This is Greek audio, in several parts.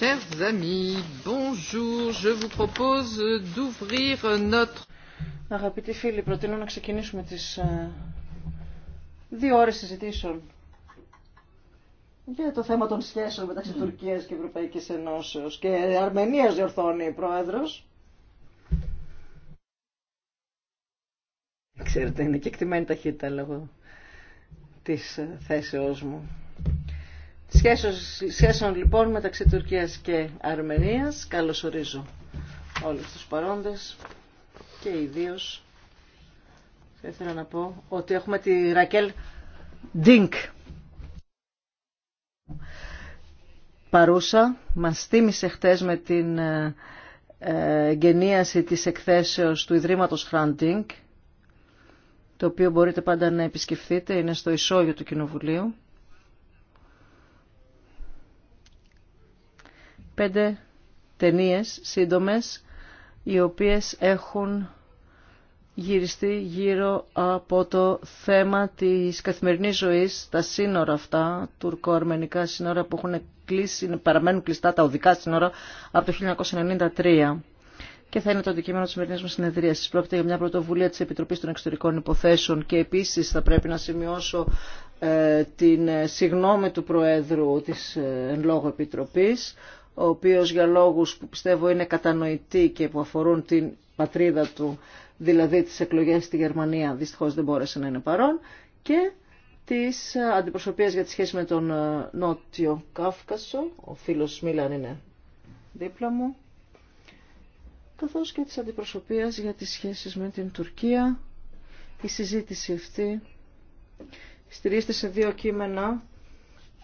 Chers amis, bonjour. Je vous propose d'ouvrir notre. Αγαπητοί φίλοι, προτείνω να ξεκινήσουμε τις ε, δύο ώρες συζητήσεων για το θέμα των σχέσεων μεταξύ mm. Τουρκίας και Ευρωπαϊκής Ενώσεως και Αρμενίας διορθώνει η Πρόεδρος. Ξέρετε, είναι και εκτιμένη ταχύτητα λόγω της ε, θέσεώς μου. Σχέσεων, λοιπόν μεταξύ Τουρκίας και Αρμενίας. Καλώς ορίζω όλους τους παρόντες και ιδίω. θα ήθελα να πω ότι έχουμε τη Ρακέλ Ντίνκ παρούσα. Μας θύμισε χτες με την ε, εγγενίαση της εκθέσεως του Ιδρύματος Χραντίνκ το οποίο μπορείτε πάντα να επισκεφθείτε, είναι στο ισόγειο του Κοινοβουλίου. πέντε ταινίες σύντομες οι οποίες έχουν γυριστεί γύρω από το θέμα της καθημερινής ζωής, τα σύνορα αυτά, τουρκο-αρμενικά σύνορα που έχουν κλείσει, παραμένουν κλειστά τα οδικά σύνορα από το 1993. Και θα είναι το αντικείμενο τη σημερινή μα συνεδρία. Πρόκειται για μια πρωτοβουλία τη Επιτροπή των Εξωτερικών Υποθέσεων και επίση θα πρέπει να σημειώσω ε, την ε, συγνώμη του Προέδρου της ε, εν λόγω Επιτροπής ο οποίος για λόγους που πιστεύω είναι κατανοητοί και που αφορούν την πατρίδα του, δηλαδή τις εκλογές στη Γερμανία, δυστυχώς δεν μπόρεσε να είναι παρόν, και της αντιπροσωπείας για τη σχέση με τον ε, Νότιο Κάφκασο, ο φίλος Μίλαν είναι δίπλα μου, καθώς και της αντιπροσωπείας για τις σχέσεις με την Τουρκία. Η συζήτηση αυτή στηρίζεται σε δύο κείμενα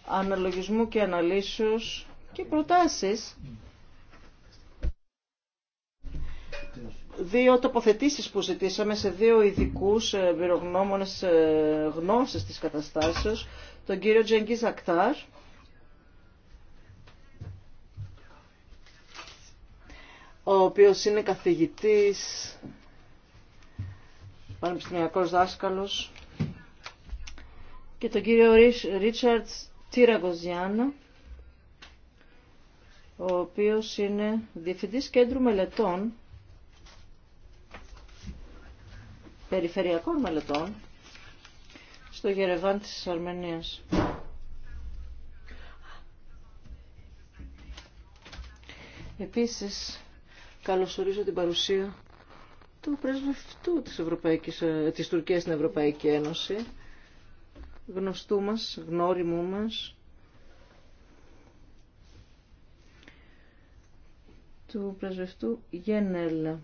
αναλογισμού και αναλύσεως και προτάσεις. Δύο τοποθετήσεις που ζητήσαμε σε δύο ειδικού εμπειρογνώμονες ε, γνώσεις της καταστάσεως, τον κύριο Τζέγκη Ακτάρ, ο οποίος είναι καθηγητής, πανεπιστημιακός δάσκαλος, και τον κύριο Ρίτσαρτ Τύραγκος ο οποίος είναι Διευθυντής Κέντρου Μελετών, Περιφερειακών Μελετών, στο Γερεβάν της Αρμενίας. Επίσης, καλωσορίζω την παρουσία του πρεσβευτού της, Ευρωπαϊκής, ε, της Τουρκίας στην Ευρωπαϊκή Ένωση, γνωστού μας, γνώριμου μας, του πρεσβευτού Γένελ.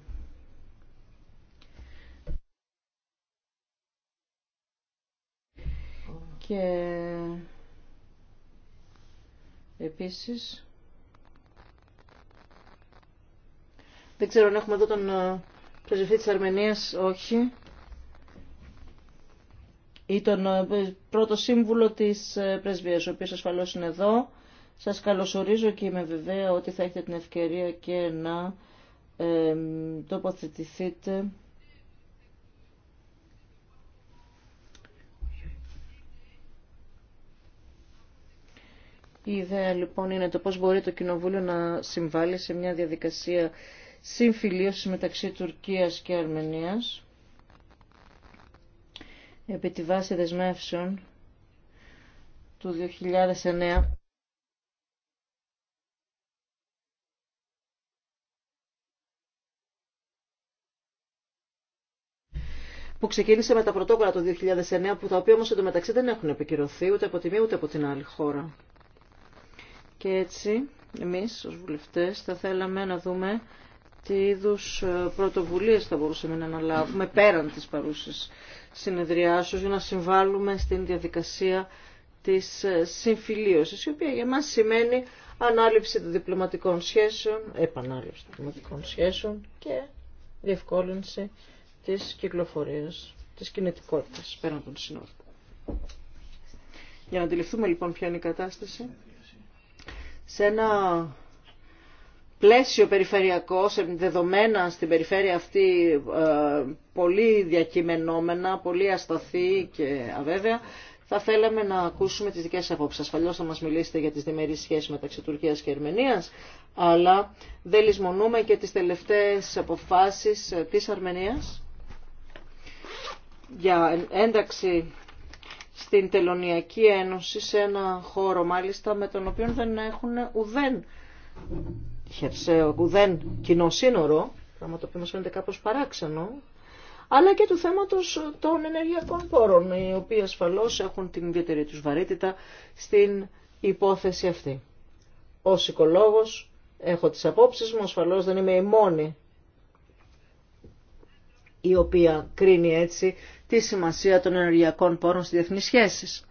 Και επίσης δεν ξέρω αν έχουμε εδώ τον ε, πρεσβευτή της Αρμενίας, όχι ή τον ε, πρώτο σύμβουλο της ε, πρεσβείας, ο οποίος ασφαλώς είναι εδώ σας καλωσορίζω και είμαι βεβαία ότι θα έχετε την ευκαιρία και να ε, τοποθετηθείτε Η ιδέα λοιπόν είναι το πώς μπορεί το Κοινοβούλιο να συμβάλλει σε μια διαδικασία συμφιλίωσης μεταξύ Τουρκίας και Αρμενίας επί τη βάση δεσμεύσεων του 2009 που ξεκίνησε με τα πρωτόκολλα το 2009, που τα οποία όμως εντωμεταξύ δεν έχουν επικυρωθεί ούτε από τη μία ούτε από την άλλη χώρα. Και έτσι εμείς ως βουλευτές θα θέλαμε να δούμε τι είδου ε, πρωτοβουλίε θα μπορούσαμε να αναλάβουμε πέραν της παρούσης συνεδριάσεως για να συμβάλλουμε στην διαδικασία της ε, συμφιλίωσης, η οποία για μας σημαίνει ανάληψη των διπλωματικών σχέσεων, επανάληψη των διπλωματικών σχέσεων και διευκόλυνση της κυκλοφορίας, της κινητικότητας πέραν των συνόρων. Για να αντιληφθούμε λοιπόν ποια είναι η κατάσταση, σε ένα πλαίσιο περιφερειακό, σε δεδομένα στην περιφέρεια αυτή ε, πολύ διακειμενόμενα, πολύ ασταθή και αβέβαια, θα θέλαμε να ακούσουμε τις δικές σας απόψεις. Ασφαλώς θα μας μιλήσετε για τις διμερείς σχέσεις μεταξύ Τουρκίας και Αρμενίας, αλλά δεν λησμονούμε και τις τελευταίες αποφάσεις ε, της Αρμενίας για ένταξη στην Τελωνιακή Ένωση σε ένα χώρο μάλιστα με τον οποίο δεν έχουν ουδέν ουδέν κοινό σύνορο, πράγμα το οποίο μας φαίνεται κάπως παράξενο, αλλά και του θέματος των ενεργειακών πόρων, οι οποίοι ασφαλώς έχουν την ιδιαίτερη τους βαρύτητα στην υπόθεση αυτή. Ως οικολόγος έχω τις απόψεις μου, ασφαλώς δεν είμαι η μόνη η οποία κρίνει έτσι τη σημασία των ενεργειακών πόρων στις διεθνείς σχέσεις.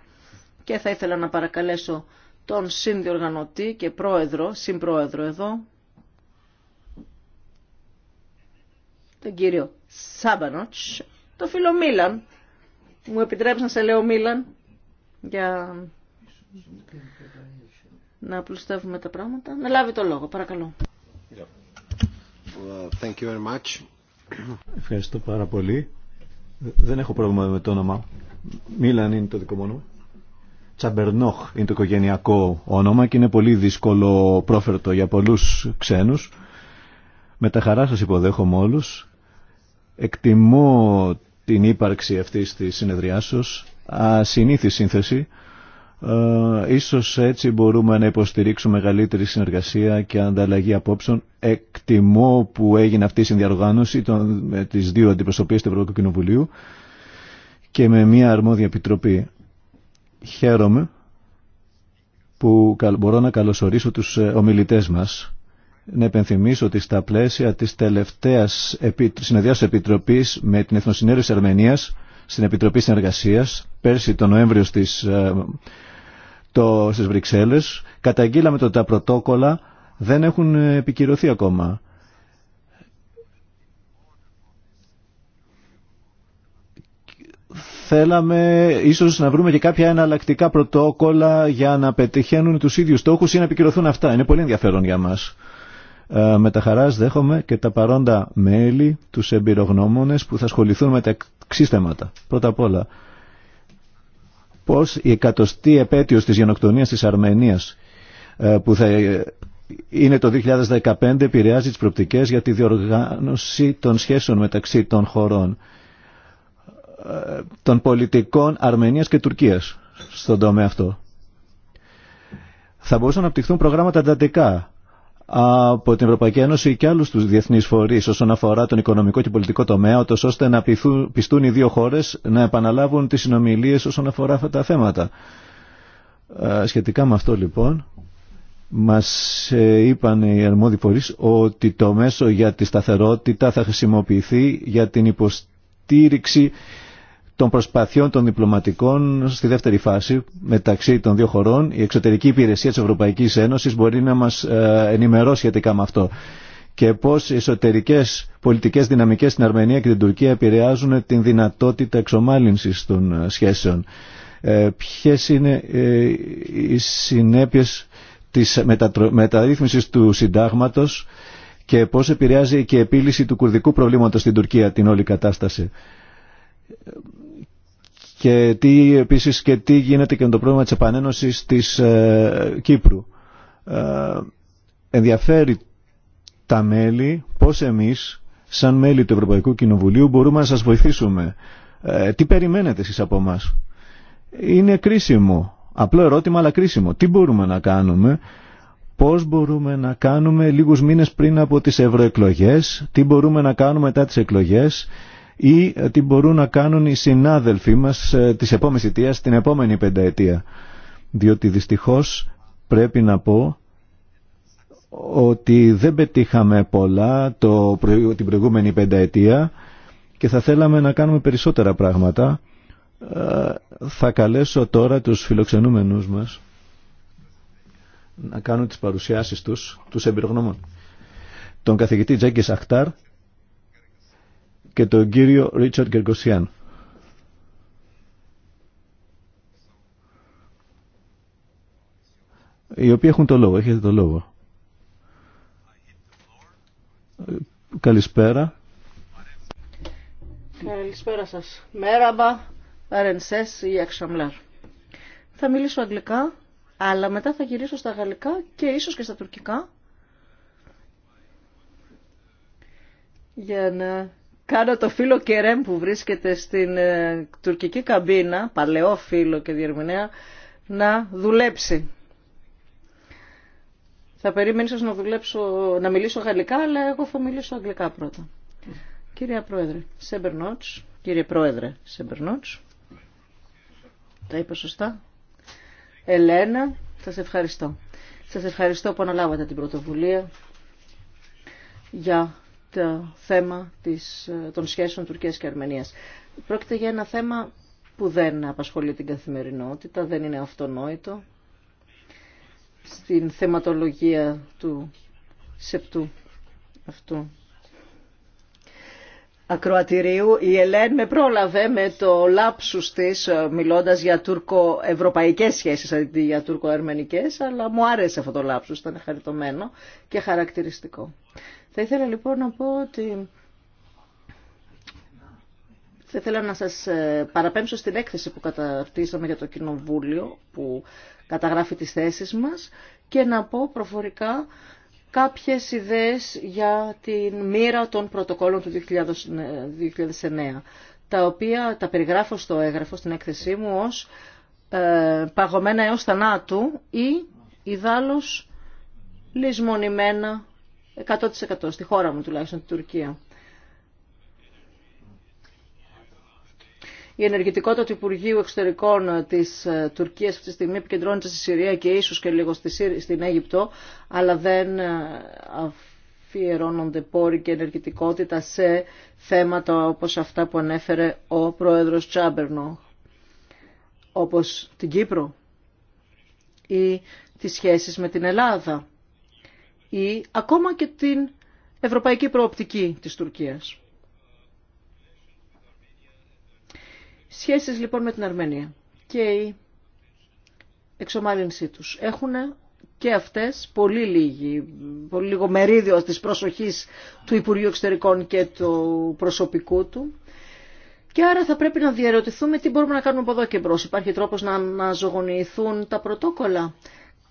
Και θα ήθελα να παρακαλέσω τον συνδιοργανωτή και πρόεδρο, συμπρόεδρο εδώ, τον κύριο Σάμπανοτς, το φίλο Μίλαν. Μου επιτρέψει να σε λέω Μίλαν για να απλουστεύουμε τα πράγματα. Να λάβει το λόγο, παρακαλώ. Thank you very much. Ευχαριστώ πάρα πολύ. Δεν έχω πρόβλημα με το όνομα. Μίλαν είναι το δικό μου όνομα. Τσαμπερνόχ είναι το οικογενειακό όνομα και είναι πολύ δύσκολο πρόφερτο για πολλούς ξένους. Με τα χαρά σας υποδέχομαι όλους. Εκτιμώ την ύπαρξη αυτής της σα Ασυνήθη σύνθεση. Ε, ίσως έτσι μπορούμε να υποστηρίξουμε μεγαλύτερη συνεργασία και ανταλλαγή απόψεων. Εκτιμώ που έγινε αυτή η συνδιαργάνωση των, με τις δύο αντιπροσωπείες του Ευρωπαϊκού Κοινοβουλίου και με μια αρμόδια επιτροπή. Χαίρομαι που μπορώ να καλωσορίσω τους ε, ομιλητές μας. Να επενθυμίσω ότι στα πλαίσια της τελευταίας συνεδριάς Επιτροπής με την Εθνοσυνέλευση Αρμενίας στην Επιτροπή Συνεργασίας, πέρσι τον Νοέμβριο στις ε, το, στις Βρυξέλλες. Καταγγείλαμε ότι τα πρωτόκολλα δεν έχουν επικυρωθεί ακόμα. Θέλαμε ίσως να βρούμε και κάποια εναλλακτικά πρωτόκολλα για να πετυχαίνουν τους ίδιους στόχους ή να επικυρωθούν αυτά. Είναι πολύ ενδιαφέρον για μας. Ε, με τα χαράς δέχομαι και τα παρόντα μέλη, τους εμπειρογνώμονες που θα ασχοληθούν με τα εξής Πρώτα απ' όλα, πως η εκατοστή επέτειος της γενοκτονίας της Αρμενίας ε, που θα ε, είναι το 2015 επηρεάζει τις προπτικές για τη διοργάνωση των σχέσεων μεταξύ των χωρών ε, των πολιτικών Αρμενίας και Τουρκίας στον τομέα αυτό. Θα μπορούσαν να απτυχθούν προγράμματα εντατικά από την Ευρωπαϊκή Ένωση και άλλους τους διεθνείς φορείς όσον αφορά τον οικονομικό και πολιτικό τομέα, ώστε να πιστούν οι δύο χώρες να επαναλάβουν τις συνομιλίες όσον αφορά αυτά τα θέματα. Ε, σχετικά με αυτό λοιπόν, μας ε, είπαν οι αρμόδιοι φορείς ότι το μέσο για τη σταθερότητα θα χρησιμοποιηθεί για την υποστήριξη των προσπαθειών των διπλωματικών στη δεύτερη φάση μεταξύ των δύο χωρών. Η εξωτερική υπηρεσία της Ευρωπαϊκής Ένωσης μπορεί να μας ε, ενημερώσει σχετικά με αυτό και πώς οι εσωτερικές πολιτικές δυναμικές στην Αρμενία και την Τουρκία επηρεάζουν την δυνατότητα εξομάλυνσης των ε, σχέσεων. Ε, είναι ε, οι συνέπειες της μεταρρύθμισης του συντάγματος και πώς επηρεάζει και η επίλυση του κουρδικού προβλήματος στην Τουρκία την όλη κατάσταση και τι, επίσης και τι γίνεται και με το πρόβλημα της επανένωσης της ε, Κύπρου. Ε, ενδιαφέρει τα μέλη πώς εμείς σαν μέλη του Ευρωπαϊκού Κοινοβουλίου μπορούμε να σας βοηθήσουμε. Ε, τι περιμένετε εσείς από εμά. Είναι κρίσιμο. Απλό ερώτημα αλλά κρίσιμο. Τι μπορούμε να κάνουμε. Πώς μπορούμε να κάνουμε λίγους μήνες πριν από τις ευρωεκλογές. Τι μπορούμε να κάνουμε μετά τις εκλογές ή τι μπορούν να κάνουν οι συνάδελφοί μας ε, της επόμενης αιτίας, την επόμενη πενταετία. Διότι δυστυχώς πρέπει να πω ότι δεν πετύχαμε πολλά το, την προηγούμενη πενταετία και θα θέλαμε να κάνουμε περισσότερα πράγματα. Ε, θα καλέσω τώρα τους φιλοξενούμενους μας να κάνουν τις παρουσιάσεις τους, τους εμπειρογνώμων. Τον καθηγητή Τζέγκη Αχτάρ και τον κύριο Ρίτσαρτ Γκεργοσιάν. Οι οποίοι έχουν το λόγο, έχετε το λόγο. Καλησπέρα. Καλησπέρα σας. Μέραμπα, αρενσές ή Αξαμλάρ. Θα μιλήσω αγγλικά, αλλά μετά θα γυρίσω στα γαλλικά και ίσως και στα τουρκικά. Για να κάνω το φίλο Κερέμ που βρίσκεται στην ε, τουρκική καμπίνα, παλαιό φίλο και διερμηνέα, να δουλέψει. Θα περίμενε να, δουλέψω, να μιλήσω γαλλικά, αλλά εγώ θα μιλήσω αγγλικά πρώτα. Κύριε Πρόεδρε, Σέμπερνότς, κύριε Πρόεδρε Σέμπερνότς, τα είπα σωστά. Ελένα, σας ευχαριστώ. Σας ευχαριστώ που αναλάβατε την πρωτοβουλία για το θέμα της, των σχέσεων Τουρκίας και Αρμενίας. Πρόκειται για ένα θέμα που δεν απασχολεί την καθημερινότητα, δεν είναι αυτονόητο στην θεματολογία του σεπτού αυτού ακροατηρίου. Η Ελέν με πρόλαβε με το λάψους της ε, μιλώντας για τουρκο-ευρωπαϊκές σχέσεις αντί για τουρκο ερμενικες αλλά μου άρεσε αυτό το λάψους, ήταν χαριτωμένο και χαρακτηριστικό. Θα ήθελα λοιπόν να πω ότι θα ήθελα να σας ε, παραπέμψω στην έκθεση που καταρτήσαμε για το Κοινοβούλιο που καταγράφει τις θέσεις μας και να πω προφορικά κάποιες ιδέες για την μοίρα των πρωτοκόλων του 2009, ε, τα οποία τα περιγράφω στο έγγραφο, στην έκθεσή μου, ως ε, παγωμένα έως θανάτου ή ιδάλως λησμονημένα 100% στη χώρα μου τουλάχιστον, την Τουρκία. Η ενεργητικότητα του Υπουργείου Εξωτερικών της ε, Τουρκίας αυτή τη στιγμή επικεντρώνεται στη Συρία και ίσως και λίγο στην Αίγυπτο, αλλά δεν ε, αφιερώνονται πόροι και ενεργητικότητα σε θέματα όπως αυτά που ανέφερε ο Πρόεδρο Τσάμπερνο, όπως την Κύπρο ή τις σχέσεις με την Ελλάδα ή ακόμα και την ευρωπαϊκή προοπτική της Τουρκίας. Σχέσεις λοιπόν με την Αρμενία και η εξομάλυνσή τους έχουν και αυτές πολύ, λίγη, πολύ λίγο μερίδιο της προσοχής του Υπουργείου Εξωτερικών και του προσωπικού του. Και άρα θα πρέπει να διαρωτηθούμε τι μπορούμε να κάνουμε από εδώ και μπρος. Υπάρχει τρόπος να αναζωογονηθούν τα πρωτόκολλα,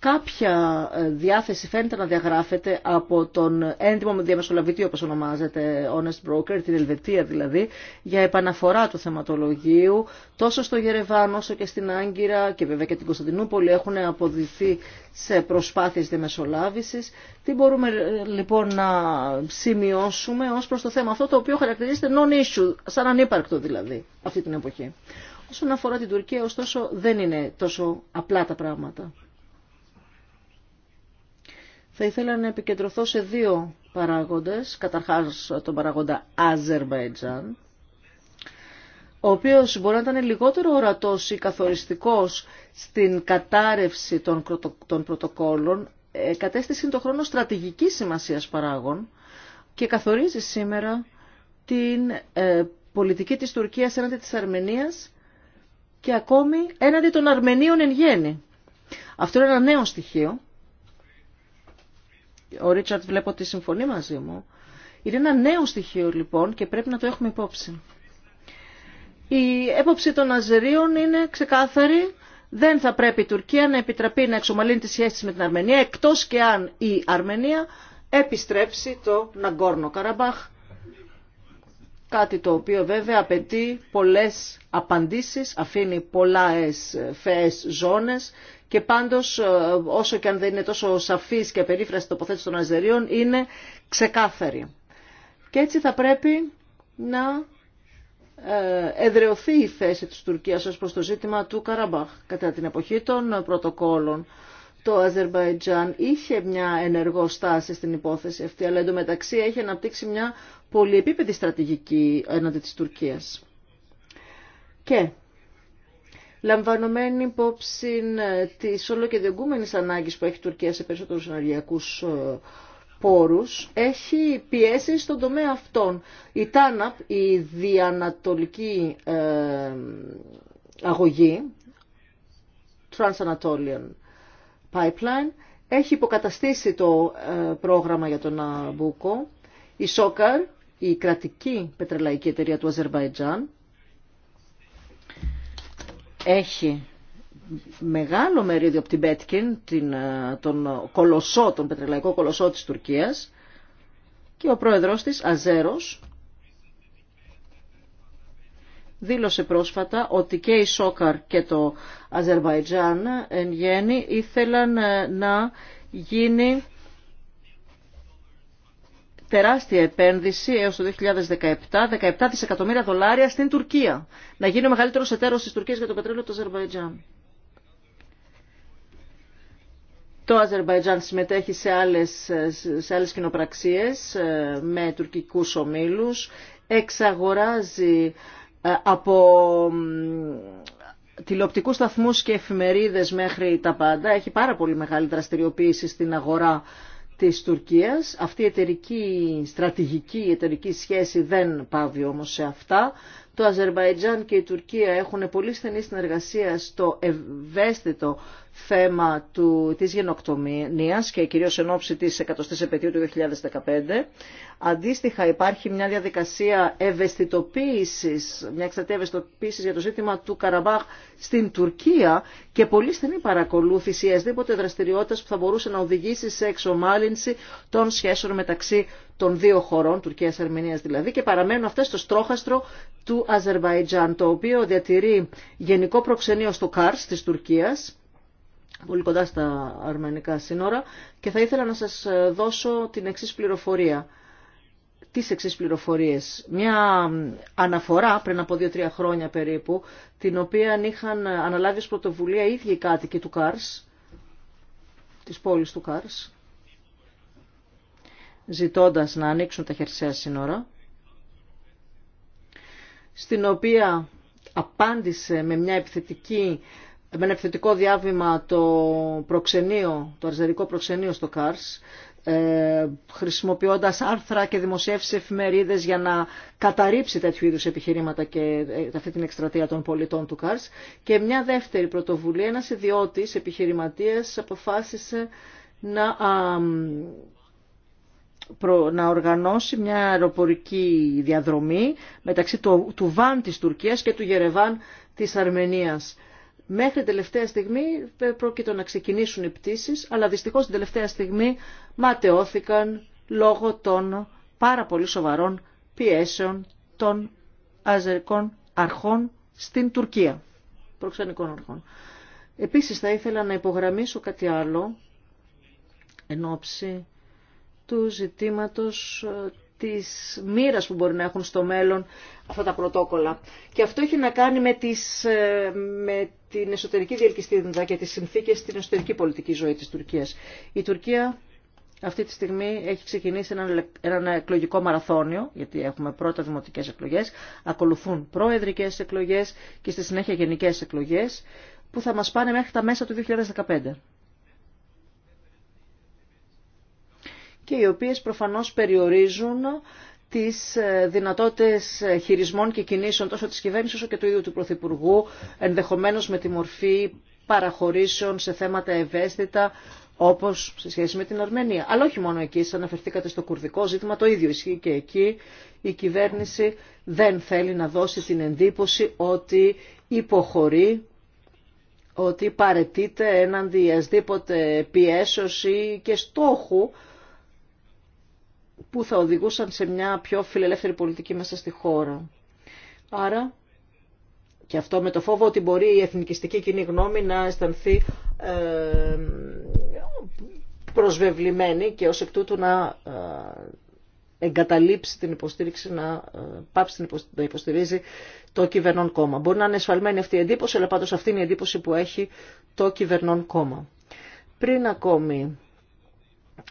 κάποια ε, διάθεση φαίνεται να διαγράφεται από τον έντιμο με διαμεσολαβητή όπως ονομάζεται Honest Broker, την Ελβετία δηλαδή, για επαναφορά του θεματολογίου τόσο στο Γερεβάν όσο και στην Άγκυρα και βέβαια και την Κωνσταντινούπολη έχουν αποδειθεί σε προσπάθειες διαμεσολάβησης. Τι μπορούμε ε, λοιπόν να σημειώσουμε ως προς το θέμα αυτό το οποίο χαρακτηρίζεται non-issue, σαν ανύπαρκτο δηλαδή αυτή την εποχή. Όσον αφορά την Τουρκία, ωστόσο, δεν είναι τόσο απλά τα πράγματα. Θα ήθελα να επικεντρωθώ σε δύο παράγοντες. Καταρχάς τον παράγοντα Αζερβαϊτζάν, ο οποίος μπορεί να ήταν λιγότερο ορατός ή καθοριστικός στην κατάρρευση των, των πρωτοκόλων, ε, κατέστησε το χρόνο στρατηγικής σημασίας παράγων και καθορίζει σήμερα την ε, πολιτική της Τουρκίας έναντι της Αρμενίας και ακόμη έναντι των Αρμενίων εν γέννη. Αυτό είναι ένα νέο στοιχείο ο Ρίτσαρτ βλέπω ότι συμφωνεί μαζί μου. Είναι ένα νέο στοιχείο λοιπόν και πρέπει να το έχουμε υπόψη. Η έποψη των Αζερίων είναι ξεκάθαρη. Δεν θα πρέπει η Τουρκία να επιτραπεί να εξομαλύνει τις σχέσεις με την Αρμενία, εκτός και αν η Αρμενία επιστρέψει το Ναγκόρνο Καραμπάχ Κάτι το οποίο βέβαια απαιτεί πολλές απαντήσεις, αφήνει πολλές ε, φαιές ζώνες και πάντως ε, όσο και αν δεν είναι τόσο σαφής και περίφραση τοποθέτηση των Αζερίων είναι ξεκάθαρη. Και έτσι θα πρέπει να ε, εδρεωθεί η θέση της Τουρκίας ως προς το ζήτημα του Καραμπάχ κατά την εποχή των πρωτοκόλων. Το Αζερβαϊτζάν είχε μια ενεργό στάση στην υπόθεση αυτή, αλλά εντωμεταξύ έχει αναπτύξει μια πολυεπίπεδη στρατηγική έναντι της Τουρκίας. Και λαμβανωμένη υπόψη ε, της όλο και διεγκούμενης ανάγκης που έχει η Τουρκία σε περισσότερους ενεργειακούς ε, πόρους, έχει πιέσει στον τομέα αυτών. Η ΤΑΝΑΠ, η διανατολική ε, αγωγή, Trans-Anatolian Pipeline, έχει υποκαταστήσει το πρόγραμμα για τον Αμπούκο. Η ΣΟΚΑΡ η κρατική πετρελαϊκή εταιρεία του Αζερβαϊτζάν έχει μεγάλο μερίδιο από την Πέτκιν, την, ε, τον, κολοσσό, τον πετρελαϊκό κολοσσό της Τουρκίας και ο πρόεδρος της, Αζέρος, δήλωσε πρόσφατα ότι και η Σόκαρ και το Αζερβαϊτζάν εν γέννη ήθελαν ε, να γίνει τεράστια επένδυση έως το 2017, 17 δισεκατομμύρια δολάρια στην Τουρκία. Να γίνει ο μεγαλύτερος εταίρος της Τουρκίας για το πετρέλαιο του Αζερβαϊτζάν. Το Αζερβαϊτζάν συμμετέχει σε άλλες, σε κοινοπραξίες ε, με τουρκικούς ομίλους, εξαγοράζει ε, από τηλεοπτικούς σταθμούς και εφημερίδες μέχρι τα πάντα. Έχει πάρα πολύ μεγάλη δραστηριοποίηση στην αγορά της Τουρκίας. Αυτή η εταιρική, στρατηγική η εταιρική σχέση δεν πάβει όμως σε αυτά. Το Αζερβαϊτζάν και η Τουρκία έχουν πολύ στενή συνεργασία στο ευαίσθητο θέμα του, της γενοκτομίας και κυρίως εν ώψη της 100ης επαιτίου του 2015. Αντίστοιχα υπάρχει μια διαδικασία ευαισθητοποίησης, μια εξαρτή ευαισθητοποίησης για το ζήτημα του Καραμπάχ στην Τουρκία και πολύ στενή παρακολούθηση ασδήποτε δραστηριότητας που θα μπορούσε να οδηγήσει σε εξομάλυνση των σχέσεων μεταξύ των δύο χωρών, Τουρκία και Αρμενίας δηλαδή, και παραμένουν αυτές στο στρόχαστρο του Αζερβαϊτζάν, το οποίο διατηρεί γενικό προξενείο στο Κάρς της Τουρκίας, πολύ κοντά στα αρμενικά σύνορα, και θα ήθελα να σας δώσω την εξή πληροφορία τις εξή πληροφορίε, Μια αναφορά πριν από 2-3 χρόνια περίπου, την οποία είχαν αναλάβει ως πρωτοβουλία οι ίδιοι οι κάτοικοι του ΚΑΡΣ, της πόλης του ΚΑΡΣ, ζητώντας να ανοίξουν τα χερσαία σύνορα, στην οποία απάντησε με, μια επιθετική, με ένα επιθετικό διάβημα το προξενείο, το αρζερικό προξενείο στο ΚΑΡΣ, ε, χρησιμοποιώντας άρθρα και δημοσιεύσει εφημερίδες για να καταρρύψει τέτοιου είδους επιχειρήματα και ε, αυτή την εκστρατεία των πολιτών του ΚΑΡΣ. Και μια δεύτερη πρωτοβουλία, ένας ιδιώτης επιχειρηματίας αποφάσισε να να οργανώσει μια αεροπορική διαδρομή μεταξύ του, του Βαν της Τουρκίας και του Γερεβάν της Αρμενίας. Μέχρι τελευταία στιγμή πρόκειται να ξεκινήσουν οι πτήσεις, αλλά δυστυχώς την τελευταία στιγμή ματαιώθηκαν λόγω των πάρα πολύ σοβαρών πιέσεων των αζερικών αρχών στην Τουρκία, προξενικών αρχών. Επίσης θα ήθελα να υπογραμμίσω κάτι άλλο εν ώψη του ζητήματος ε, της μοίρα που μπορεί να έχουν στο μέλλον αυτά τα πρωτόκολλα. Και αυτό έχει να κάνει με, τις, ε, με την εσωτερική διελκυστήριντα και τις συνθήκες στην εσωτερική πολιτική ζωή της Τουρκίας. Η Τουρκία αυτή τη στιγμή έχει ξεκινήσει ένα, ένα εκλογικό μαραθώνιο, γιατί έχουμε πρώτα δημοτικές εκλογές, ακολουθούν προεδρικές εκλογές και στη συνέχεια γενικές εκλογές, που θα μας πάνε μέχρι τα μέσα του 2015. και οι οποίες προφανώς περιορίζουν τις ε, δυνατότητες χειρισμών και κινήσεων τόσο της κυβέρνησης όσο και του ίδιου του Πρωθυπουργού, ενδεχομένως με τη μορφή παραχωρήσεων σε θέματα ευαίσθητα όπως σε σχέση με την Αρμενία. Αλλά όχι μόνο εκεί, σας αναφερθήκατε στο κουρδικό ζήτημα, το ίδιο ισχύει και εκεί. Η κυβέρνηση δεν θέλει να δώσει την εντύπωση ότι υποχωρεί, ότι παρετείται έναντι ασδήποτε πιέσωση και στόχου που θα οδηγούσαν σε μια πιο φιλελεύθερη πολιτική μέσα στη χώρα. Άρα, και αυτό με το φόβο ότι μπορεί η εθνικιστική κοινή γνώμη να αισθανθεί ε, προσβεβλημένη και ως εκ τούτου να ε, εγκαταλείψει την υποστήριξη, να ε, πάψει να υποστηρίζει το κυβερνόν κόμμα. Μπορεί να είναι εσφαλμένη αυτή η εντύπωση, αλλά πάντως αυτή είναι η εντύπωση που έχει το κυβερνών κόμμα. Πριν ακόμη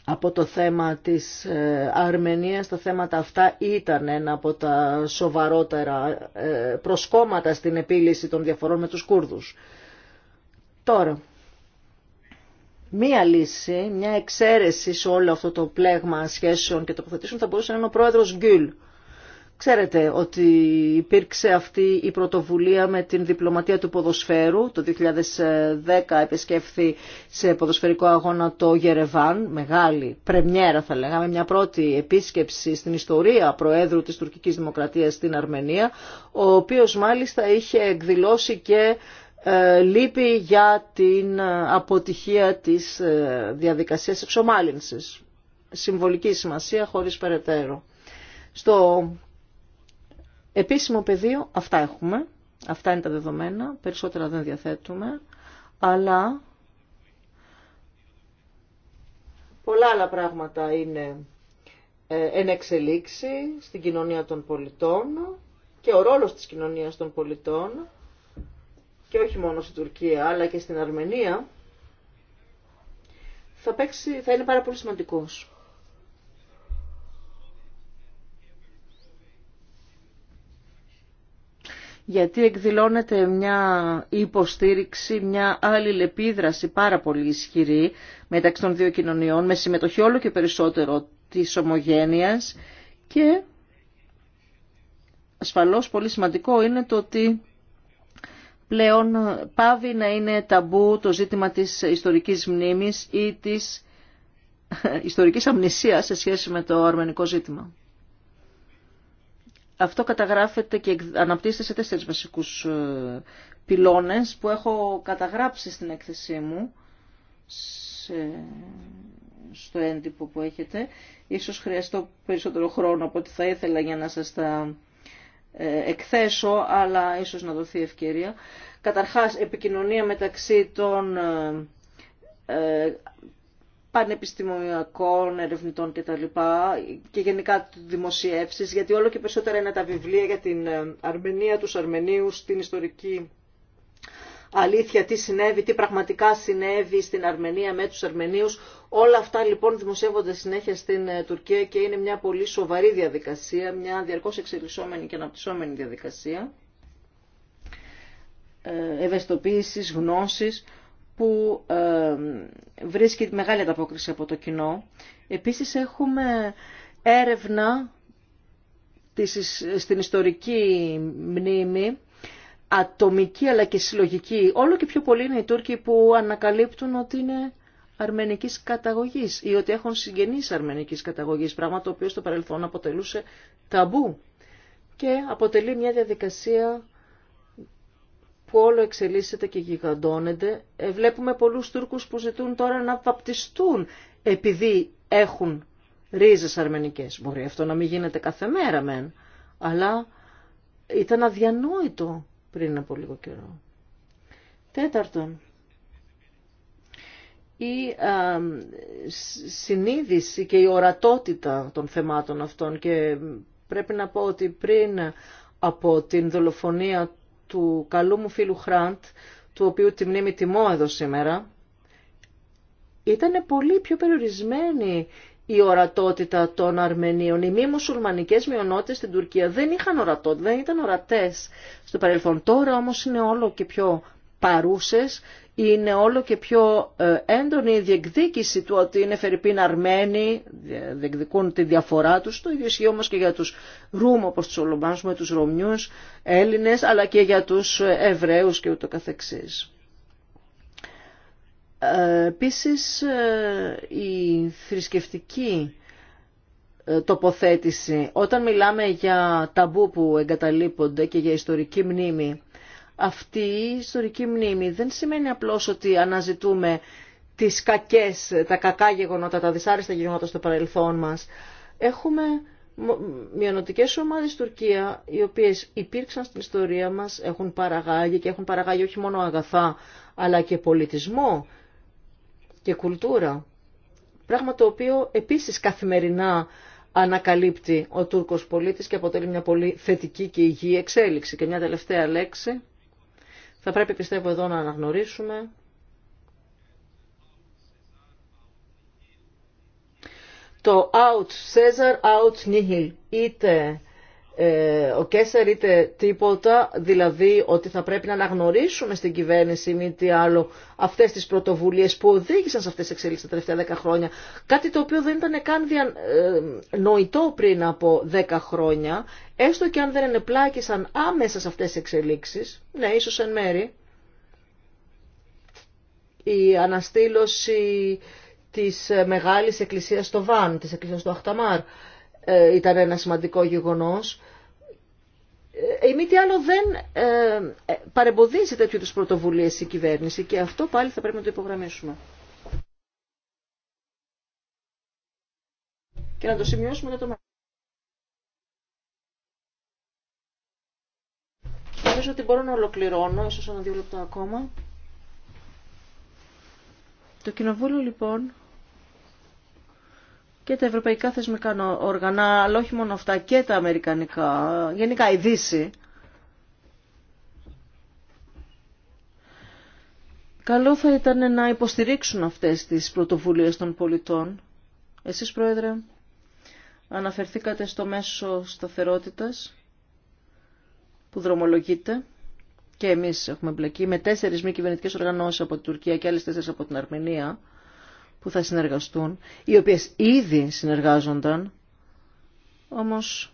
από το θέμα της ε, Αρμενίας. Τα θέματα αυτά ήταν ένα από τα σοβαρότερα ε, προσκόμματα στην επίλυση των διαφορών με τους Κούρδους. Τώρα, μία λύση, μία εξαίρεση σε όλο αυτό το πλέγμα σχέσεων και τοποθετήσεων θα μπορούσε να είναι ο πρόεδρος Γκουλ Ξέρετε ότι υπήρξε αυτή η πρωτοβουλία με την διπλωματία του ποδοσφαίρου. Το 2010 επισκέφθη σε ποδοσφαιρικό αγώνα το Γερεβάν, μεγάλη πρεμιέρα θα λέγαμε, μια πρώτη επίσκεψη στην ιστορία Προέδρου της Τουρκικής Δημοκρατίας στην Αρμενία, ο οποίος μάλιστα είχε εκδηλώσει και ε, λύπη για την αποτυχία της ε, διαδικασίας εξομάλυνσης. Συμβολική σημασία χωρίς περαιτέρω. Στο Επίσημο πεδίο, αυτά έχουμε, αυτά είναι τα δεδομένα, περισσότερα δεν διαθέτουμε, αλλά πολλά άλλα πράγματα είναι ε, εν εξελίξη στην κοινωνία των πολιτών και ο ρόλος της κοινωνίας των πολιτών και όχι μόνο στην Τουρκία αλλά και στην Αρμενία θα, θα είναι πάρα πολύ σημαντικός. γιατί εκδηλώνεται μια υποστήριξη, μια αλληλεπίδραση πάρα πολύ ισχυρή μεταξύ των δύο κοινωνιών, με συμμετοχή όλο και περισσότερο της ομογένειας και ασφαλώς πολύ σημαντικό είναι το ότι πλέον πάβει να είναι ταμπού το ζήτημα της ιστορικής μνήμης ή της ε, ιστορικής αμνησίας σε σχέση με το αρμενικό ζήτημα. Αυτό καταγράφεται και αναπτύσσεται σε τέσσερις βασικούς ε, πυλώνες που έχω καταγράψει στην έκθεσή μου στο έντυπο που έχετε. Ίσως χρειαστώ περισσότερο χρόνο από ό,τι θα ήθελα για να σας τα ε, εκθέσω, αλλά ίσως να δοθεί ευκαιρία. Καταρχάς, επικοινωνία μεταξύ των ε, πανεπιστημιακών ερευνητών κτλ. και γενικά δημοσιεύσει, γιατί όλο και περισσότερα είναι τα βιβλία για την ε, Αρμενία, τους Αρμενίους, την ιστορική αλήθεια, τι συνέβη, τι πραγματικά συνέβη στην Αρμενία με τους Αρμενίους. Όλα αυτά λοιπόν δημοσιεύονται συνέχεια στην ε, Τουρκία και είναι μια πολύ σοβαρή διαδικασία, μια διαρκώς εξελισσόμενη και αναπτυσσόμενη διαδικασία ε, ευαισθητοποίησης, γνώσης που ε, βρίσκει μεγάλη ανταπόκριση από το κοινό. Επίσης έχουμε έρευνα στην ιστορική μνήμη, ατομική αλλά και συλλογική. Όλο και πιο πολλοί είναι οι Τούρκοι που ανακαλύπτουν ότι είναι αρμενικής καταγωγής ή ότι έχουν συγγενείς αρμενικής καταγωγής, πράγμα το οποίο στο παρελθόν αποτελούσε ταμπού και αποτελεί μια διαδικασία που όλο εξελίσσεται και γιγαντώνεται. Ε, βλέπουμε πολλούς Τούρκους που ζητούν τώρα να βαπτιστούν επειδή έχουν ρίζες αρμενικές. Μπορεί αυτό να μην γίνεται κάθε μέρα αλλά ήταν αδιανόητο πριν από λίγο καιρό. Τέταρτον, η α, συνείδηση και η ορατότητα των θεμάτων αυτών και πρέπει να πω ότι πριν από την δολοφονία του καλού μου φίλου Χραντ, του οποίου τη μνήμη τιμώ εδώ σήμερα, ήταν πολύ πιο περιορισμένη η ορατότητα των Αρμενίων. Οι μη μουσουλμανικές μειονότητες στην Τουρκία δεν είχαν ορατότητα, δεν ήταν ορατές στο παρελθόν. Τώρα όμως είναι όλο και πιο παρούσες είναι όλο και πιο ε, έντονη η διεκδίκηση του ότι είναι Φερρυπίν Αρμένοι, διεκδικούν τη διαφορά τους, το ίδιο ισχύει όμως και για τους Ρουμ, όπως τους με τους Ρωμιούς, Έλληνες, αλλά και για τους ε, Εβραίους και ούτω καθεξής. Ε, επίσης, η θρησκευτική τοποθέτηση, όταν μιλάμε για ταμπού που εγκαταλείπονται και για ιστορική μνήμη, αυτή η ιστορική μνήμη. Δεν σημαίνει απλώς ότι αναζητούμε τις κακές, τα κακά γεγονότα, τα δυσάρεστα γεγονότα στο παρελθόν μας. Έχουμε μειονοτικές ομάδε Τουρκία, οι οποίες υπήρξαν στην ιστορία μας, έχουν παραγάγει και έχουν παραγάγει όχι μόνο αγαθά, αλλά και πολιτισμό και κουλτούρα. Πράγμα το οποίο επίσης καθημερινά ανακαλύπτει ο Τούρκος πολίτης και αποτελεί μια πολύ θετική και υγιή εξέλιξη. Και μια τελευταία λέξη θα πρέπει πιστεύω εδώ να αναγνωρίσουμε το out Caesar, out nihil. Είτε ε, ο Κέσσερ είτε τίποτα, δηλαδή ότι θα πρέπει να αναγνωρίσουμε στην κυβέρνηση μη τι άλλο αυτές τις πρωτοβουλίες που οδήγησαν σε αυτές τις εξελίξεις τα τελευταία δέκα χρόνια. Κάτι το οποίο δεν ήταν καν δια, ε, νοητό πριν από δέκα χρόνια, έστω και αν δεν ενεπλάκησαν άμεσα σε αυτές τις εξελίξεις, ναι ίσως εν μέρη, η αναστήλωση της μεγάλης εκκλησίας στο Βαν, της εκκλησίας του Αχταμάρ, ε, ήταν ένα σημαντικό γεγονός ε, ή μη τι άλλο δεν ε, ε παρεμποδίζει τέτοιου είδου πρωτοβουλίες η κυβέρνηση και αυτό πάλι θα πρέπει να το υπογραμμίσουμε. Και να το σημειώσουμε για το μέλλον. Νομίζω ότι μπορώ να ολοκληρώνω, ίσως ένα δύο λεπτά ακόμα. Το κοινοβούλιο λοιπόν και τα ευρωπαϊκά θεσμικά όργανα, αλλά όχι μόνο αυτά, και τα αμερικανικά, γενικά η Δύση. Καλό θα ήταν να υποστηρίξουν αυτές τις πρωτοβουλίες των πολιτών. Εσείς, Πρόεδρε, αναφερθήκατε στο μέσο σταθερότητας που δρομολογείται και εμείς έχουμε μπλεκεί με τέσσερις μη κυβερνητικές οργανώσεις από την Τουρκία και άλλες τέσσερις από την Αρμενία που θα συνεργαστούν, οι οποίες ήδη συνεργάζονταν, όμως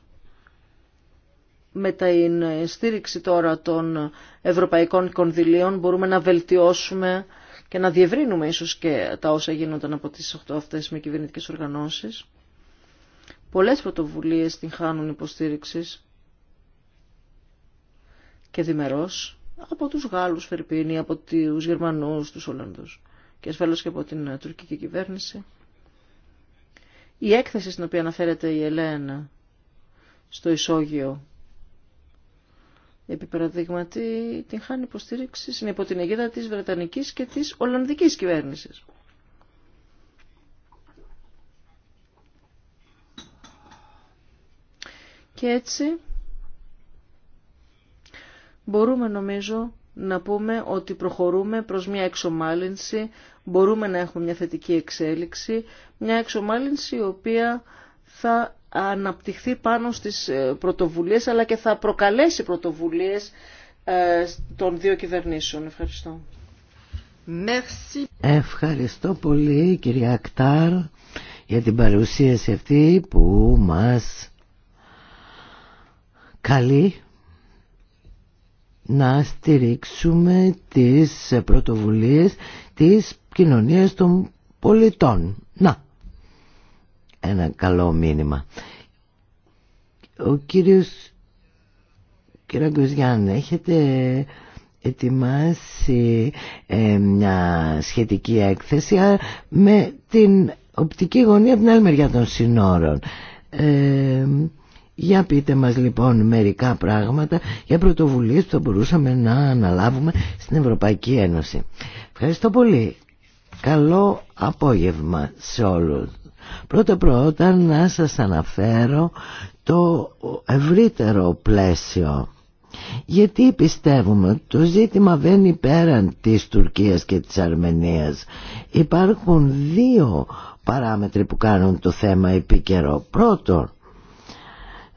με την στήριξη τώρα των ευρωπαϊκών κονδυλίων μπορούμε να βελτιώσουμε και να διευρύνουμε ίσως και τα όσα γίνονταν από τις 8 αυτές με κυβερνητικές οργανώσεις. Πολλές πρωτοβουλίες την χάνουν υποστήριξης και διμερός από τους Γάλλους Φερπίνη, από τους Γερμανούς, τους Ολλανδούς και ασφαλώς και από την τουρκική κυβέρνηση. Η έκθεση στην οποία αναφέρεται η Ελένα στο ισόγειο επί παραδείγματι την χάνει υποστήριξη είναι υπό την αιγίδα της Βρετανικής και της Ολλανδικής κυβέρνησης. Και έτσι μπορούμε νομίζω να πούμε ότι προχωρούμε προς μια εξομάλυνση, μπορούμε να έχουμε μια θετική εξέλιξη, μια εξομάλυνση η οποία θα αναπτυχθεί πάνω στις ε, πρωτοβουλίες αλλά και θα προκαλέσει πρωτοβουλίες ε, των δύο κυβερνήσεων. Ευχαριστώ. Merci. Ευχαριστώ πολύ κυρία Ακτάρ για την παρουσίαση αυτή που μας καλεί να στηρίξουμε τις πρωτοβουλίες της κοινωνίας των πολιτών. Να, ένα καλό μήνυμα. Ο κύριος Κυραγκοζιάν, έχετε ετοιμάσει ε, μια σχετική έκθεση με την οπτική γωνία από την άλλη μεριά των συνόρων. Ε, για πείτε μας λοιπόν μερικά πράγματα για πρωτοβουλίες που θα μπορούσαμε να αναλάβουμε στην Ευρωπαϊκή Ένωση. Ευχαριστώ πολύ. Καλό απόγευμα σε όλους. Πρώτα πρώτα να σας αναφέρω το ευρύτερο πλαίσιο. Γιατί πιστεύουμε ότι το ζήτημα δεν υπέραν πέραν της Τουρκίας και της Αρμενίας. Υπάρχουν δύο παράμετροι που κάνουν το θέμα επίκαιρο. Πρώτον,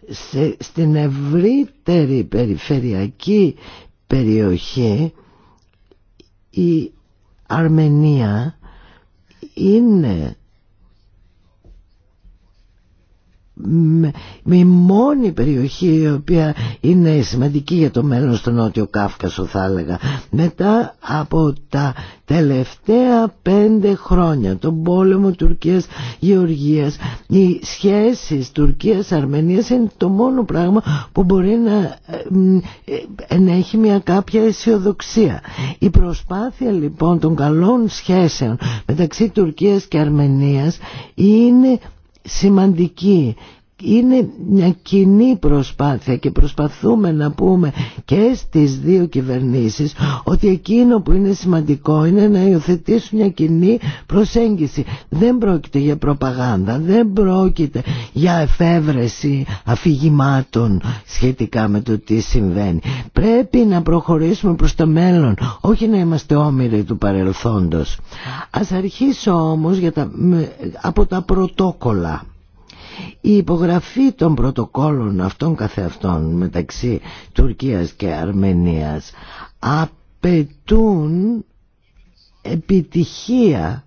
σε, στην ευρύτερη περιφερειακή περιοχή η Αρμενία είναι η μόνη περιοχή η οποία είναι σημαντική για το μέλλον στο Νότιο Κάφκασο θα έλεγα μετά από τα τελευταία πέντε χρόνια τον πόλεμο Τουρκίας-Γεωργίας οι σχέσεις Τουρκίας-Αρμενίας είναι το μόνο πράγμα που μπορεί να ε, έχει μια κάποια αισιοδοξία η προσπάθεια λοιπόν των καλών σχέσεων μεταξύ Τουρκίας και Αρμενίας είναι σημαντική είναι μια κοινή προσπάθεια και προσπαθούμε να πούμε και στις δύο κυβερνήσεις ότι εκείνο που είναι σημαντικό είναι να υιοθετήσουν μια κοινή προσέγγιση. Δεν πρόκειται για προπαγάνδα, δεν πρόκειται για εφεύρεση αφηγημάτων σχετικά με το τι συμβαίνει. Πρέπει να προχωρήσουμε προς το μέλλον, όχι να είμαστε όμοιροι του παρελθόντος. Ας αρχίσω όμως για τα, από τα πρωτόκολλα. Η υπογραφή των πρωτοκόλων αυτών καθεαυτών μεταξύ Τουρκίας και Αρμενίας απαιτούν επιτυχία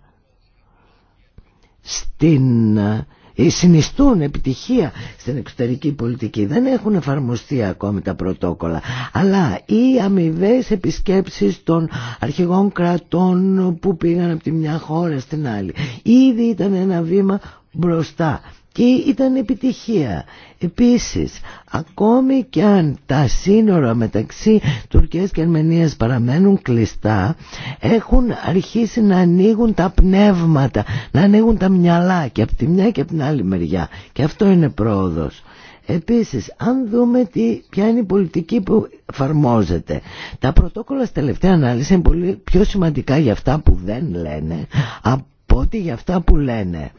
στην ε, συνιστούν επιτυχία στην εξωτερική πολιτική. Δεν έχουν εφαρμοστεί ακόμη τα πρωτόκολλα. Αλλά οι αμοιβέ επισκέψεις των αρχηγών κρατών που πήγαν από τη μια χώρα στην άλλη ήδη ήταν ένα βήμα μπροστά και ήταν επιτυχία. Επίσης, ακόμη και αν τα σύνορα μεταξύ Τουρκίας και Αρμενίας παραμένουν κλειστά, έχουν αρχίσει να ανοίγουν τα πνεύματα, να ανοίγουν τα μυαλά και από τη μια και από την άλλη μεριά. Και αυτό είναι πρόοδος. Επίσης, αν δούμε τι, ποια είναι η πολιτική που εφαρμόζεται, τα πρωτόκολλα στη τελευταία ανάλυση είναι πολύ πιο σημαντικά για αυτά που δεν λένε από ό,τι για αυτά που λένε.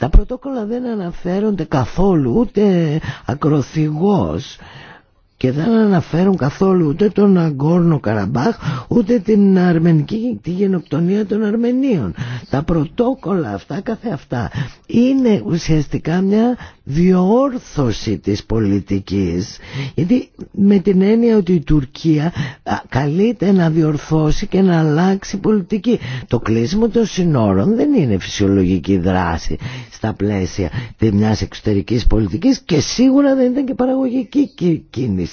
Τα πρωτόκολλα δεν αναφέρονται καθόλου ούτε ακροθυγός και δεν αναφέρουν καθόλου ούτε τον Αγκόρνο Καραμπάχ ούτε την αρμενική τη γενοκτονία των Αρμενίων τα πρωτόκολλα αυτά καθε αυτά είναι ουσιαστικά μια διόρθωση της πολιτικής γιατί με την έννοια ότι η Τουρκία καλείται να διορθώσει και να αλλάξει πολιτική το κλείσιμο των συνόρων δεν είναι φυσιολογική δράση στα πλαίσια μιας εξωτερικής πολιτικής και σίγουρα δεν ήταν και παραγωγική κίνηση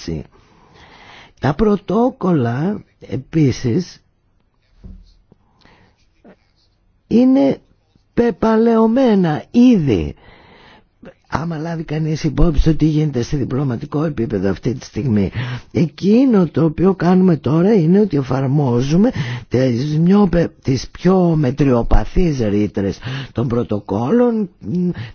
τα πρωτόκολλα επίσης είναι πεπαλαιωμένα ήδη άμα λάβει κανείς υπόψη ότι γίνεται σε διπλωματικό επίπεδο αυτή τη στιγμή εκείνο το οποίο κάνουμε τώρα είναι ότι εφαρμόζουμε τις, τις πιο μετριοπαθείς ρήτρε των πρωτοκόλων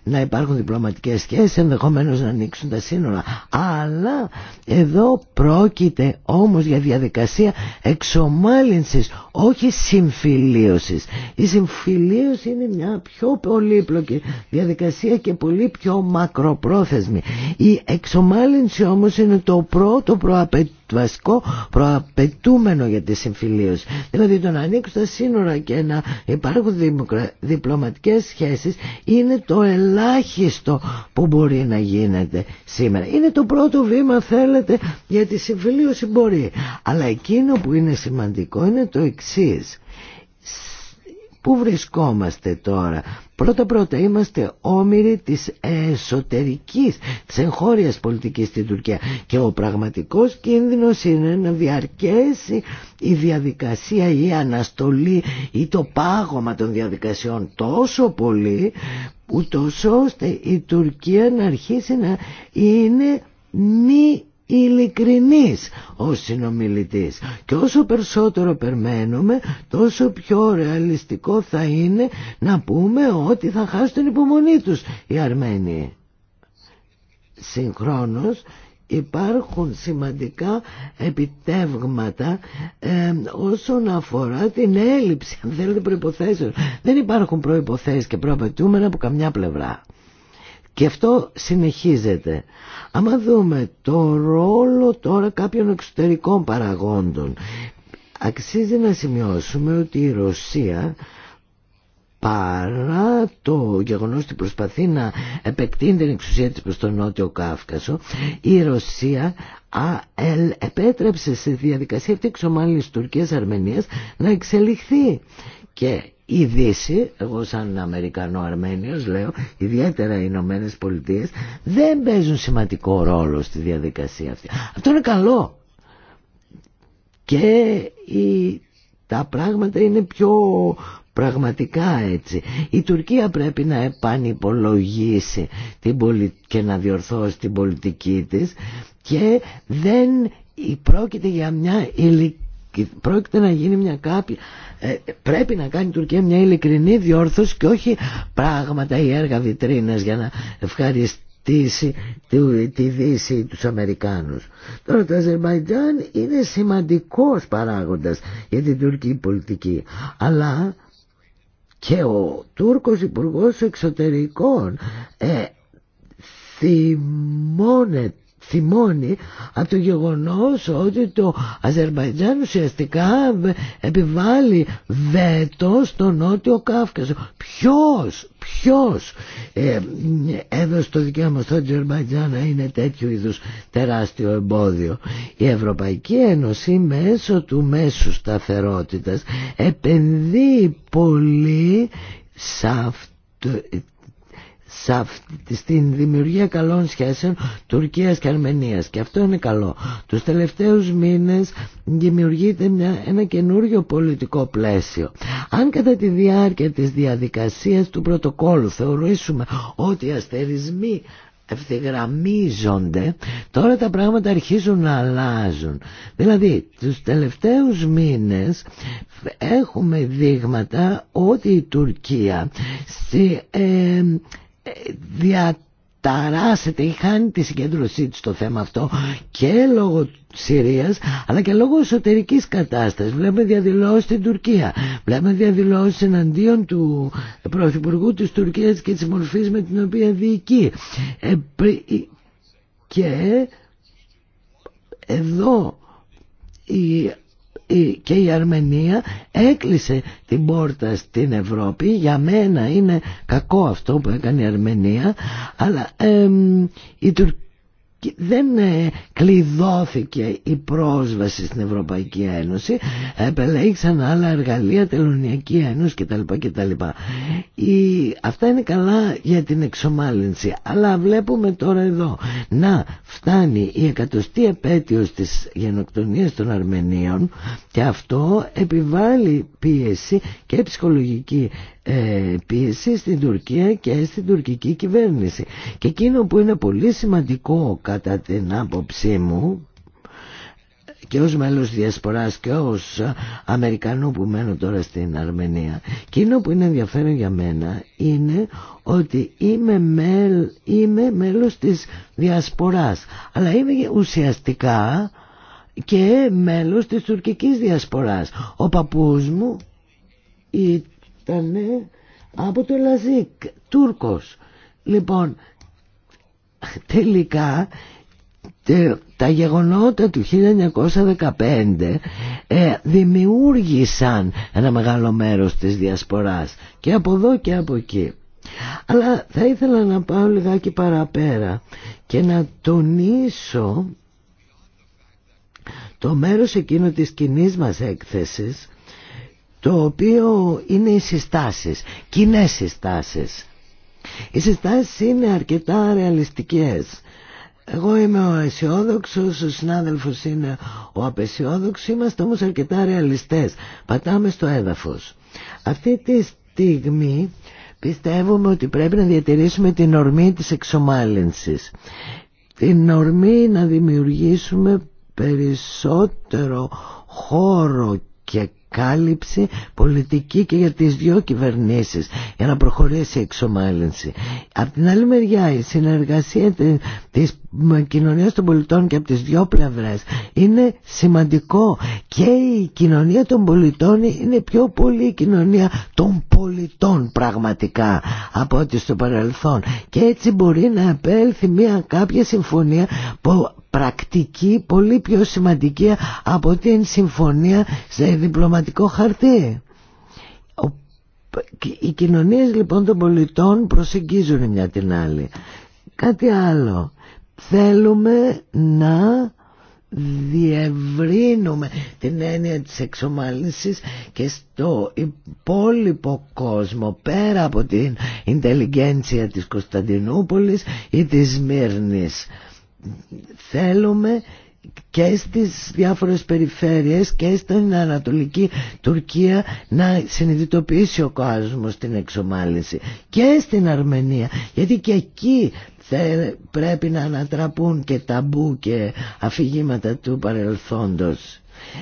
να υπάρχουν διπλωματικές σχέσεις ενδεχομένως να ανοίξουν τα σύνορα αλλά εδώ πρόκειται όμως για διαδικασία εξομάλυνσης όχι συμφιλίωσης η συμφιλίωση είναι μια πιο πολύπλοκη διαδικασία και πολύ πιο μακροπρόθεσμη. Η εξομάλυνση όμως είναι το πρώτο βασικό προαπαιτούμενο για τη συμφιλίωση. Δηλαδή το να ανοίξουν τα σύνορα και να υπάρχουν δημοκρα... διπλωματικές σχέσεις είναι το ελάχιστο που μπορεί να γίνεται σήμερα. Είναι το πρώτο βήμα θέλετε για τη συμφιλίωση μπορεί. Αλλά εκείνο που είναι σημαντικό είναι το εξής. Πού βρισκόμαστε τώρα Πρώτα πρώτα είμαστε όμοιροι της εσωτερικής, της εγχώριας πολιτικής στην Τουρκία και ο πραγματικός κίνδυνος είναι να διαρκέσει η διαδικασία ή η αναστολή ή το πάγωμα των διαδικασιών τόσο πολύ ούτως ώστε η Τουρκία να αρχίσει να είναι μη ειλικρινής ως συνομιλητής και όσο περισσότερο περμένουμε τόσο πιο ρεαλιστικό θα είναι να πούμε ότι θα χάσουν την υπομονή τους οι Αρμένοι. Συγχρόνως υπάρχουν σημαντικά επιτεύγματα ε, όσον αφορά την έλλειψη αν θέλετε προϋποθέσεων δεν υπάρχουν προϋποθέσεις και προαπαιτούμενα από καμιά πλευρά και αυτό συνεχίζεται. Άμα δούμε το ρόλο τώρα κάποιων εξωτερικών παραγόντων, αξίζει να σημειώσουμε ότι η Ρωσία παρά το γεγονός ότι προσπαθεί να επεκτείνει την εξουσία της προς τον Νότιο Κάφκασο, η Ρωσία επέτρεψε στη διαδικασία αυτή εξομάλυνης Τουρκίας-Αρμενίας να εξελιχθεί. Και η Δύση, εγώ σαν Αμερικανό-Αρμένιος λέω, ιδιαίτερα οι Ηνωμένε Πολιτείες δεν παίζουν σημαντικό ρόλο στη διαδικασία αυτή. Αυτό είναι καλό. Και τα πράγματα είναι πιο πραγματικά έτσι. Η Τουρκία πρέπει να επανυπολογίσει την πολι... και να διορθώσει την πολιτική της και δεν πρόκειται για μια Πρόκειται να γίνει μια κάποια ε, πρέπει να κάνει η Τουρκία μια ειλικρινή διόρθωση και όχι πράγματα ή έργα βιτρίνας για να ευχαριστήσει τη, Δύση τους Αμερικάνους. Τώρα το Αζερβαϊτζάν είναι σημαντικός παράγοντας για την τουρκική πολιτική αλλά και ο Τούρκος Υπουργός Εξωτερικών ε, θυμώνεται θυμώνει από το γεγονός ότι το Αζερβαϊτζάν ουσιαστικά επιβάλλει βέτο στο Νότιο Κάφκασο. Ποιος, ποιος ε, έδωσε το δικαίωμα στο Αζερβαϊτζάν να είναι τέτοιο είδους τεράστιο εμπόδιο. Η Ευρωπαϊκή Ένωση μέσω του μέσου σταθερότητας επενδύει πολύ σε αυτό στην δημιουργία καλών σχέσεων Τουρκίας και Αρμενίας και αυτό είναι καλό. Τους τελευταίους μήνες δημιουργείται μια, ένα καινούριο πολιτικό πλαίσιο. Αν κατά τη διάρκεια της διαδικασίας του πρωτοκόλου θεωρήσουμε ότι οι αστερισμοί ευθυγραμμίζονται τώρα τα πράγματα αρχίζουν να αλλάζουν δηλαδή τους τελευταίους μήνες έχουμε δείγματα ότι η Τουρκία στη, ε, ε, διαταράσσεται ή χάνει τη συγκέντρωσή του στο θέμα αυτό και λόγω Συρίας αλλά και λόγω εσωτερικής κατάστασης βλέπουμε διαδηλώσεις στην Τουρκία βλέπουμε διαδηλώσεις εναντίον του Πρωθυπουργού της Τουρκίας και της μορφής με την οποία διοικεί ε, και εδώ η και η Αρμενία έκλεισε την πόρτα στην Ευρώπη. Για μένα είναι κακό αυτό που έκανε η Αρμενία, αλλά η Τουρκία δεν ε, κλειδώθηκε η πρόσβαση στην Ευρωπαϊκή Ένωση επελέγησαν άλλα εργαλεία τελωνιακή ένωση κτλ. κτλ. Η... Αυτά είναι καλά για την εξομάλυνση αλλά βλέπουμε τώρα εδώ να φτάνει η εκατοστή επέτειος της γενοκτονίας των Αρμενίων και αυτό επιβάλλει πίεση και ψυχολογική ε, πίεση στην Τουρκία και στην τουρκική κυβέρνηση και εκείνο που είναι πολύ σημαντικό κατά την άποψή μου και ως μέλος διασποράς και ως Αμερικανού που μένω τώρα στην Αρμενία εκείνο που είναι ενδιαφέρον για μένα είναι ότι είμαι, μέλ, είμαι μέλος της διασποράς αλλά είμαι ουσιαστικά και μέλος της τουρκικής διασποράς ο παππούς μου ήταν από το Λαζίκ Τούρκος λοιπόν τελικά τα γεγονότα του 1915 ε, δημιούργησαν ένα μεγάλο μέρος της διασποράς και από εδώ και από εκεί. Αλλά θα ήθελα να πάω λιγάκι παραπέρα και να τονίσω το μέρος εκείνο της κοινή μας έκθεσης το οποίο είναι οι συστάσεις, κοινέ συστάσεις. Οι συστάσεις είναι αρκετά ρεαλιστικές. Εγώ είμαι ο αισιόδοξο, ο συνάδελφος είναι ο απεσιόδοξος, είμαστε όμως αρκετά ρεαλιστές. Πατάμε στο έδαφος. Αυτή τη στιγμή πιστεύουμε ότι πρέπει να διατηρήσουμε την ορμή της εξομάλυνσης. Την ορμή να δημιουργήσουμε περισσότερο χώρο και κάλυψη πολιτική και για τις δύο κυβερνήσεις για να προχωρήσει η εξομάλυνση. Από την άλλη μεριά η συνεργασία της κοινωνία των πολιτών και από τις δυο πλευρές είναι σημαντικό και η κοινωνία των πολιτών είναι πιο πολύ η κοινωνία των πολιτών πραγματικά από ό,τι στο παρελθόν και έτσι μπορεί να επέλθει μια κάποια συμφωνία που πρακτική πολύ πιο σημαντική από την συμφωνία σε διπλωματικό χαρτί. Οι κοινωνίες λοιπόν των πολιτών προσεγγίζουν μια την άλλη. Κάτι άλλο Θέλουμε να διευρύνουμε την έννοια της εξομάλυνσης και στο υπόλοιπο κόσμο πέρα από την ιντελιγέντσια της Κωνσταντινούπολης ή της Μύρνης. Θέλουμε και στις διάφορες περιφέρειες και στην Ανατολική Τουρκία να συνειδητοποιήσει ο κόσμος την εξομάλυνση και στην Αρμενία γιατί και εκεί πρέπει να ανατραπούν και ταμπού και αφηγήματα του παρελθόντος.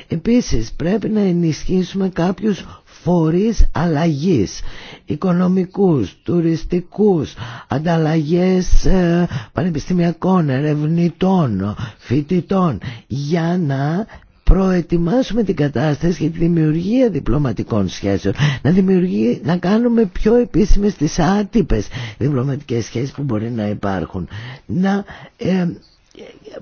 Επίσης πρέπει να ενισχύσουμε κάποιους φορείς αλλαγής, οικονομικούς, τουριστικούς, ανταλλαγές ε, πανεπιστημιακών, ερευνητών, φοιτητών, για να προετοιμάσουμε την κατάσταση για τη δημιουργία διπλωματικών σχέσεων να, δημιουργεί, να κάνουμε πιο επίσημες τις άτυπες διπλωματικές σχέσεις που μπορεί να υπάρχουν να ε,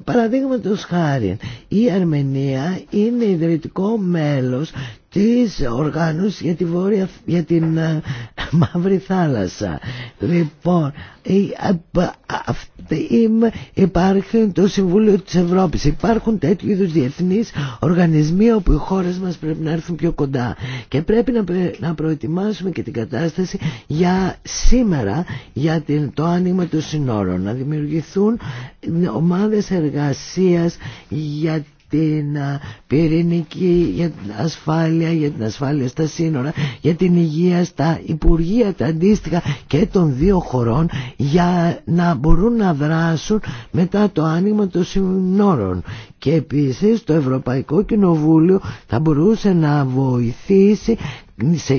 Παραδείγματο χάρη, η Αρμενία είναι ιδρυτικό μέλος της οργάνους για, τη βόρεια, για την ε, Μαύρη Θάλασσα. Λοιπόν, ε, υπάρχει το Συμβούλιο της Ευρώπης, υπάρχουν τέτοιου είδους διεθνείς οργανισμοί όπου οι χώρες μας πρέπει να έρθουν πιο κοντά και πρέπει να, προετοιμάσουμε και την κατάσταση για σήμερα, για την, το άνοιγμα των συνόρων, να δημιουργηθούν ομάδες εργασίας για την πυρηνική για την ασφάλεια, για την ασφάλεια στα σύνορα, για την υγεία στα υπουργεία τα αντίστοιχα και των δύο χωρών για να μπορούν να δράσουν μετά το άνοιγμα των σύνορων. Και επίσης το Ευρωπαϊκό Κοινοβούλιο θα μπορούσε να βοηθήσει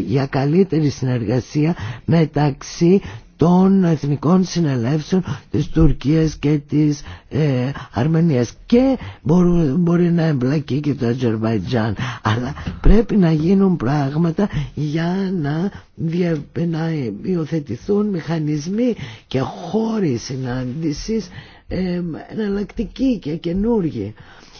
για καλύτερη συνεργασία μεταξύ των εθνικών συνελεύσεων της Τουρκίας και της ε, Αρμενίας και μπορεί, να εμπλακεί και το Αζερβαϊτζάν αλλά πρέπει να γίνουν πράγματα για να, δια, να υιοθετηθούν μηχανισμοί και χώροι συνάντησης ε, εναλλακτικοί και καινούργοι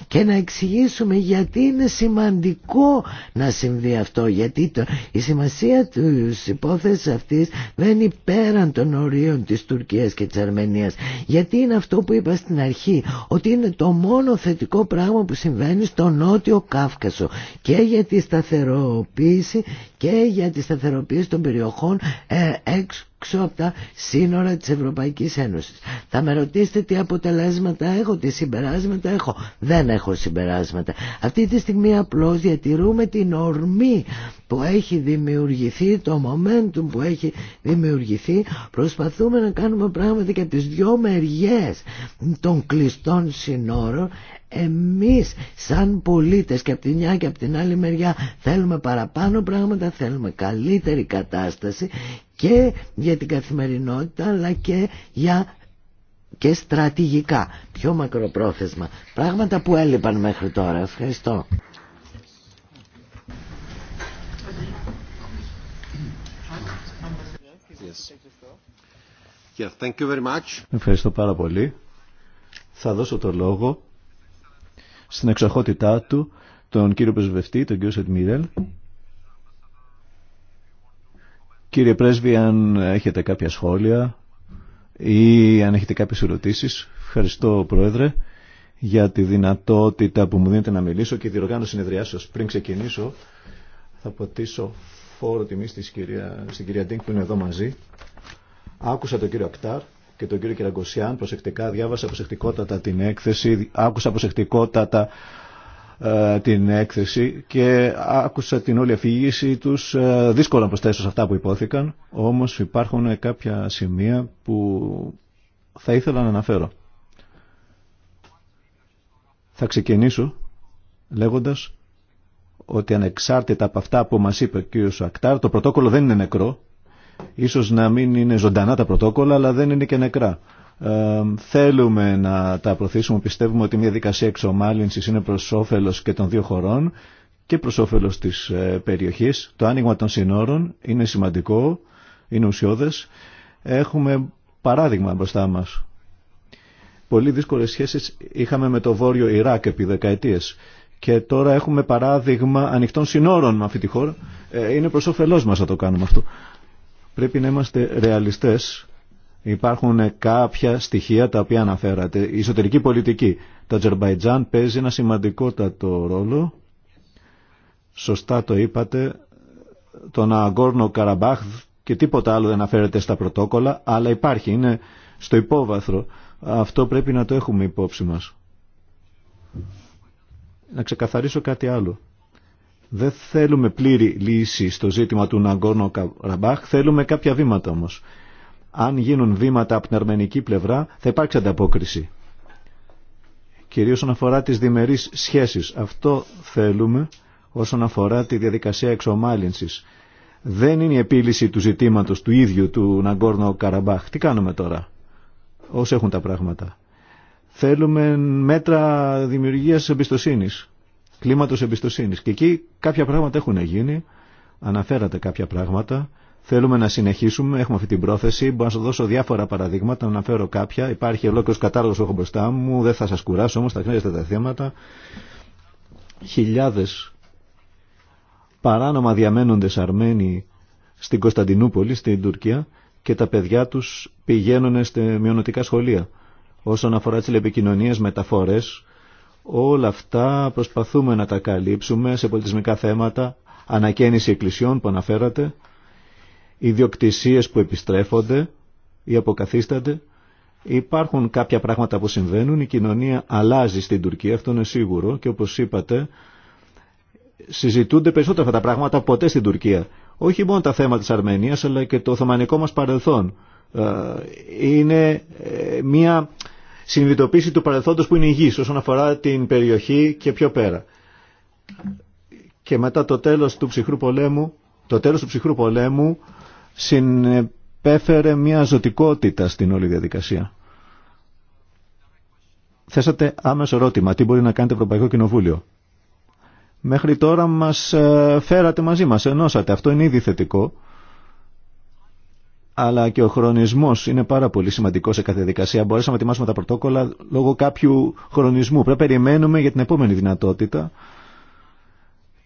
και να εξηγήσουμε γιατί είναι σημαντικό να συμβεί αυτό γιατί το, η σημασία της υπόθεσης αυτής δεν πέραν των ορίων της Τουρκίας και της Αρμενίας γιατί είναι αυτό που είπα στην αρχή ότι είναι το μόνο θετικό πράγμα που συμβαίνει στο Νότιο Κάφκασο και για τη σταθεροποίηση και για τη σταθεροποίηση των περιοχών έξω ε, έξω από τα σύνορα της Ευρωπαϊκής Ένωσης. Θα με ρωτήσετε τι αποτελέσματα έχω, τι συμπεράσματα έχω. Δεν έχω συμπεράσματα. Αυτή τη στιγμή απλώς διατηρούμε την ορμή που έχει δημιουργηθεί, το momentum που έχει δημιουργηθεί. Προσπαθούμε να κάνουμε πράγματα και από τις δυο μεριές των κλειστών συνόρων εμείς σαν πολίτες και από τη μια και από την άλλη μεριά θέλουμε παραπάνω πράγματα, θέλουμε καλύτερη κατάσταση και για την καθημερινότητα αλλά και για και στρατηγικά, πιο μακροπρόθεσμα. Πράγματα που έλειπαν μέχρι τώρα. Ευχαριστώ. Yes. Yeah, thank you very much. Ευχαριστώ πάρα πολύ. Θα δώσω το λόγο στην εξοχότητά του τον κύριο Πρεσβευτή, τον κύριο Σετμιρέλ. Κύριε Πρέσβη, αν έχετε κάποια σχόλια ή αν έχετε κάποιες ερωτήσεις, ευχαριστώ Πρόεδρε για τη δυνατότητα που μου δίνετε να μιλήσω και διοργάνω συνεδριάσεως. Πριν ξεκινήσω, θα ποτίσω φόρο τιμή στην κυρία Ντίνκ που είναι εδώ μαζί. Άκουσα τον κύριο Ακτάρ και τον κύριο Κυραγκοσιάν. Προσεκτικά διάβασα προσεκτικότατα την έκθεση, άκουσα προσεκτικότατα ε, την έκθεση και άκουσα την όλη αφήγηση τους. Ε, δύσκολο να προσθέσω σε αυτά που υπόθηκαν, όμως υπάρχουν κάποια σημεία που θα ήθελα να αναφέρω. Θα ξεκινήσω λέγοντας ότι ανεξάρτητα από αυτά που μας είπε ο κ. Ακτάρ, το πρωτόκολλο δεν είναι νεκρό, Ίσως να μην είναι ζωντανά τα πρωτόκολλα, αλλά δεν είναι και νεκρά. Ε, θέλουμε να τα προωθήσουμε. Πιστεύουμε ότι μια δικασία εξομάλυνσης είναι προς όφελος και των δύο χωρών και προς όφελος της ε, περιοχής. Το άνοιγμα των συνόρων είναι σημαντικό, είναι ουσιώδες. Έχουμε παράδειγμα μπροστά μας. Πολύ δύσκολες σχέσεις είχαμε με το Βόρειο Ιράκ επί δεκαετίες και τώρα έχουμε παράδειγμα ανοιχτών συνόρων με αυτή τη χώρα. Ε, είναι προς όφελός μας να το κάνουμε αυτό. Πρέπει να είμαστε ρεαλιστές. Υπάρχουν κάποια στοιχεία τα οποία αναφέρατε. Η εσωτερική πολιτική. Τα Τζερμπαϊτζάν παίζει ένα σημαντικότατο ρόλο. Σωστά το είπατε. Τον Ναγκόρνο Καραμπάχ και τίποτα άλλο δεν αναφέρεται στα πρωτόκολλα, αλλά υπάρχει, είναι στο υπόβαθρο. Αυτό πρέπει να το έχουμε υπόψη μας. Να ξεκαθαρίσω κάτι άλλο. Δεν θέλουμε πλήρη λύση στο ζήτημα του Ναγκόρνο Καραμπάχ, θέλουμε κάποια βήματα όμως. Αν γίνουν βήματα από την αρμενική πλευρά θα υπάρξει ανταπόκριση. Κυρίως όσον αφορά τις διμερείς σχέσεις. Αυτό θέλουμε όσον αφορά τη διαδικασία εξομάλυνσης. Δεν είναι η επίλυση του ζητήματος του ίδιου του Ναγκόρνο Καραμπάχ. Τι κάνουμε τώρα, όσοι έχουν τα πράγματα. Θέλουμε μέτρα δημιουργίας εμπιστοσύνης κλίματος εμπιστοσύνης. Και εκεί κάποια πράγματα έχουν γίνει, αναφέρατε κάποια πράγματα, θέλουμε να συνεχίσουμε, έχουμε αυτή την πρόθεση, μπορώ να σα δώσω διάφορα παραδείγματα, αναφέρω κάποια, υπάρχει ολόκληρο κατάλογο που έχω μπροστά μου, δεν θα σα κουράσω όμω θα χρειάζεται τα θέματα. Χιλιάδε παράνομα διαμένοντε Αρμένοι στην Κωνσταντινούπολη, στην Τουρκία και τα παιδιά του πηγαίνουν σε μειονοτικά σχολεία. Όσον αφορά τι τηλεπικοινωνίε, μεταφορέ. Όλα αυτά προσπαθούμε να τα καλύψουμε σε πολιτισμικά θέματα, ανακαίνιση εκκλησιών που αναφέρατε, ιδιοκτησίες που επιστρέφονται ή αποκαθίστανται. Υπάρχουν κάποια πράγματα που συμβαίνουν, η κοινωνία αλλάζει στην Τουρκία, αυτό είναι σίγουρο και όπως είπατε συζητούνται περισσότερα αυτά τα πράγματα ποτέ στην Τουρκία. Όχι μόνο τα θέματα της Αρμενίας αλλά και το Οθωμανικό μας παρελθόν. Ε, είναι ε, μια συνειδητοποίηση του παρελθόντος που είναι υγιής όσον αφορά την περιοχή και πιο πέρα. Και μετά το τέλος του ψυχρού πολέμου, το τέλος του ψυχρού πολέμου συνεπέφερε μια ζωτικότητα στην όλη διαδικασία. Θέσατε άμεσο ερώτημα, τι μπορεί να κάνει το Ευρωπαϊκό Κοινοβούλιο. Μέχρι τώρα μας ε, φέρατε μαζί μας, ενώσατε, αυτό είναι ήδη θετικό αλλά και ο χρονισμό είναι πάρα πολύ σημαντικό σε κάθε δικασία. Μπορέσαμε να ετοιμάσουμε τα πρωτόκολλα λόγω κάποιου χρονισμού. Πρέπει να περιμένουμε για την επόμενη δυνατότητα,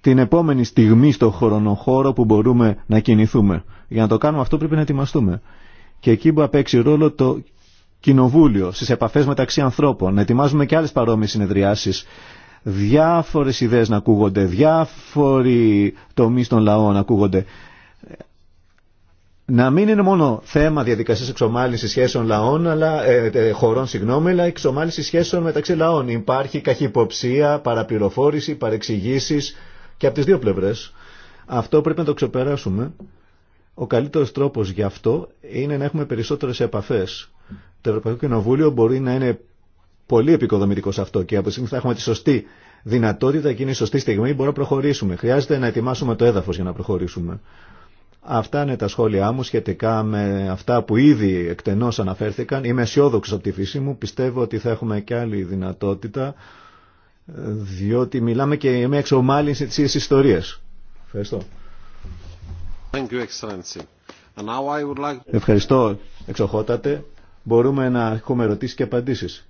την επόμενη στιγμή στο χρονοχώρο που μπορούμε να κινηθούμε. Για να το κάνουμε αυτό πρέπει να ετοιμαστούμε. Και εκεί που παίξει ρόλο το κοινοβούλιο, στι επαφέ μεταξύ ανθρώπων, να ετοιμάζουμε και άλλε παρόμοιε συνεδριάσει. Διάφορε ιδέε να ακούγονται, διάφοροι τομεί των λαών να ακούγονται να μην είναι μόνο θέμα διαδικασίας εξομάλυνσης σχέσεων λαών, αλλά, ε, ε, χωρών συγγνώμη, αλλά εξομάλυνση σχέσεων μεταξύ λαών. Υπάρχει καχυποψία, παραπληροφόρηση, παρεξηγήσει και από τις δύο πλευρές. Αυτό πρέπει να το ξεπεράσουμε. Ο καλύτερος τρόπος γι' αυτό είναι να έχουμε περισσότερες επαφές. Το Ευρωπαϊκό Κοινοβούλιο μπορεί να είναι πολύ επικοδομητικό σε αυτό και από τη στιγμή θα έχουμε τη σωστή δυνατότητα και είναι η σωστή στιγμή μπορούμε να προχωρήσουμε. Χρειάζεται να ετοιμάσουμε το έδαφος για να προχωρήσουμε. Αυτά είναι τα σχόλιά μου σχετικά με αυτά που ήδη εκτενώς αναφέρθηκαν. Είμαι αισιόδοξο από τη φύση μου. Πιστεύω ότι θα έχουμε και άλλη δυνατότητα, διότι μιλάμε και με εξομάλυνση της ιστορίας. Ευχαριστώ. Thank you, And now I would like... Ευχαριστώ, εξοχότατε. Μπορούμε να έχουμε ερωτήσεις και απαντήσεις.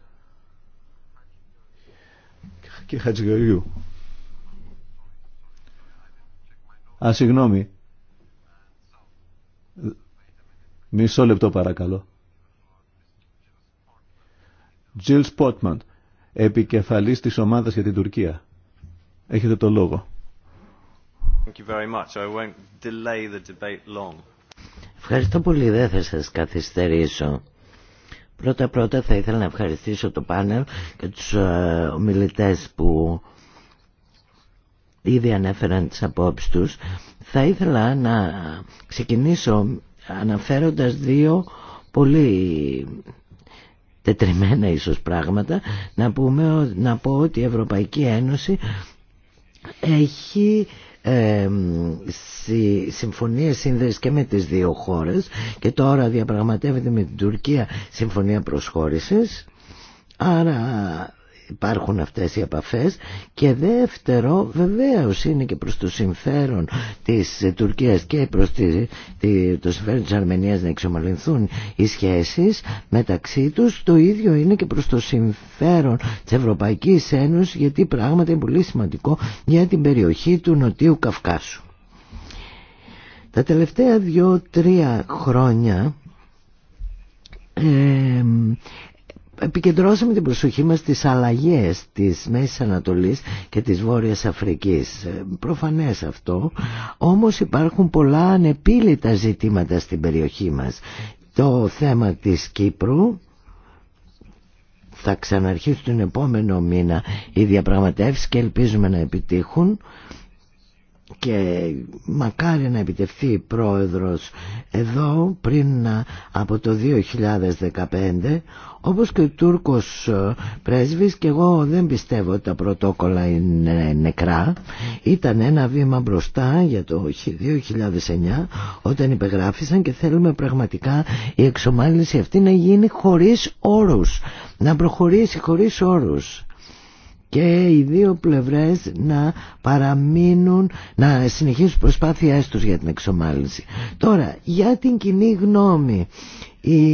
Και Α, συγγνώμη. Μισό λεπτό παρακαλώ. Jill Spotman, επικεφαλής της ομάδας για την Τουρκία. Έχετε το λόγο. Ευχαριστώ πολύ, δεν θα σας καθυστερήσω. Πρώτα-πρώτα θα ήθελα να ευχαριστήσω το πάνελ και τους ε, ομιλητές που ήδη ανέφεραν τις απόψεις τους. Θα ήθελα να ξεκινήσω αναφέροντας δύο πολύ τετριμένα ίσως πράγματα να, πούμε, να πω ότι η Ευρωπαϊκή Ένωση έχει ε, συμφωνίες σύνδεσης και με τις δύο χώρες και τώρα διαπραγματεύεται με την Τουρκία συμφωνία προσχώρησης άρα υπάρχουν αυτές οι επαφές και δεύτερο βεβαίως είναι και προς το συμφέρον της Τουρκίας και προς τη, το συμφέρον της Αρμενίας να εξομαλυνθούν οι σχέσεις μεταξύ τους το ίδιο είναι και προς το συμφέρον της Ευρωπαϊκής Ένωσης γιατί πράγματι είναι πολύ σημαντικό για την περιοχή του Νοτίου Καυκάσου. Τα τελευταία δύο-τρία χρόνια επικεντρώσαμε την προσοχή μας στις αλλαγές της Μέσης Ανατολής και της Βόρειας Αφρικής. Ε, προφανές αυτό, όμως υπάρχουν πολλά ανεπίλητα ζητήματα στην περιοχή μας. Το θέμα της Κύπρου θα ξαναρχίσει τον επόμενο μήνα οι διαπραγματεύσεις και ελπίζουμε να επιτύχουν και μακάρι να επιτευχθεί πρόεδρος εδώ πριν από το 2015 όπως και ο Τούρκος ε, πρέσβης και εγώ δεν πιστεύω ότι τα πρωτόκολλα είναι νεκρά ήταν ένα βήμα μπροστά για το 2009 όταν υπεγράφησαν και θέλουμε πραγματικά η εξομάλυνση αυτή να γίνει χωρίς όρους να προχωρήσει χωρίς όρους και οι δύο πλευρές να παραμείνουν, να συνεχίσουν προσπάθειές τους για την εξομάλυνση. Τώρα, για την κοινή γνώμη, η,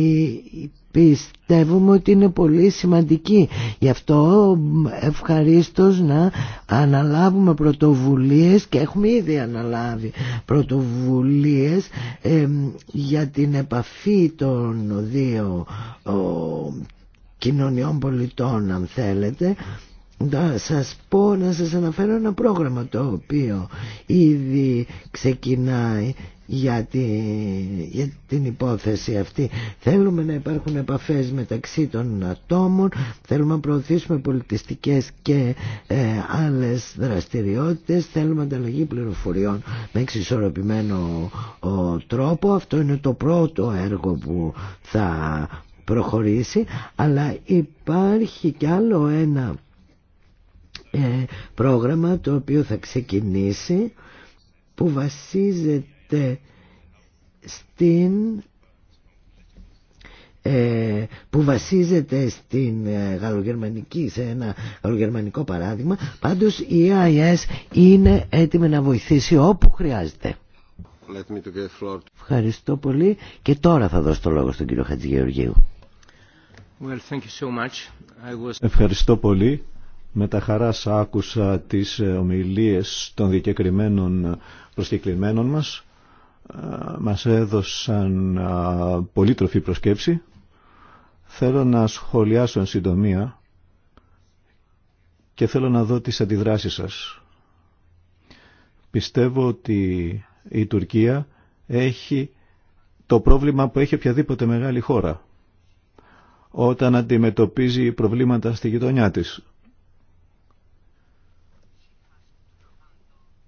πιστεύουμε ότι είναι πολύ σημαντική. Γι' αυτό ευχαρίστως να αναλάβουμε πρωτοβουλίες και έχουμε ήδη αναλάβει πρωτοβουλίες για την επαφή των δύο κοινωνιών πολιτών αν θέλετε να σας πω, να σας αναφέρω ένα πρόγραμμα το οποίο ήδη ξεκινάει για, για την υπόθεση αυτή. Θέλουμε να υπάρχουν επαφές μεταξύ των ατόμων, θέλουμε να προωθήσουμε πολιτιστικές και ε, άλλες δραστηριότητες, θέλουμε ανταλλαγή πληροφοριών με εξισορροπημένο τρόπο. Αυτό είναι το πρώτο έργο που θα προχωρήσει, αλλά υπάρχει κι άλλο ένα ε, πρόγραμμα το οποίο θα ξεκινήσει που βασίζεται στην ε, που βασίζεται στην ε, γαλλογερμανική, σε ένα γαλλογερμανικό παράδειγμα. Πάντως η EIS είναι έτοιμη να βοηθήσει όπου χρειάζεται. Ευχαριστώ πολύ και τώρα θα δώσω το λόγο στον κύριο Χατζηγεωργίου. Well, so was... Ευχαριστώ πολύ. Με τα χαράς άκουσα τις ε, ομιλίες των δικαιοκριμένων ε, προσκεκλημένων μας. Ε, μας έδωσαν πολύτροφη προσκέψη. Θέλω να σχολιάσω εν συντομία και θέλω να δω τις αντιδράσεις σας. Πιστεύω ότι η Τουρκία έχει το πρόβλημα που έχει οποιαδήποτε μεγάλη χώρα όταν αντιμετωπίζει προβλήματα στη γειτονιά της.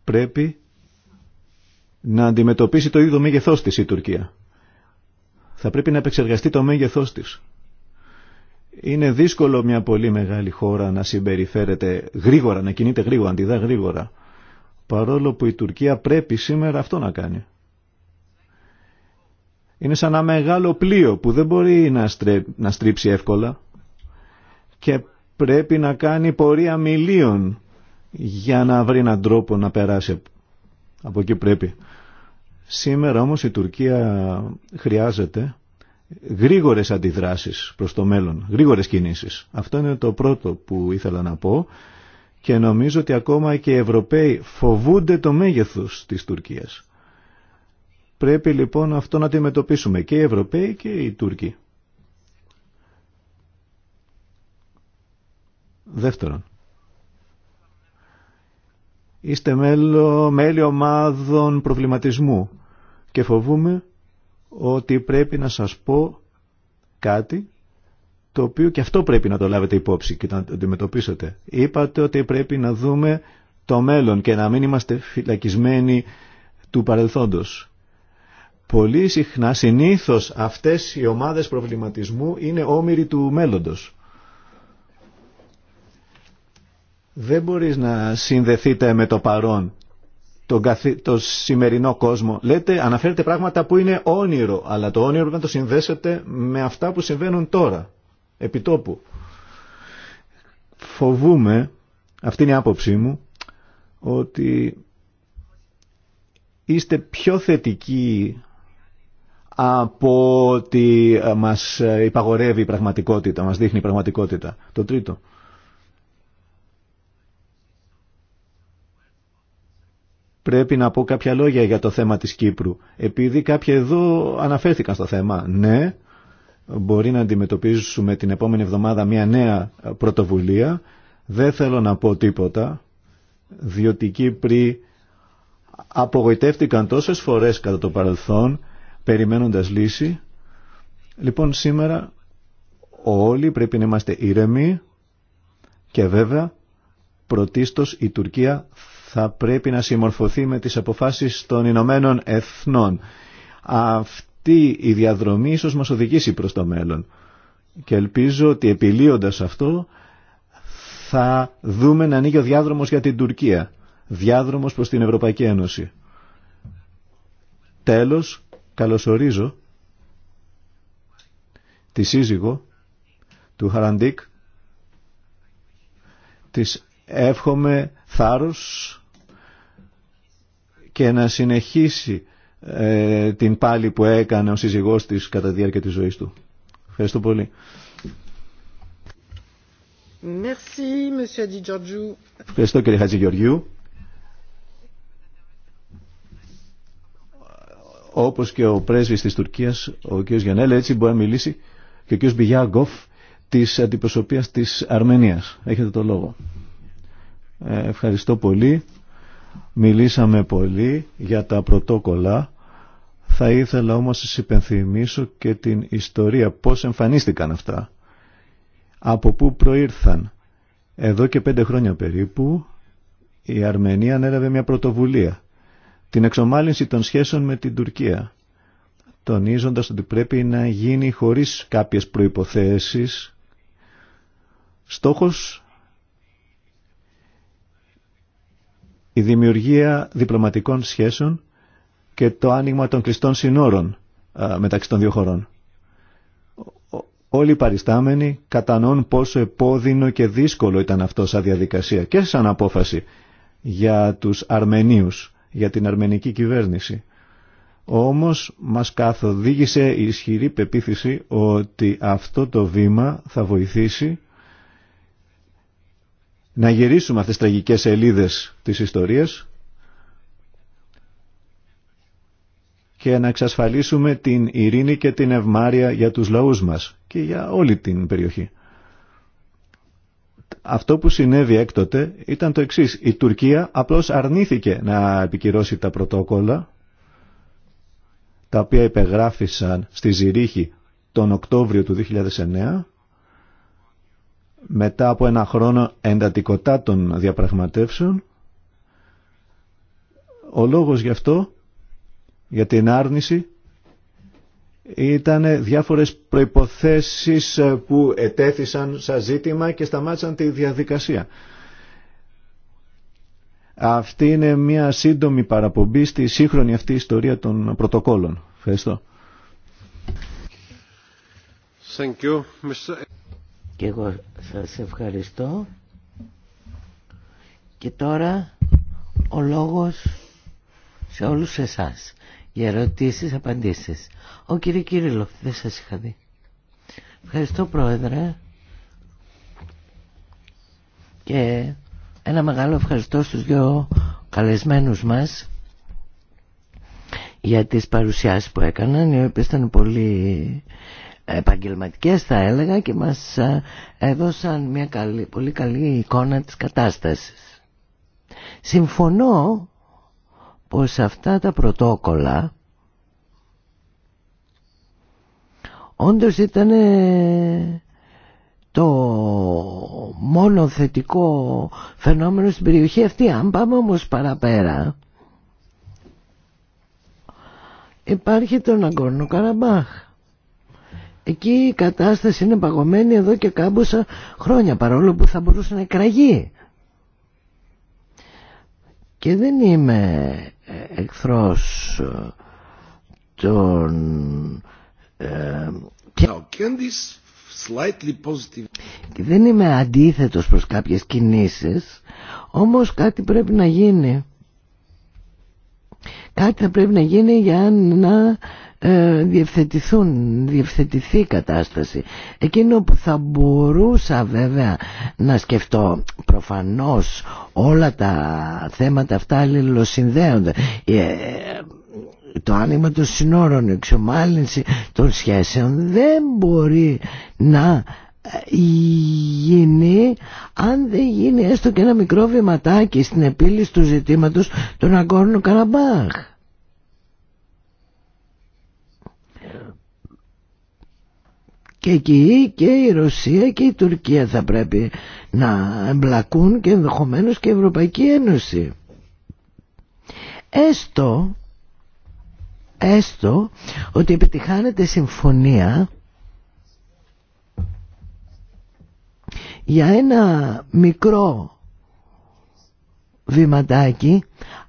πρέπει να αντιμετωπίσει το ίδιο μέγεθός της η Τουρκία. Θα πρέπει να επεξεργαστεί το μέγεθός της. Είναι δύσκολο μια πολύ μεγάλη χώρα να συμπεριφέρεται γρήγορα, να κινείται γρήγορα, αντιδά γρήγορα. Παρόλο που η Τουρκία πρέπει σήμερα αυτό να κάνει. Είναι σαν ένα μεγάλο πλοίο που δεν μπορεί να, να στρίψει εύκολα και πρέπει να κάνει πορεία μιλίων για να βρει έναν τρόπο να περάσει από εκεί πρέπει. Σήμερα όμως η Τουρκία χρειάζεται γρήγορες αντιδράσεις προς το μέλλον, γρήγορες κινήσεις. Αυτό είναι το πρώτο που ήθελα να πω και νομίζω ότι ακόμα και οι Ευρωπαίοι φοβούνται το μέγεθος της Τουρκίας. Πρέπει λοιπόν αυτό να αντιμετωπίσουμε και οι Ευρωπαίοι και οι Τούρκοι. Δεύτερον, είστε μέλο, μέλη ομάδων προβληματισμού και φοβούμε ότι πρέπει να σας πω κάτι το οποίο και αυτό πρέπει να το λάβετε υπόψη και να το αντιμετωπίσετε. Είπατε ότι πρέπει να δούμε το μέλλον και να μην είμαστε φυλακισμένοι του παρελθόντος. Πολύ συχνά, συνήθως, αυτές οι ομάδες προβληματισμού είναι όμοιροι του μέλλοντος. δεν μπορείς να συνδεθείτε με το παρόν, το, το σημερινό κόσμο. Λέτε, αναφέρετε πράγματα που είναι όνειρο, αλλά το όνειρο πρέπει να το συνδέσετε με αυτά που συμβαίνουν τώρα, επιτόπου. Φοβούμε, αυτή είναι η άποψή μου, ότι είστε πιο θετικοί από ότι μας υπαγορεύει η πραγματικότητα, μας δείχνει η πραγματικότητα. Το τρίτο. πρέπει να πω κάποια λόγια για το θέμα της Κύπρου. Επειδή κάποιοι εδώ αναφέρθηκαν στο θέμα. Ναι, μπορεί να αντιμετωπίσουμε την επόμενη εβδομάδα μια νέα πρωτοβουλία. Δεν θέλω να πω τίποτα, διότι οι Κύπροι απογοητεύτηκαν τόσες φορές κατά το παρελθόν, περιμένοντας λύση. Λοιπόν, σήμερα όλοι πρέπει να είμαστε ήρεμοι και βέβαια πρωτίστως η Τουρκία θα πρέπει να συμμορφωθεί με τις αποφάσεις των Ηνωμένων Εθνών. Αυτή η διαδρομή ίσως μας οδηγήσει προς το μέλλον. Και ελπίζω ότι επιλύοντας αυτό θα δούμε να ανοίγει ο διάδρομος για την Τουρκία. Διάδρομος προς την Ευρωπαϊκή Ένωση. Τέλος, καλωσορίζω τη σύζυγο του Χαραντίκ. Της εύχομαι θάρρος και να συνεχίσει ε, την πάλη που έκανε ο σύζυγός της κατά τη διάρκεια της ζωής του. Ευχαριστώ πολύ. Merci, monsieur Ευχαριστώ κύριε Χατζηγεωργιού. Όπως και ο πρέσβης της Τουρκίας, ο κ. Γιανέλε, έτσι μπορεί να μιλήσει και ο κ. Μπιγιάγκοφ της αντιπροσωπείας της Αρμενίας. Έχετε το λόγο. Ε, ευχαριστώ πολύ. Μιλήσαμε πολύ για τα πρωτόκολλα. Θα ήθελα όμως να σας υπενθυμίσω και την ιστορία πώς εμφανίστηκαν αυτά. Από πού προήρθαν. Εδώ και πέντε χρόνια περίπου η Αρμενία ανέλαβε μια πρωτοβουλία. Την εξομάλυνση των σχέσεων με την Τουρκία. Τονίζοντας ότι πρέπει να γίνει χωρίς κάποιες προϋποθέσεις. Στόχος η δημιουργία διπλωματικών σχέσεων και το άνοιγμα των κλειστών συνόρων μεταξύ των δύο χωρών. Όλοι οι παριστάμενοι κατανοούν πόσο επώδυνο και δύσκολο ήταν αυτό σαν διαδικασία και σαν απόφαση για τους Αρμενίους, για την αρμενική κυβέρνηση. Όμως μας καθοδήγησε η ισχυρή πεποίθηση ότι αυτό το βήμα θα βοηθήσει να γυρίσουμε αυτές τις τραγικές σελίδε της ιστορίας και να εξασφαλίσουμε την ειρήνη και την ευμάρεια για τους λαούς μας και για όλη την περιοχή. Αυτό που συνέβη έκτοτε ήταν το εξής. Η Τουρκία απλώς αρνήθηκε να επικυρώσει τα πρωτόκολλα τα οποία υπεγράφησαν στη Ζηρίχη τον Οκτώβριο του 2009 μετά από ένα χρόνο εντατικοτά των διαπραγματεύσεων. Ο λόγος γι' αυτό, για την άρνηση, ήταν διάφορες προϋποθέσεις ε, που ετέθησαν σαν ζήτημα και σταμάτησαν τη διαδικασία. Αυτή είναι μια σύντομη παραπομπή στη σύγχρονη αυτή ιστορία των πρωτοκόλων. Ευχαριστώ. Thank και εγώ σας ευχαριστώ. Και τώρα ο λόγος σε όλους εσάς για ερωτήσεις, απαντήσεις. Ο κύριε Κύριλο, δεν σας είχα δει. Ευχαριστώ πρόεδρε και ένα μεγάλο ευχαριστώ στους δύο καλεσμένους μας για τις παρουσιάσεις που έκαναν οι οποίες ήταν πολύ επαγγελματικές θα έλεγα και μας ε, έδωσαν μια καλή, πολύ καλή εικόνα της κατάστασης. Συμφωνώ πως αυτά τα πρωτόκολλα όντως ήταν ε, το μόνο θετικό φαινόμενο στην περιοχή αυτή. Αν πάμε όμως παραπέρα υπάρχει τον Αγκόρνο Καραμπάχ Εκεί η κατάσταση είναι παγωμένη εδώ και κάμποσα χρόνια παρόλο που θα μπορούσε να εκραγεί. Και δεν είμαι ε, εχθρός ε, των... Ε, και δεν είμαι αντίθετος προς κάποιες κινήσεις, όμως κάτι πρέπει να γίνει. Κάτι θα πρέπει να γίνει για να ε, διευθετηθούν, διευθετηθεί η κατάσταση. Εκείνο που θα μπορούσα βέβαια να σκεφτώ προφανώς όλα τα θέματα αυτά αλληλοσυνδέονται ε, το άνοιγμα των συνόρων, η εξομάλυνση των σχέσεων δεν μπορεί να ε, γίνει αν δεν γίνει έστω και ένα μικρό βηματάκι στην επίλυση του ζητήματος των Αγκόρνου Καραμπάχ. και εκεί και η Ρωσία και η Τουρκία θα πρέπει να εμπλακούν και ενδεχομένως και η Ευρωπαϊκή Ένωση. Έστω, έστω ότι επιτυχάνεται συμφωνία για ένα μικρό βηματάκι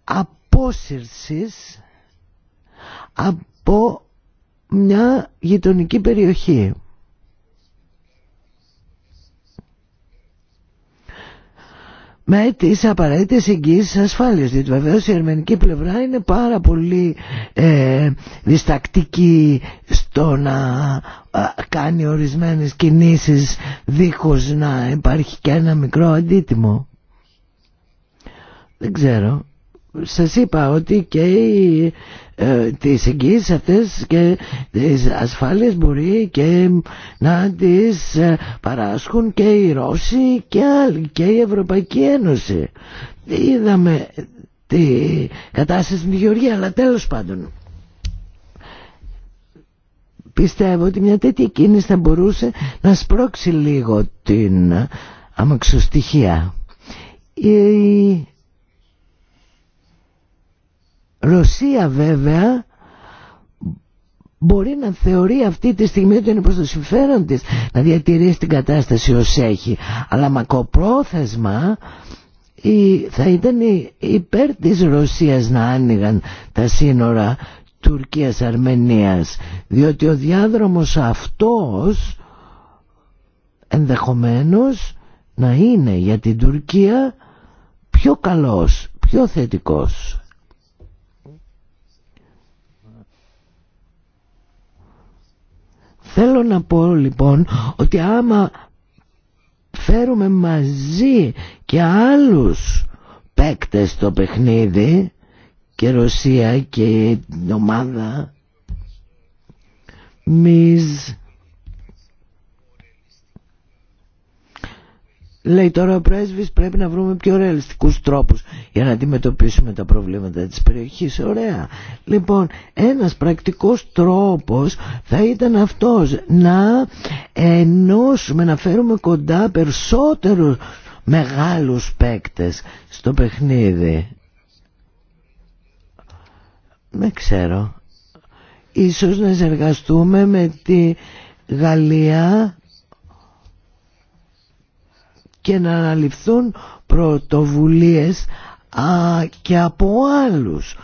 απόσυρσης από μια γειτονική περιοχή. με τις απαραίτητες εγγύησεις ασφάλειας διότι βεβαίω η αρμενική πλευρά είναι πάρα πολύ ε, διστακτική στο να κάνει ορισμένες κινήσεις δίχως να υπάρχει και ένα μικρό αντίτιμο δεν ξέρω σας είπα ότι και οι, ε, τις αυτές και τις ασφάλειες μπορεί και να τις ε, παράσχουν και οι Ρώσοι και, άλλοι, και η Ευρωπαϊκή Ένωση. Είδαμε τη κατάσταση στην Γεωργία, αλλά τέλος πάντων πιστεύω ότι μια τέτοια κίνηση θα μπορούσε να σπρώξει λίγο την αμαξοστοιχεία. Η Ρωσία βέβαια μπορεί να θεωρεί αυτή τη στιγμή ότι είναι προς το συμφέρον της να διατηρήσει την κατάσταση ως έχει. Αλλά μακροπρόθεσμα θα ήταν υπέρ της Ρωσίας να άνοιγαν τα σύνορα Τουρκίας-Αρμενίας διότι ο διάδρομος αυτός ενδεχομένως να είναι για την Τουρκία πιο καλός, πιο θετικός. Θέλω να πω λοιπόν ότι άμα φέρουμε μαζί και άλλους παίκτες στο παιχνίδι και Ρωσία και ομάδα Μιζ Λέει τώρα ο πρέσβης πρέπει να βρούμε πιο ρεαλιστικούς τρόπους για να αντιμετωπίσουμε τα προβλήματα της περιοχής. Ωραία. Λοιπόν, ένας πρακτικός τρόπος θα ήταν αυτός να ενώσουμε, να φέρουμε κοντά περισσότερους μεγάλους παίκτες στο παιχνίδι. Δεν ξέρω. Ίσως να συνεργαστούμε με τη Γαλλία και να αναλυφθούν πρωτοβουλίες α, και από άλλους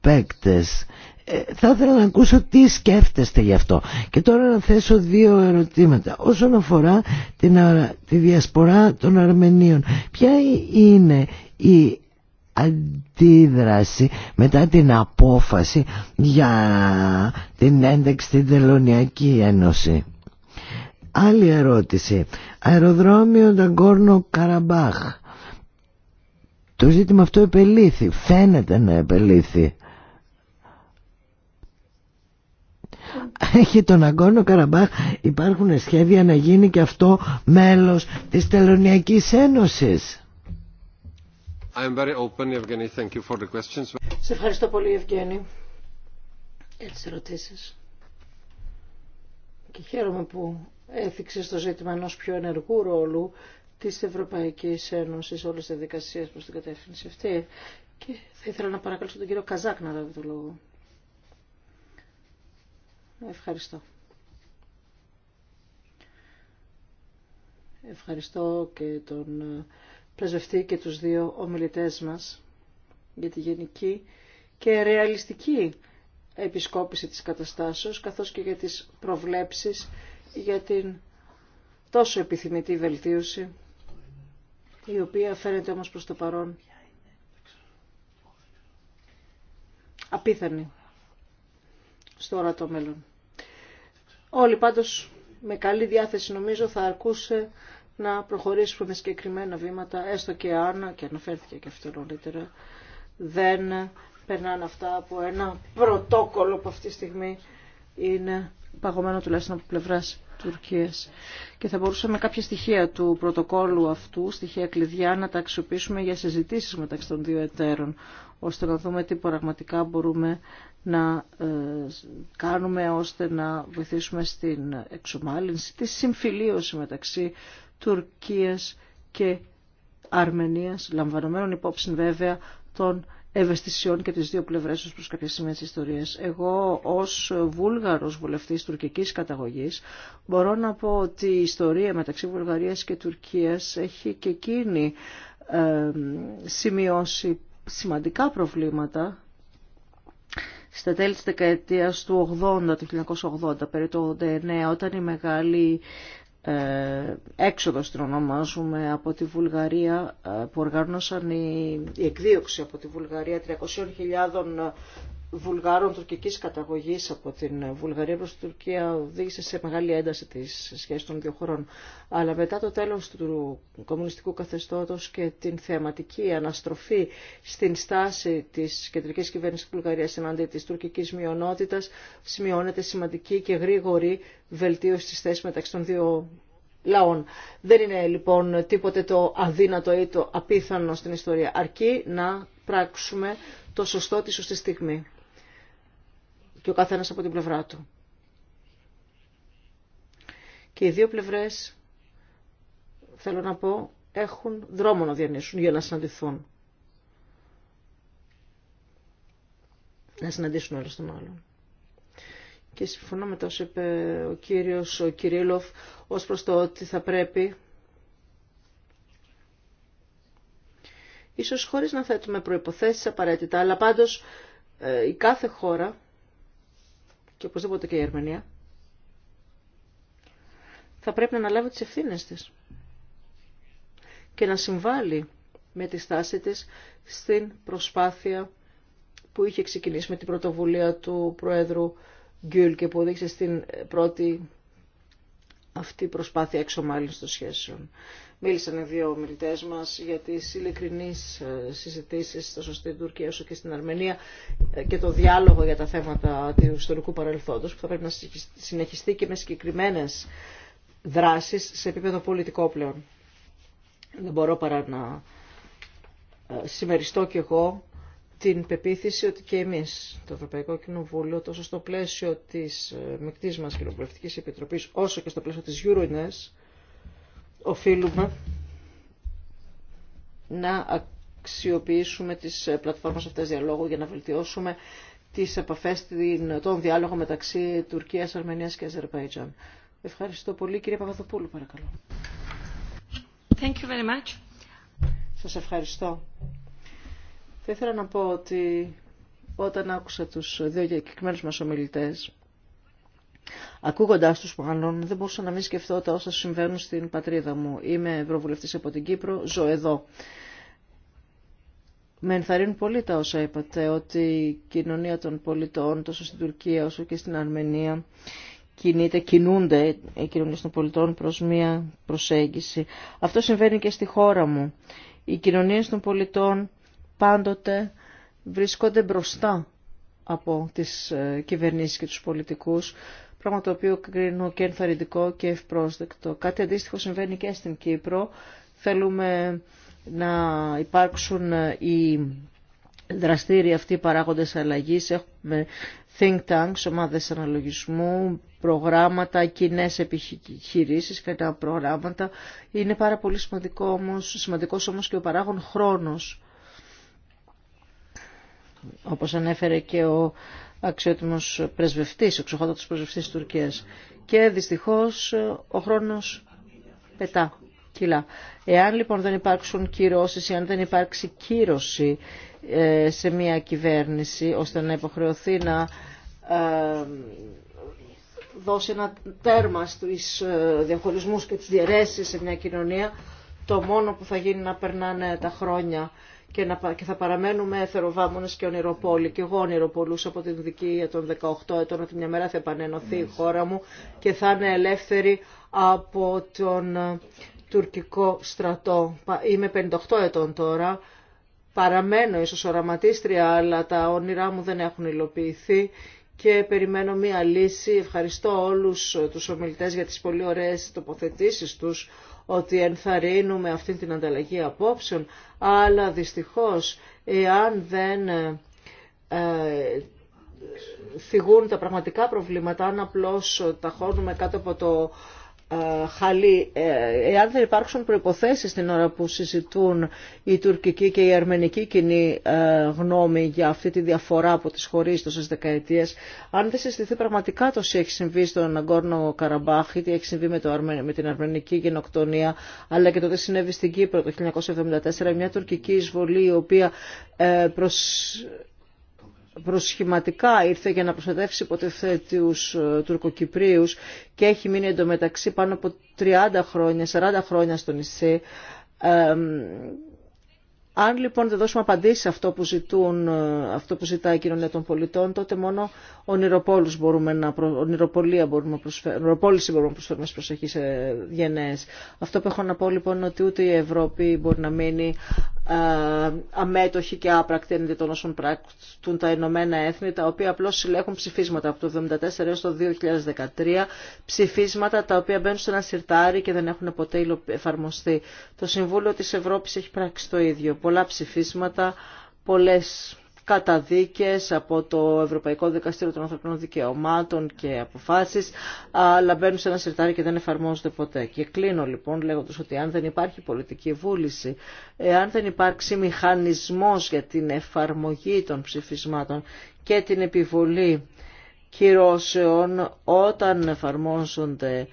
παίκτες. Ε, θα ήθελα να ακούσω τι σκέφτεστε γι' αυτό. Και τώρα να θέσω δύο ερωτήματα. Όσον αφορά την, τη διασπορά των Αρμενίων, ποια είναι η αντίδραση μετά την απόφαση για την ένταξη στην Τελωνιακή Ένωση. Άλλη ερώτηση. Αεροδρόμιο Νταγκόρνο Καραμπάχ. Το ζήτημα αυτό επελήθη. Φαίνεται να επελήθη. Έχει τον Αγκόνο Καραμπάχ υπάρχουν σχέδια να γίνει και αυτό μέλος της Τελωνιακής Ένωσης. I'm very open, Thank you for the Σε ευχαριστώ πολύ, Ευγένη, για τις ερωτήσεις. Και χαίρομαι που έθιξε στο ζήτημα ενός πιο ενεργού ρόλου της Ευρωπαϊκής Ένωσης όλες τις διαδικασίες προς την κατεύθυνση αυτή. Και θα ήθελα να παρακαλέσω τον κύριο Καζάκ να λάβει το λόγο. Ευχαριστώ. Ευχαριστώ και τον ε, πρεσβευτή και τους δύο ομιλητές μας για τη γενική και ρεαλιστική επισκόπηση της καταστάσεως καθώς και για τις προβλέψεις για την τόσο επιθυμητή βελτίωση, η οποία φαίνεται όμως προς το παρόν απίθανη στο ορατό μέλλον. Όλοι πάντως με καλή διάθεση νομίζω θα αρκούσε να προχωρήσουμε με συγκεκριμένα βήματα, έστω και αν, και αναφέρθηκε και αυτό νωρίτερα, δεν περνάνε αυτά από ένα πρωτόκολλο που αυτή τη στιγμή είναι παγωμένο τουλάχιστον από πλευράς Τουρκίας. Και θα μπορούσαμε κάποια στοιχεία του πρωτοκόλου αυτού, στοιχεία κλειδιά, να τα αξιοποιήσουμε για συζητήσεις μεταξύ των δύο εταίρων, ώστε να δούμε τι πραγματικά μπορούμε να ε, κάνουμε ώστε να βοηθήσουμε στην εξομάλυνση, τη συμφιλίωση μεταξύ Τουρκίας και Αρμενίας, λαμβανομένων υπόψη βέβαια των ευαισθησιών και τις δύο πλευρές ως προς κάποια σημεία της ιστορίας. Εγώ ως βούλγαρος βουλευτής τουρκικής καταγωγής μπορώ να πω ότι η ιστορία μεταξύ Βουλγαρίας και Τουρκίας έχει και εκείνη σημειώσει σημαντικά προβλήματα στα τέλη της δεκαετίας του 80, του 1980, περί το 89, όταν η μεγάλη ε, έξοδο την ονομάζουμε από τη Βουλγαρία ε, που οργάνωσαν η, η εκδίωξη από τη Βουλγαρία 300.000 ε, Βουλγάρων τουρκική καταγωγή από την Βουλγαρία προ την Τουρκία οδήγησε σε μεγάλη ένταση τη σχέση των δύο χωρών. Αλλά μετά το τέλο του κομμουνιστικού καθεστώτο και την θεαματική αναστροφή στην στάση τη κεντρική κυβέρνηση τη Βουλγαρία εναντί της τουρκική μειονότητα, σημειώνεται σημαντική και γρήγορη βελτίωση τη θέση μεταξύ των δύο λαών. Δεν είναι λοιπόν τίποτε το αδύνατο ή το απίθανο στην ιστορία. Αρκεί να πράξουμε το σωστό τη σωστή στιγμή και ο καθένας από την πλευρά του. Και οι δύο πλευρές, θέλω να πω, έχουν δρόμο να διανύσουν για να συναντηθούν. Να συναντήσουν όλο τον άλλον. Και συμφωνώ με τόσο είπε ο κύριος ο Κυρίλοφ ως προς το ότι θα πρέπει ίσως χωρίς να θέτουμε προϋποθέσεις απαραίτητα, αλλά πάντως ε, η κάθε χώρα και οπωσδήποτε και η Ερμενία θα πρέπει να αναλάβει τις ευθύνες της και να συμβάλλει με τη στάση της στην προσπάθεια που είχε ξεκινήσει με την πρωτοβουλία του Προέδρου Γκιουλ και που οδήγησε στην πρώτη αυτή προσπάθεια εξομάλυνσης των σχέσεων. Μίλησαν οι δύο ομιλητέ μα για τι ειλικρινεί ε, συζητήσει τόσο στην Τουρκία όσο και στην Αρμενία ε, και το διάλογο για τα θέματα του ιστορικού παρελθόντος που θα πρέπει να συνεχιστεί και με συγκεκριμένε δράσει σε επίπεδο πολιτικό πλέον. Δεν μπορώ παρά να ε, συμμεριστώ κι εγώ την πεποίθηση ότι και εμείς το Ευρωπαϊκό Κοινοβούλιο τόσο στο πλαίσιο της μικτής μας κοινοβουλευτικής επιτροπής όσο και στο πλαίσιο της Euronest οφείλουμε να αξιοποιήσουμε τις πλατφόρμες αυτές διαλόγου για να βελτιώσουμε τις επαφές, των διάλογο μεταξύ Τουρκίας, Αρμενίας και Αζερβαϊτζάν. Ευχαριστώ πολύ. Κύριε Παπαδοπούλου, παρακαλώ. Thank you very much. Σας ευχαριστώ. Θα ήθελα να πω ότι όταν άκουσα τους δύο διακεκριμένους μας ομιλητές, Ακούγοντά του, μάλλον δεν μπορούσα να μην σκεφτώ τα όσα συμβαίνουν στην πατρίδα μου. Είμαι Ευρωβουλευτή από την Κύπρο, ζω εδώ. Με ενθαρρύνουν πολύ τα όσα είπατε, ότι η κοινωνία των πολιτών, τόσο στην Τουρκία όσο και στην Αρμενία, κινείται, κινούνται οι κοινωνίε των πολιτών προ μία προσέγγιση. Αυτό συμβαίνει και στη χώρα μου. Οι κοινωνίε των πολιτών πάντοτε βρισκόνται μπροστά από τις ε, κυβερνήσεις και τους πολιτικούς πράγμα το οποίο κρίνω και ενθαρρυντικό και ευπρόσδεκτο. Κάτι αντίστοιχο συμβαίνει και στην Κύπρο. Θέλουμε να υπάρξουν οι δραστήριοι αυτοί οι παράγοντες αλλαγής. Έχουμε think tanks, ομάδες αναλογισμού, προγράμματα, κοινέ επιχειρήσεις, τα προγράμματα. Είναι πάρα πολύ σημαντικό όμω σημαντικός όμως και ο παράγον χρόνος. Όπως ανέφερε και ο αξιότιμος πρεσβευτής, εξοχότατος πρεσβευτής της Τουρκίας. Και δυστυχώς ο χρόνος πετά κιλά. Εάν λοιπόν δεν υπάρξουν κυρώσεις εάν αν δεν υπάρξει κύρωση ε, σε μια κυβέρνηση ώστε να υποχρεωθεί να ε, δώσει ένα τέρμα στους ε, διαχωρισμούς και τις διαιρέσεις σε μια κοινωνία, το μόνο που θα γίνει να περνάνε τα χρόνια και, να, και θα παραμένουμε εθεροβάμονες και ονειροπόλοι. Και εγώ ονειροπολούς από την δική των 18 ετών ότι μια μέρα θα επανενωθεί η χώρα μου και θα είναι ελεύθερη από τον ε, τουρκικό στρατό. Είμαι 58 ετών τώρα. Παραμένω ίσως οραματίστρια, αλλά τα όνειρά μου δεν έχουν υλοποιηθεί και περιμένω μία λύση. Ευχαριστώ όλους ε, τους ομιλητές για τις πολύ ωραίες τοποθετήσεις τους ότι ενθαρρύνουμε αυτή την ανταλλαγή απόψεων, αλλά δυστυχώς εάν δεν ε, ε τα πραγματικά προβλήματα, αν απλώς ταχώνουμε κάτω από το ε, χαλή, ε, εάν δεν υπάρξουν προϋποθέσεις την ώρα που συζητούν η τουρκική και η αρμενική κοινή ε, γνώμη για αυτή τη διαφορά από τις χωρίες τόσες δεκαετίες, αν δεν συστηθεί πραγματικά το έχει συμβεί στον Αγκόρνο Καραμπάχ ή τι έχει συμβεί με, το, με την αρμενική γενοκτονία, αλλά και το τι συνέβη στην Κύπρο το 1974, μια τουρκική εισβολή η οποία προς, προσχηματικά ήρθε για να προστατεύσει υποτεθέτιους ε, τουρκοκυπρίους και έχει μείνει εντωμεταξύ πάνω από 30 χρόνια, 40 χρόνια στο νησί αν λοιπόν δεν δώσουμε απαντήσει σε αυτό που, ζητούν, ε, αυτό που ζητάει η κοινωνία των πολιτών, τότε μόνο ονειροπόλους μπορούμε να, ονειροπολία μπορούμε να προσφέρουμε, ονειροπόληση μπορούμε να προσφέρουμε στις προσεχείς ε, γενναίες. Αυτό που έχω να πω λοιπόν είναι ότι ούτε η Ευρώπη μπορεί να μείνει ε, αμέτωχη και άπρακτη εν των όσων πρακτούν τα Ηνωμένα Έθνη, τα οποία απλώς συλλέχουν ψηφίσματα από το 1974 έως το 2013, ψηφίσματα τα οποία μπαίνουν σε ένα σιρτάρι και δεν έχουν ποτέ εφαρμοστεί. Το Συμβούλιο της Ευρώπης έχει πράξει το ίδιο πολλά ψηφίσματα, πολλές καταδίκες από το Ευρωπαϊκό Δικαστήριο των Ανθρωπίνων Δικαιωμάτων και αποφάσεις, αλλά μπαίνουν σε ένα σιρτάρι και δεν εφαρμόζονται ποτέ. Και κλείνω λοιπόν λέγοντας ότι αν δεν υπάρχει πολιτική βούληση, αν δεν υπάρξει μηχανισμός για την εφαρμογή των ψηφισμάτων και την επιβολή κυρώσεων όταν εφαρμόζονται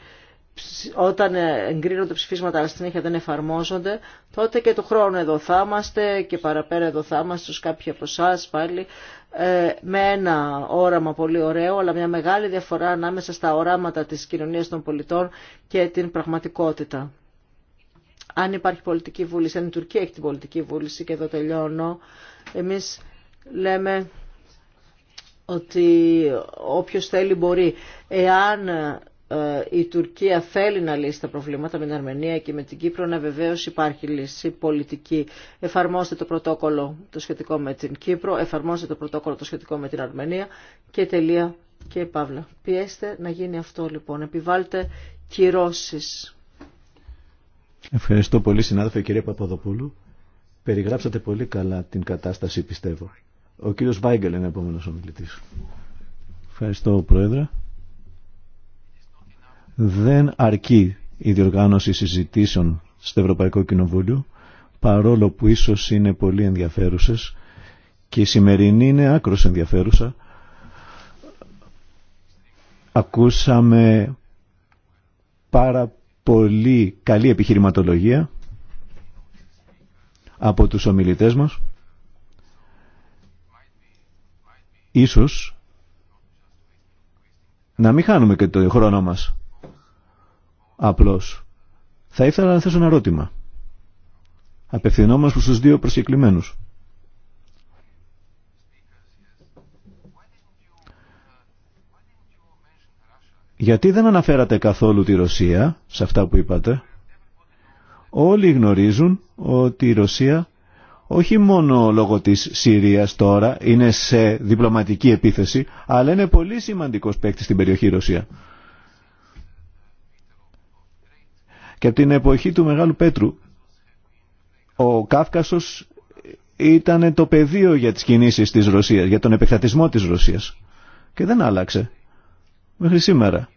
όταν εγκρίνονται ψηφίσματα αλλά συνέχεια δεν εφαρμόζονται, τότε και του χρόνου εδώ θα είμαστε και παραπέρα εδώ θα είμαστε, ως κάποιοι από εσά πάλι, ε, με ένα όραμα πολύ ωραίο, αλλά μια μεγάλη διαφορά ανάμεσα στα οράματα της κοινωνίας των πολιτών και την πραγματικότητα. Αν υπάρχει πολιτική βούληση, αν η Τουρκία έχει την πολιτική βούληση, και εδώ τελειώνω, εμείς λέμε ότι όποιος θέλει μπορεί. Εάν ε, η Τουρκία θέλει να λύσει τα προβλήματα με την Αρμενία και με την Κύπρο, να βεβαίω υπάρχει λύση πολιτική. Εφαρμόστε το πρωτόκολλο το σχετικό με την Κύπρο, εφαρμόστε το πρωτόκολλο το σχετικό με την Αρμενία και τελεία και παύλα. Πιέστε να γίνει αυτό λοιπόν. Επιβάλλετε κυρώσει. Ευχαριστώ πολύ συνάδελφε κύριε Παπαδοπούλου. Περιγράψατε πολύ καλά την κατάσταση πιστεύω. Ο κύριος Βάγκελ είναι επόμενος ομιλητής. Ευχαριστώ πρόεδρε δεν αρκεί η διοργάνωση συζητήσεων στο Ευρωπαϊκό Κοινοβούλιο, παρόλο που ίσως είναι πολύ ενδιαφέρουσες και η σημερινή είναι άκρως ενδιαφέρουσα. Ακούσαμε πάρα πολύ καλή επιχειρηματολογία από τους ομιλητές μας. Ίσως να μην χάνουμε και το χρόνο μας Απλώς θα ήθελα να θέσω ένα ερώτημα. Απευθυνόμαστε στους δύο προσκεκλημένους. Γιατί δεν αναφέρατε καθόλου τη Ρωσία σε αυτά που είπατε. Όλοι γνωρίζουν ότι η Ρωσία όχι μόνο λόγω της Συρίας τώρα είναι σε διπλωματική επίθεση, αλλά είναι πολύ σημαντικός παίκτη στην περιοχή Ρωσία. Και από την εποχή του Μεγάλου Πέτρου, ο Κάφκασος ήταν το πεδίο για τις κινήσεις της Ρωσίας, για τον επεκτατισμό της Ρωσίας. Και δεν άλλαξε. Μέχρι σήμερα.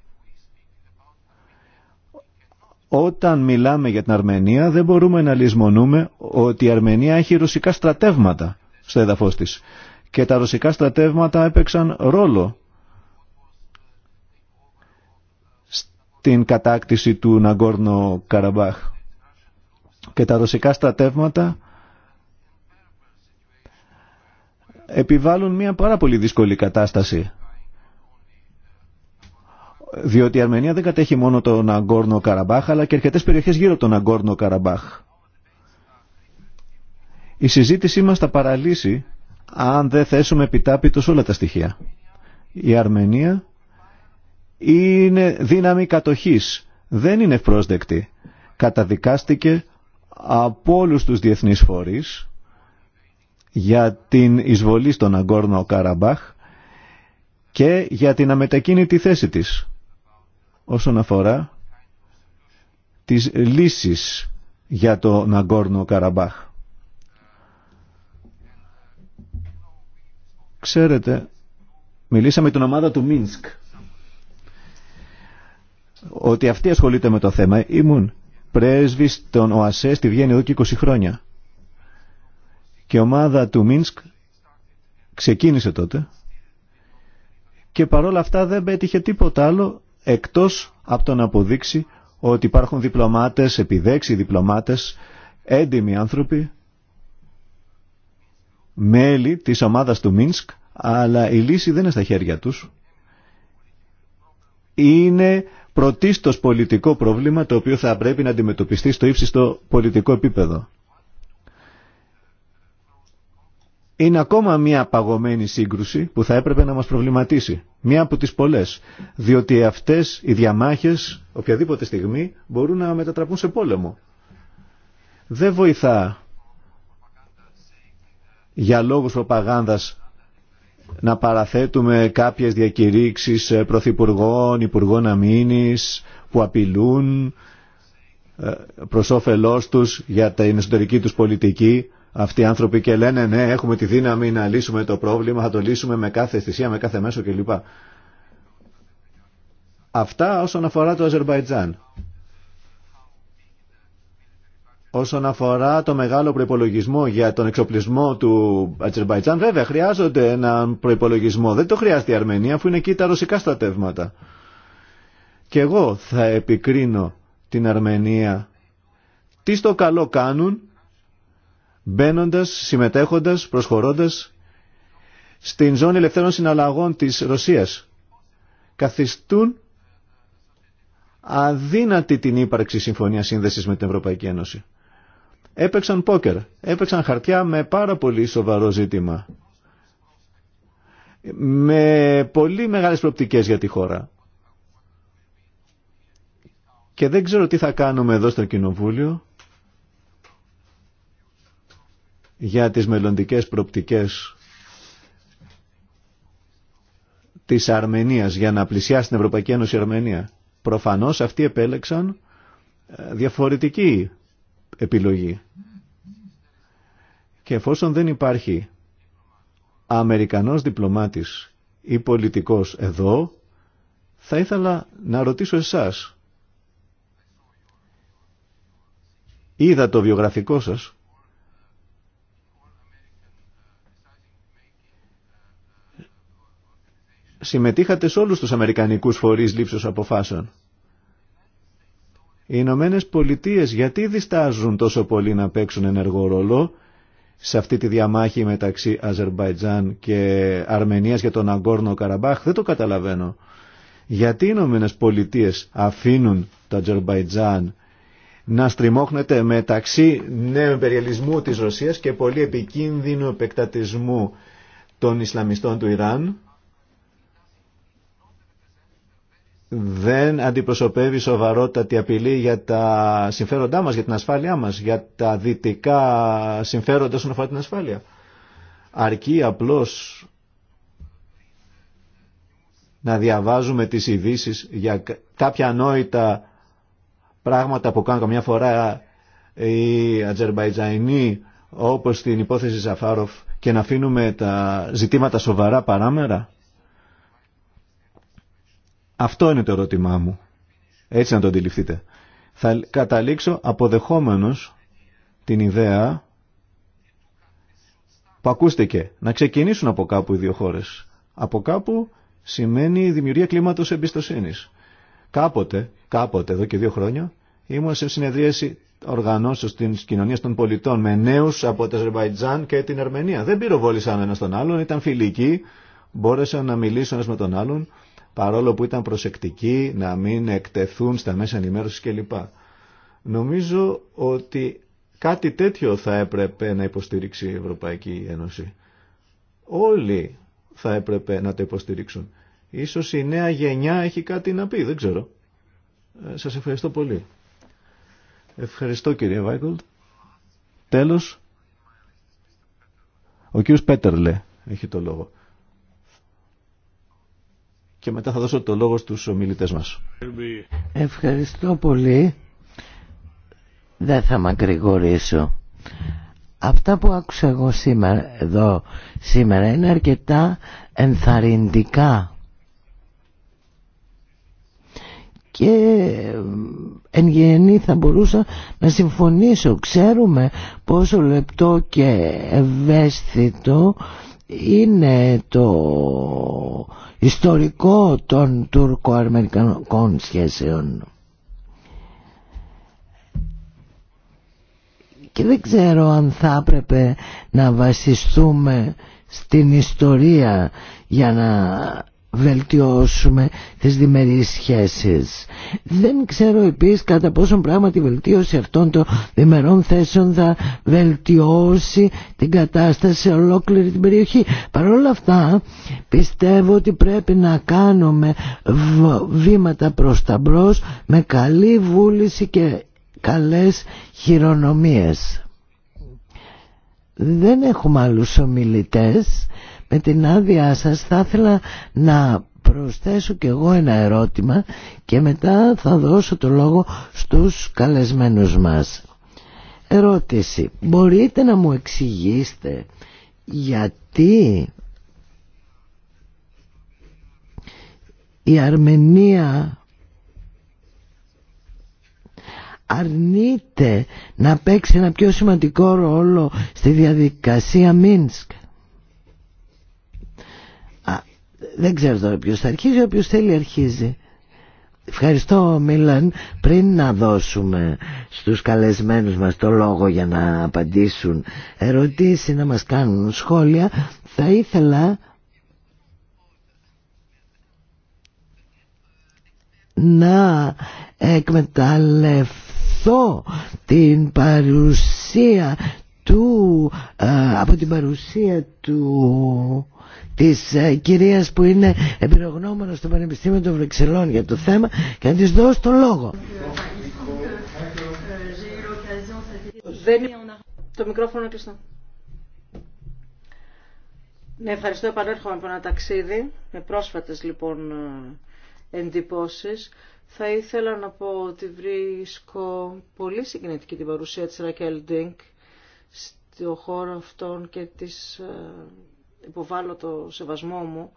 Όταν μιλάμε για την Αρμενία δεν μπορούμε να λησμονούμε ότι η Αρμενία έχει ρωσικά στρατεύματα στο έδαφος της. Και τα ρωσικά στρατεύματα έπαιξαν ρόλο την κατάκτηση του Ναγκόρνο Καραμπάχ. Και τα ρωσικά στρατεύματα επιβάλλουν μια πάρα πολύ δύσκολη κατάσταση. Διότι η Αρμενία δεν κατέχει μόνο τον Αγκόρνο Καραμπάχ, αλλά και αρκετές περιοχές γύρω από τον Αγκόρνο Καραμπάχ. Η συζήτησή μας θα παραλύσει αν δεν θέσουμε επιτάπητος όλα τα στοιχεία. Η Αρμενία είναι δύναμη κατοχής. Δεν είναι ευπρόσδεκτη. Καταδικάστηκε από όλους τους διεθνείς φορείς για την εισβολή στον Αγκόρνο Καραμπάχ και για την αμετακίνητη θέση της όσον αφορά τις λύσεις για το Ναγκόρνο Καραμπάχ. Ξέρετε, μιλήσαμε την ομάδα του Μίνσκ ότι αυτή ασχολείται με το θέμα. Ήμουν πρέσβης των ΟΑΣΕ στη Βιέννη εδώ και 20 χρόνια. Και η ομάδα του Μίνσκ ξεκίνησε τότε και παρόλα αυτά δεν πέτυχε τίποτα άλλο εκτός από το να αποδείξει ότι υπάρχουν διπλωμάτες, επιδέξει διπλωμάτες, έντιμοι άνθρωποι, μέλη της ομάδας του Μίνσκ, αλλά η λύση δεν είναι στα χέρια τους είναι πρωτίστως πολιτικό πρόβλημα το οποίο θα πρέπει να αντιμετωπιστεί στο ύψιστο πολιτικό επίπεδο. Είναι ακόμα μία παγωμένη σύγκρουση που θα έπρεπε να μας προβληματίσει. Μία από τις πολλές. Διότι αυτές οι διαμάχες οποιαδήποτε στιγμή μπορούν να μετατραπούν σε πόλεμο. Δεν βοηθά για λόγους προπαγάνδας να παραθέτουμε κάποιες διακηρύξεις ε, πρωθυπουργών, υπουργών αμήνης που απειλούν ε, προς τους για την εσωτερική τους πολιτική αυτοί οι άνθρωποι και λένε ναι έχουμε τη δύναμη να λύσουμε το πρόβλημα, θα το λύσουμε με κάθε θυσία με κάθε μέσο κλπ. Αυτά όσον αφορά το Αζερβαϊτζάν. Όσον αφορά το μεγάλο προπολογισμό για τον εξοπλισμό του Ατζερμπαϊτζάν, βέβαια χρειάζονται έναν προπολογισμό. Δεν το χρειάζεται η Αρμενία, αφού είναι εκεί τα ρωσικά στρατεύματα. Και εγώ θα επικρίνω την Αρμενία. Τι στο καλό κάνουν, μπαίνοντα, συμμετέχοντα, προσχωρώντα στην ζώνη ελευθέρων συναλλαγών της Ρωσίας. Καθιστούν αδύνατη την ύπαρξη συμφωνία σύνδεσης με την Ευρωπαϊκή Ένωση έπαιξαν πόκερ, έπαιξαν χαρτιά με πάρα πολύ σοβαρό ζήτημα. Με πολύ μεγάλες προπτικές για τη χώρα. Και δεν ξέρω τι θα κάνουμε εδώ στο Κοινοβούλιο για τις μελλοντικές προπτικές της Αρμενίας για να πλησιάσει την Ευρωπαϊκή Ένωση η Αρμενία. Προφανώς αυτοί επέλεξαν ε, διαφορετική επιλογή. Και εφόσον δεν υπάρχει Αμερικανός διπλωμάτης ή πολιτικός εδώ, θα ήθελα να ρωτήσω εσάς. Είδα το βιογραφικό σας. Συμμετείχατε σε όλους τους Αμερικανικούς φορείς λήψεως αποφάσεων. Οι Ηνωμένε Πολιτείε γιατί διστάζουν τόσο πολύ να παίξουν ενεργό ρόλο σε αυτή τη διαμάχη μεταξύ Αζερμπαϊτζάν και Αρμενίας για τον Αγκόρνο Καραμπάχ, δεν το καταλαβαίνω. Γιατί οι Ηνωμένε Πολιτείε αφήνουν το Αζερμπαϊτζάν να στριμώχνεται μεταξύ νέου εμπεριαλισμού της Ρωσίας και πολύ επικίνδυνου επεκτατισμού των Ισλαμιστών του Ιράν δεν αντιπροσωπεύει σοβαρότατη απειλή για τα συμφέροντά μας, για την ασφάλειά μας, για τα δυτικά συμφέροντα όσον αφορά την ασφάλεια. Αρκεί απλώς να διαβάζουμε τις ειδήσει για κάποια ανόητα πράγματα που κάνουν καμιά φορά οι Ατζερμπαϊτζαϊνοί όπως την υπόθεση Ζαφάροφ και να αφήνουμε τα ζητήματα σοβαρά παράμερα. Αυτό είναι το ερώτημά μου. Έτσι να το αντιληφθείτε. Θα καταλήξω αποδεχόμενος την ιδέα που ακούστηκε να ξεκινήσουν από κάπου οι δύο χώρες. Από κάπου σημαίνει η δημιουργία κλίματος εμπιστοσύνης. Κάποτε, κάποτε εδώ και δύο χρόνια, ήμουν σε συνεδρίαση οργανώσεως της κοινωνίας των πολιτών με νέους από το Αζερβαϊτζάν και την Αρμενία. Δεν πυροβόλησαν ένα τον άλλον, ήταν φιλικοί, μπόρεσαν να μιλήσουν με τον άλλον παρόλο που ήταν προσεκτικοί να μην εκτεθούν στα μέσα ενημέρωσης κλπ. Νομίζω ότι κάτι τέτοιο θα έπρεπε να υποστηρίξει η Ευρωπαϊκή Ένωση. Όλοι θα έπρεπε να το υποστηρίξουν. Ίσως η νέα γενιά έχει κάτι να πει, δεν ξέρω. Ε, σας ευχαριστώ πολύ. Ευχαριστώ κύριε Βάικολτ. Τέλος, ο κύριος Πέτερλε έχει το λόγο και μετά θα δώσω το λόγο στους ομιλητές μας. Ευχαριστώ πολύ. Δεν θα μακρηγορήσω. Αυτά που άκουσα εγώ σήμερα, εδώ σήμερα είναι αρκετά ενθαρρυντικά και ε, εν γενή θα μπορούσα να συμφωνήσω. Ξέρουμε πόσο λεπτό και ευαίσθητο είναι το ιστορικό των τουρκο αρμενικων σχέσεων. Και δεν ξέρω αν θα έπρεπε να βασιστούμε στην ιστορία για να βελτιώσουμε τις διμερείς σχέσεις. Δεν ξέρω επίσης κατά πόσον πράγματι βελτίωση αυτών των διμερών θέσεων θα βελτιώσει την κατάσταση σε ολόκληρη την περιοχή. Παρ' όλα αυτά πιστεύω ότι πρέπει να κάνουμε βήματα προς τα μπρος με καλή βούληση και καλές χειρονομίες. Δεν έχουμε άλλους ομιλητές. Με την άδειά σας θα ήθελα να προσθέσω κι εγώ ένα ερώτημα και μετά θα δώσω το λόγο στους καλεσμένους μας. Ερώτηση. Μπορείτε να μου εξηγήσετε γιατί η Αρμενία αρνείται να παίξει ένα πιο σημαντικό ρόλο στη διαδικασία Μίνσκ. Δεν ξέρω τώρα ποιος θα αρχίζει, όποιος θέλει αρχίζει. Ευχαριστώ Μίλαν πριν να δώσουμε στους καλεσμένους μας το λόγο για να απαντήσουν ερωτήσεις, να μας κάνουν σχόλια θα ήθελα να εκμεταλλευθώ την παρουσία του, ε, από την παρουσία του της ε, κυρίας που είναι επιρογνώμονα στο Πανεπιστήμιο των Βρυξελών για το θέμα και να της δώσω τον λόγο. Το μικρόφωνο κλειστό. Ναι, ευχαριστώ. Επανέρχομαι από ένα ταξίδι, με πρόσφατες λοιπόν ε, εντυπώσεις. Θα ήθελα να πω ότι βρίσκω πολύ συγκινητική την παρουσία της Ρακέλ Ντίνκ το χώρο αυτόν και τις ε, υποβάλλω το σεβασμό μου.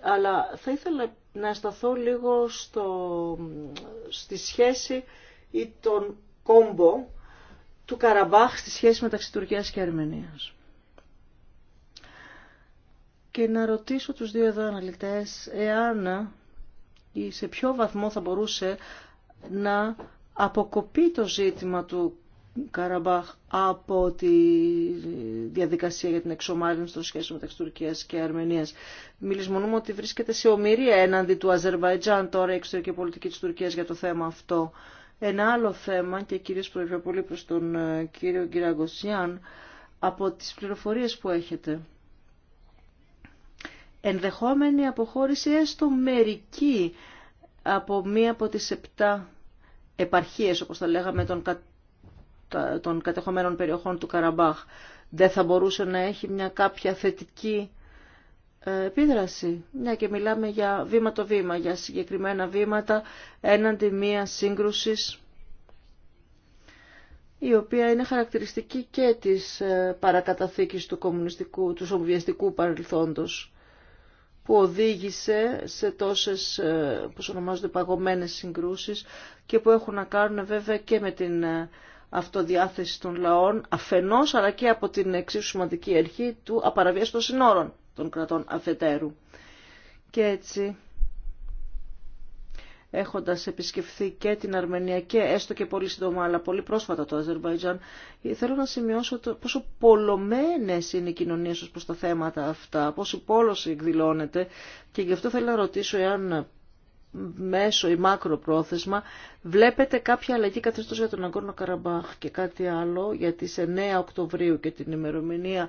Αλλά θα ήθελα να σταθώ λίγο στο, στη σχέση ή τον κόμπο του Καραμπάχ στη σχέση μεταξύ Τουρκίας και Αρμενίας. Και να ρωτήσω τους δύο εδώ αναλυτές εάν ή σε ποιο βαθμό θα μπορούσε να αποκοπεί το ζήτημα του Καραμπάχ από τη διαδικασία για την εξομάλυνση των σχέσεων μεταξύ Τουρκία και Αρμενίας. Μιλισμονούμε ότι βρίσκεται σε ομοιρία έναντι του Αζερβαϊτζάν τώρα η εξωτερική πολιτική της Τουρκίας για το θέμα αυτό. Ένα άλλο θέμα και κυρίω προηγούμενο πολύ προς τον ε, κύριο Γκυραγκοσιάν από τις πληροφορίε που έχετε. Ενδεχόμενη αποχώρηση έστω μερική από μία από τις επτά επαρχίες, όπως τα λέγαμε, των των κατεχομένων περιοχών του Καραμπάχ δεν θα μπορούσε να έχει μια κάποια θετική ε, επίδραση. μια και μιλάμε για βήμα το βήμα, για συγκεκριμένα βήματα έναντι μια σύγκρουσης η οποία είναι χαρακτηριστική και της ε, παρακαταθήκης του κομμουνιστικού, του σοβιεστικού παρελθόντος που οδήγησε σε τόσες, ε, που ονομάζονται, παγωμένες συγκρούσεις και που έχουν να κάνουν βέβαια και με την αυτοδιάθεση των λαών αφενός αλλά και από την εξίσου σημαντική αρχή του απαραβίαση των συνόρων των κρατών αφετέρου. Και έτσι έχοντας επισκεφθεί και την Αρμενία και έστω και πολύ σύντομα, αλλά πολύ πρόσφατα το Αζερβαϊτζάν, θέλω να σημειώσω το πόσο πολλωμένες είναι οι κοινωνίες ως προς τα θέματα αυτά, πόσο πόλωση εκδηλώνεται και γι' αυτό θέλω να ρωτήσω εάν Μέσω ή μάκρο πρόθεσμα βλέπετε κάποια αλλαγή καθεστώς για τον Αγκόρνο Καραμπάχ και κάτι άλλο για σε 9 Οκτωβρίου και την ημερομηνία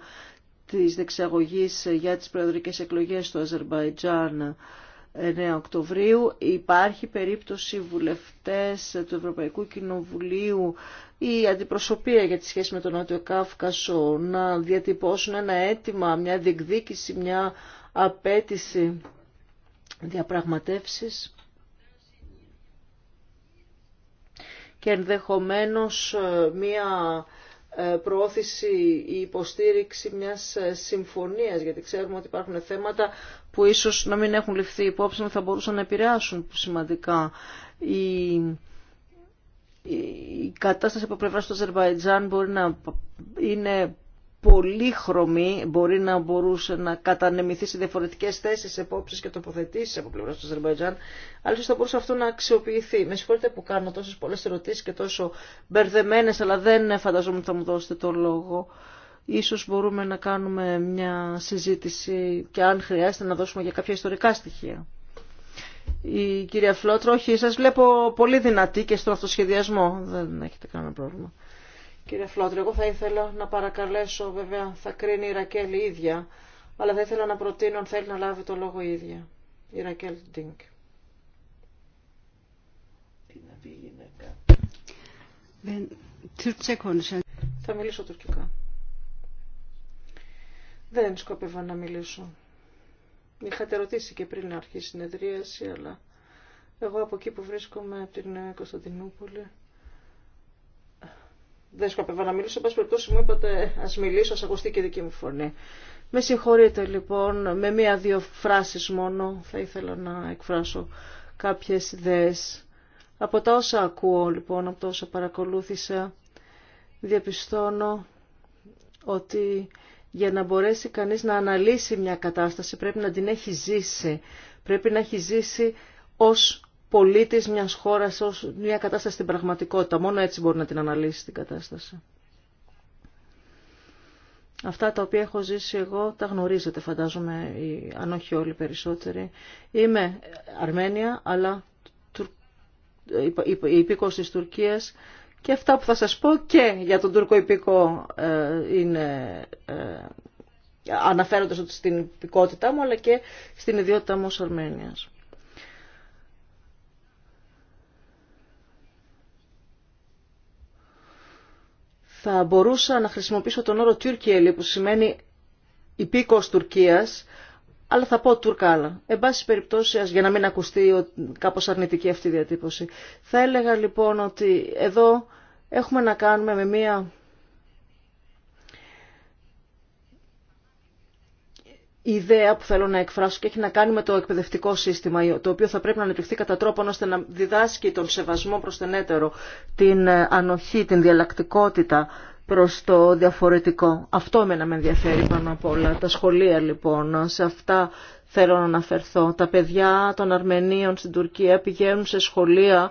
της δεξαγωγής για τις προεδρικές εκλογές στο Αζερβαϊτζάν 9 Οκτωβρίου. Υπάρχει περίπτωση βουλευτές του Ευρωπαϊκού Κοινοβουλίου ή αντιπροσωπεία για τη σχέση με τον Νότιο Κάφκασο να διατυπώσουν ένα αίτημα, μια διεκδίκηση, μια απέτηση διαπραγματεύσεις και ενδεχομένως ε, μία ε, προώθηση ή υποστήριξη μιας ε, συμφωνίας, γιατί ξέρουμε ότι υπάρχουν θέματα που ίσως να μην έχουν ληφθεί υπόψη, θα μπορούσαν να επηρεάσουν σημαντικά η, η κατάσταση από πλευράς του Αζερβαϊτζάν μπορεί να είναι πολύχρωμη μπορεί να μπορούσε να κατανεμηθεί σε διαφορετικέ θέσει, επόψει και τοποθετήσει από πλευρά του Αζερβαϊτζάν. Αλλά ίσω θα μπορούσε αυτό να αξιοποιηθεί. Με συγχωρείτε που κάνω τόσε πολλέ ερωτήσει και τόσο μπερδεμένε, αλλά δεν φανταζόμουν ότι θα μου δώσετε το λόγο. Ίσως μπορούμε να κάνουμε μια συζήτηση και αν χρειάζεται να δώσουμε για κάποια ιστορικά στοιχεία. Η κυρία Φλότρο, όχι, σας βλέπω πολύ δυνατή και στον αυτοσχεδιασμό. Δεν έχετε κανένα πρόβλημα. Κύριε Φλότρη, εγώ θα ήθελα να παρακαλέσω, βέβαια θα κρίνει η Ρακέλ ίδια, αλλά θα ήθελα να προτείνω αν θέλει να λάβει το λόγο η ίδια. Η Ρακέλη Ντίνκ. Θα μιλήσω τουρκικά. Δεν σκοπεύω να μιλήσω. Είχατε ρωτήσει και πριν να αρχίσει η συνεδρίαση, αλλά εγώ από εκεί που βρίσκομαι, από την Κωνσταντινούπολη, δεν σκοπεύω να μιλήσω, εν πάση περιπτώσει μου είπατε α μιλήσω, α ακουστεί και δική μου φωνή. Με συγχωρείτε λοιπόν, με μία-δύο φράσεις μόνο θα ήθελα να εκφράσω κάποιες ιδέες. Από τα όσα ακούω λοιπόν, από τα όσα παρακολούθησα, διαπιστώνω ότι για να μπορέσει κανείς να αναλύσει μια κατάσταση πρέπει να την έχει ζήσει. Πρέπει να έχει ζήσει ως πολίτης μιας χώρας ω μια κατάσταση στην πραγματικότητα. Μόνο έτσι μπορεί να την αναλύσει την κατάσταση. Αυτά τα οποία έχω ζήσει εγώ τα γνωρίζετε φαντάζομαι, αν όχι όλοι περισσότεροι. Είμαι Αρμένια, αλλά υπήκος της Τουρκίας και αυτά που θα σας πω και για τον Τούρκο υπήκο ε, είναι ε, αναφέροντας ότι στην υπηκότητά μου αλλά και στην ιδιότητά μου ως Αρμένιας. θα μπορούσα να χρησιμοποιήσω τον όρο Τουρκιέλη που σημαίνει υπήκος Τουρκίας, αλλά θα πω Τουρκάλα. Εν πάση περιπτώσει, για να μην ακουστεί κάπως αρνητική αυτή η διατύπωση. Θα έλεγα λοιπόν ότι εδώ έχουμε να κάνουμε με μία ιδέα που θέλω να εκφράσω και έχει να κάνει με το εκπαιδευτικό σύστημα, το οποίο θα πρέπει να ανεπτυχθεί κατά τρόπον ώστε να διδάσκει τον σεβασμό προς τον έτερο, την ε, ανοχή, την διαλλακτικότητα προς το διαφορετικό. Αυτό εμένα με ενδιαφέρει πάνω απ' όλα. Τα σχολεία λοιπόν, σε αυτά θέλω να αναφερθώ. Τα παιδιά των Αρμενίων στην Τουρκία πηγαίνουν σε σχολεία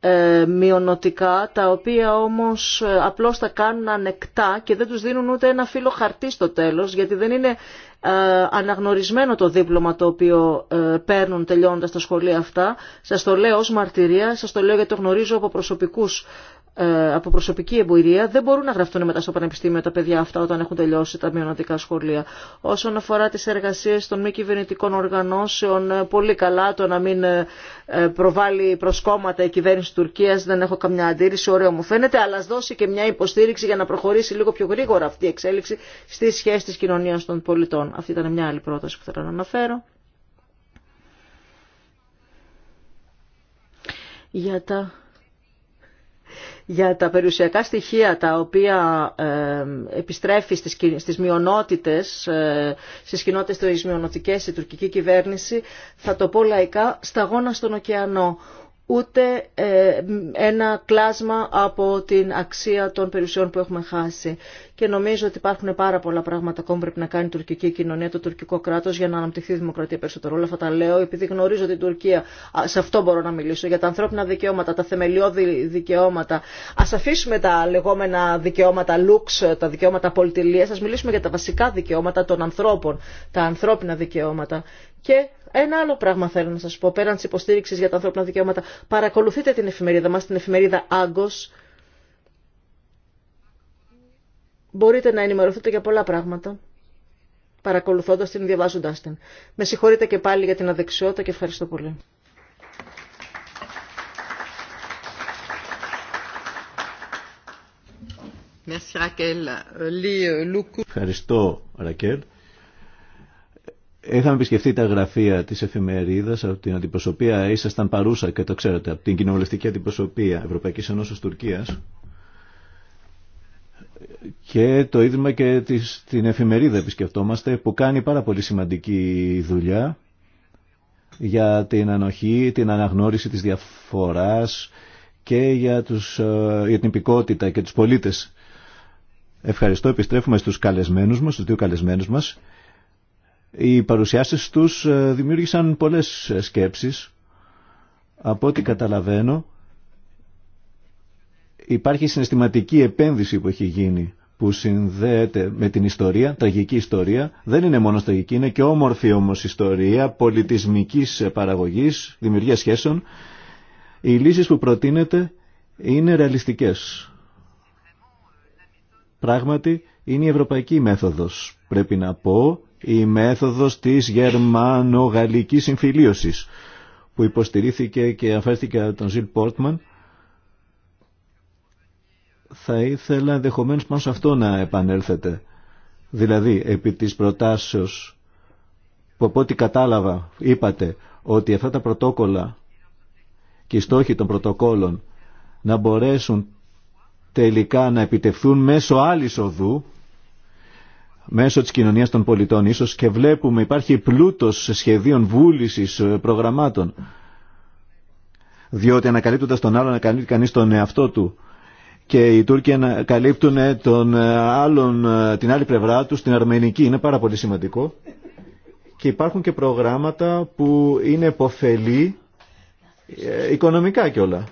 ε, μειονοτικά, τα οποία όμως ε, απλώς τα κάνουν ανεκτά και δεν τους δίνουν ούτε ένα φύλλο χαρτί στο τέλος, γιατί δεν είναι ε, αναγνωρισμένο το δίπλωμα το οποίο ε, παίρνουν τελειώνοντας τα σχολεία αυτά. Σας το λέω ως μαρτυρία, σας το λέω γιατί το γνωρίζω από προσωπικούς ε, από προσωπική εμπειρία δεν μπορούν να γραφτούν μετά στο πανεπιστήμιο τα παιδιά αυτά όταν έχουν τελειώσει τα μειονοτικά σχολεία. Όσον αφορά τις εργασίες των μη κυβερνητικών οργανώσεων, ε, πολύ καλά το να μην ε, προβάλλει προσκόμματα η κυβέρνηση Τουρκίας, δεν έχω καμιά αντίρρηση, ωραίο μου φαίνεται, αλλά ας δώσει και μια υποστήριξη για να προχωρήσει λίγο πιο γρήγορα αυτή η εξέλιξη στη σχέση της κοινωνίας των πολιτών. Αυτή ήταν μια άλλη πρόταση που θέλω να αναφέρω. Για για τα περιουσιακά στοιχεία τα οποία ε, επιστρέφει στις, στις μειονότητες, ε, στις κοινότητες της μειονοτικές η τουρκική κυβέρνηση, θα το πω λαϊκά, σταγόνα στον ωκεανό ούτε ε, ένα κλάσμα από την αξία των περιουσιών που έχουμε χάσει. Και νομίζω ότι υπάρχουν πάρα πολλά πράγματα ακόμα πρέπει να κάνει η τουρκική κοινωνία, το τουρκικό κράτο για να αναπτυχθεί η δημοκρατία περισσότερο. Όλα αυτά τα λέω επειδή γνωρίζω την Τουρκία. Σε αυτό μπορώ να μιλήσω. Για τα ανθρώπινα δικαιώματα, τα θεμελιώδη δικαιώματα. Α αφήσουμε τα λεγόμενα δικαιώματα λουξ, τα δικαιώματα πολυτελεία. Α μιλήσουμε για τα βασικά δικαιώματα των ανθρώπων, τα ανθρώπινα δικαιώματα. Και ένα άλλο πράγμα θέλω να σας πω, πέραν της υποστήριξης για τα ανθρώπινα δικαιώματα, παρακολουθείτε την εφημερίδα μας, την εφημερίδα Άγκος. Μπορείτε να ενημερωθείτε για πολλά πράγματα, παρακολουθώντας την, διαβάζοντάς την. Με συγχωρείτε και πάλι για την αδεξιότητα και ευχαριστώ πολύ. Euh, euh, ευχαριστώ, Ρακέλ. Είχαμε επισκεφτεί τα γραφεία τη εφημερίδα από την αντιπροσωπεία, ήσασταν παρούσα και το ξέρετε, από την κοινοβουλευτική αντιπροσωπεία Ευρωπαϊκή Ενώσεω Τουρκία και το Ίδρυμα και την εφημερίδα επισκεφτόμαστε που κάνει πάρα πολύ σημαντική δουλειά για την ανοχή, την αναγνώριση της διαφοράς και για, τους, για ε, την υπηκότητα και τους πολίτες. Ευχαριστώ. Επιστρέφουμε στους καλεσμένους μας, στους δύο καλεσμένους μας. Οι παρουσιάσεις τους ε, δημιούργησαν πολλές σκέψεις. Από ό,τι καταλαβαίνω υπάρχει συναισθηματική επένδυση που έχει γίνει που συνδέεται με την ιστορία, τραγική ιστορία. Δεν είναι μόνο τραγική, είναι και όμορφη όμως ιστορία πολιτισμικής παραγωγής, δημιουργία σχέσεων. Οι λύσεις που προτείνεται είναι ρεαλιστικές. Πράγματι, είναι η ευρωπαϊκή μέθοδος, πρέπει να πω, η μέθοδος της γερμανο-γαλλικής συμφιλίωσης που υποστηρίθηκε και αφέστηκε από τον Ζιλ Πόρτμαν θα ήθελα ενδεχομένω πάνω σε αυτό να επανέλθετε. Δηλαδή, επί της προτάσεως που από ό,τι κατάλαβα είπατε ότι αυτά τα πρωτόκολλα και οι στόχοι των πρωτοκόλων να μπορέσουν τελικά να επιτευχθούν μέσω άλλης οδού μέσω της κοινωνίας των πολιτών ίσως και βλέπουμε υπάρχει πλούτος σχεδίων βούλησης ε, προγραμμάτων διότι ανακαλύπτοντας τον άλλο ανακαλύπτει κανείς τον εαυτό του και οι Τούρκοι ανακαλύπτουν ε, τον ε, άλλον, την άλλη πλευρά του, την αρμενική. Είναι πάρα πολύ σημαντικό. Και υπάρχουν και προγράμματα που είναι επωφελή οικονομικά κιόλα.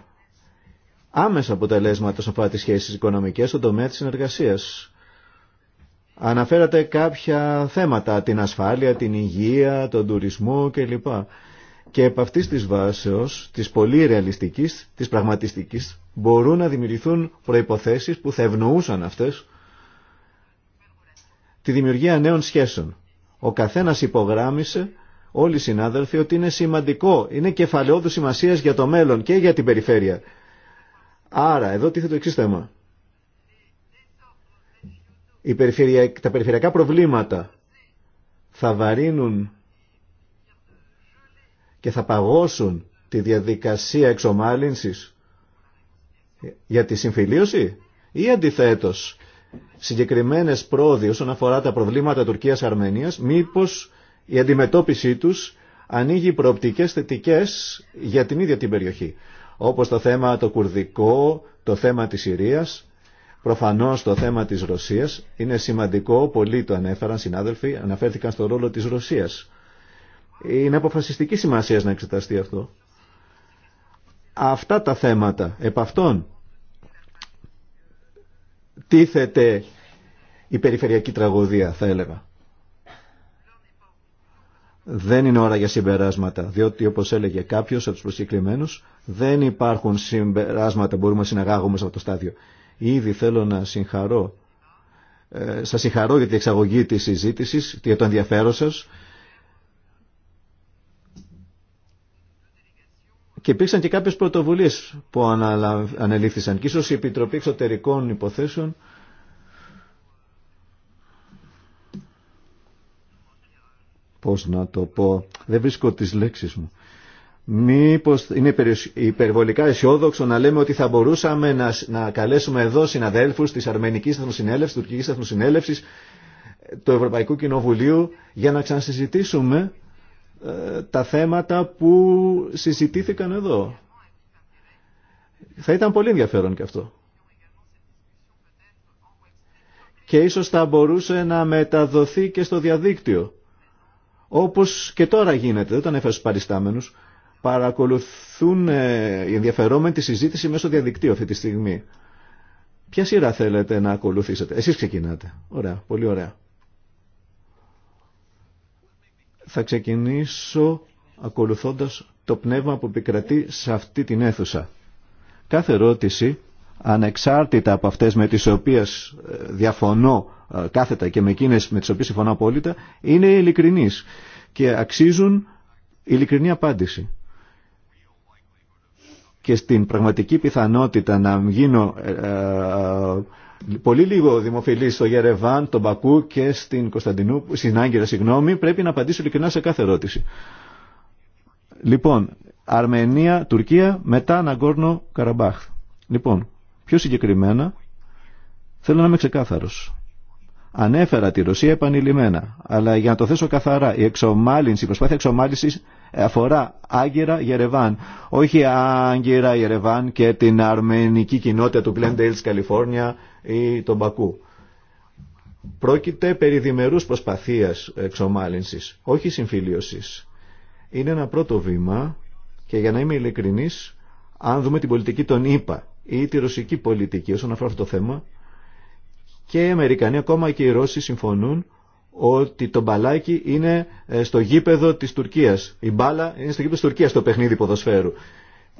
Άμεσα αποτελέσματα σε αυτά τις σχέσεις οικονομικές στον τομέα της συνεργασίας Αναφέρατε κάποια θέματα, την ασφάλεια, την υγεία, τον τουρισμό κλπ. Και επ' αυτής της βάσεως, της πολύ ρεαλιστικής, της πραγματιστικής, μπορούν να δημιουργηθούν προϋποθέσεις που θα ευνοούσαν αυτές τη δημιουργία νέων σχέσεων. Ο καθένας υπογράμμισε, όλοι οι συνάδελφοι, ότι είναι σημαντικό, είναι κεφαλαιόδου σημασία για το μέλλον και για την περιφέρεια. Άρα, εδώ τίθεται το εξή θέμα οι τα περιφερειακά προβλήματα θα βαρύνουν και θα παγώσουν τη διαδικασία εξομάλυνσης για τη συμφιλίωση ή αντιθέτως συγκεκριμένες πρόοδοι όσον αφορά τα προβλήματα Τουρκίας-Αρμενίας μήπως η αντιμετώπιση τους ανοίγει προοπτικές θετικές για την ίδια την περιοχή όπως το θέμα το κουρδικό, το θέμα της Συρίας Προφανώς το θέμα της Ρωσίας είναι σημαντικό, πολλοί το ανέφεραν συνάδελφοι, αναφέρθηκαν στο ρόλο της Ρωσίας. Είναι αποφασιστική σημασία να εξεταστεί αυτό. Αυτά τα θέματα, επ' αυτών, τίθεται η περιφερειακή τραγωδία, θα έλεγα. Δεν είναι ώρα για συμπεράσματα, διότι όπως έλεγε κάποιος από τους προσκεκλημένους, δεν υπάρχουν συμπεράσματα που μπορούμε να συναγάγουμε σε αυτό το στάδιο. Ήδη θέλω να συγχαρώ. Ε, σας συγχαρώ για την εξαγωγή της συζήτησης, για το ενδιαφέρον σας. Και υπήρξαν και κάποιες πρωτοβουλίες που ανελήφθησαν. Και ίσως η Επιτροπή Εξωτερικών Υποθέσεων πώς να το πω, δεν βρίσκω τις λέξεις μου. Μήπως είναι υπερβολικά αισιόδοξο να λέμε ότι θα μπορούσαμε να, να καλέσουμε εδώ συναδέλφους της Αρμενικής Εθνοσυνέλευσης, της Τουρκικής Εθνοσυνέλευσης, του Ευρωπαϊκού Κοινοβουλίου για να ξανασυζητήσουμε ε, τα θέματα που συζητήθηκαν εδώ. Θα ήταν πολύ ενδιαφέρον και αυτό. Και ίσως θα μπορούσε να μεταδοθεί και στο διαδίκτυο. Όπως και τώρα γίνεται, δεν τον έφερα στους παριστάμενους παρακολουθούν ε, οι ενδιαφερόμενοι τη συζήτηση μέσω διαδικτύου αυτή τη στιγμή. Ποια σειρά θέλετε να ακολουθήσετε. Εσείς ξεκινάτε. Ωραία, πολύ ωραία. Θα ξεκινήσω ακολουθώντας το πνεύμα που επικρατεί σε αυτή την αίθουσα. Κάθε ερώτηση, ανεξάρτητα από αυτές με τις οποίες ε, διαφωνώ ε, κάθετα και με εκείνες με τις οποίες συμφωνώ απόλυτα, είναι ειλικρινής και αξίζουν ειλικρινή απάντηση και στην πραγματική πιθανότητα να γίνω ε, ε, πολύ λίγο δημοφιλής στο Γερεβάν, τον Μπακού και στην Κωνσταντινούπολη, στην Άγκυρα, συγγνώμη, πρέπει να απαντήσω ειλικρινά σε κάθε ερώτηση. Λοιπόν, Αρμενία, Τουρκία, μετά Ναγκόρνο, Καραμπάχ. Λοιπόν, πιο συγκεκριμένα, θέλω να είμαι ξεκάθαρος. Ανέφερα τη Ρωσία επανειλημμένα, αλλά για να το θέσω καθαρά, η εξομάλυνση, προσπάθεια εξομάλυνσης αφορά Άγκυρα Γερεβάν. Όχι Άγκυρα Γερεβάν και την αρμενική κοινότητα του Glendale Καλιφόρνια ή τον Πακού. Πρόκειται περί διμερούς προσπαθίας εξομάλυνσης, όχι συμφιλίωσης. Είναι ένα πρώτο βήμα και για να είμαι ειλικρινής, αν δούμε την πολιτική των ΗΠΑ ή τη ρωσική πολιτική όσον αφορά αυτό το θέμα, και οι Αμερικανοί, ακόμα και οι Ρώσοι συμφωνούν ότι το μπαλάκι είναι ε, στο γήπεδο της Τουρκίας. Η μπάλα είναι στο γήπεδο της Τουρκίας το παιχνίδι ποδοσφαίρου.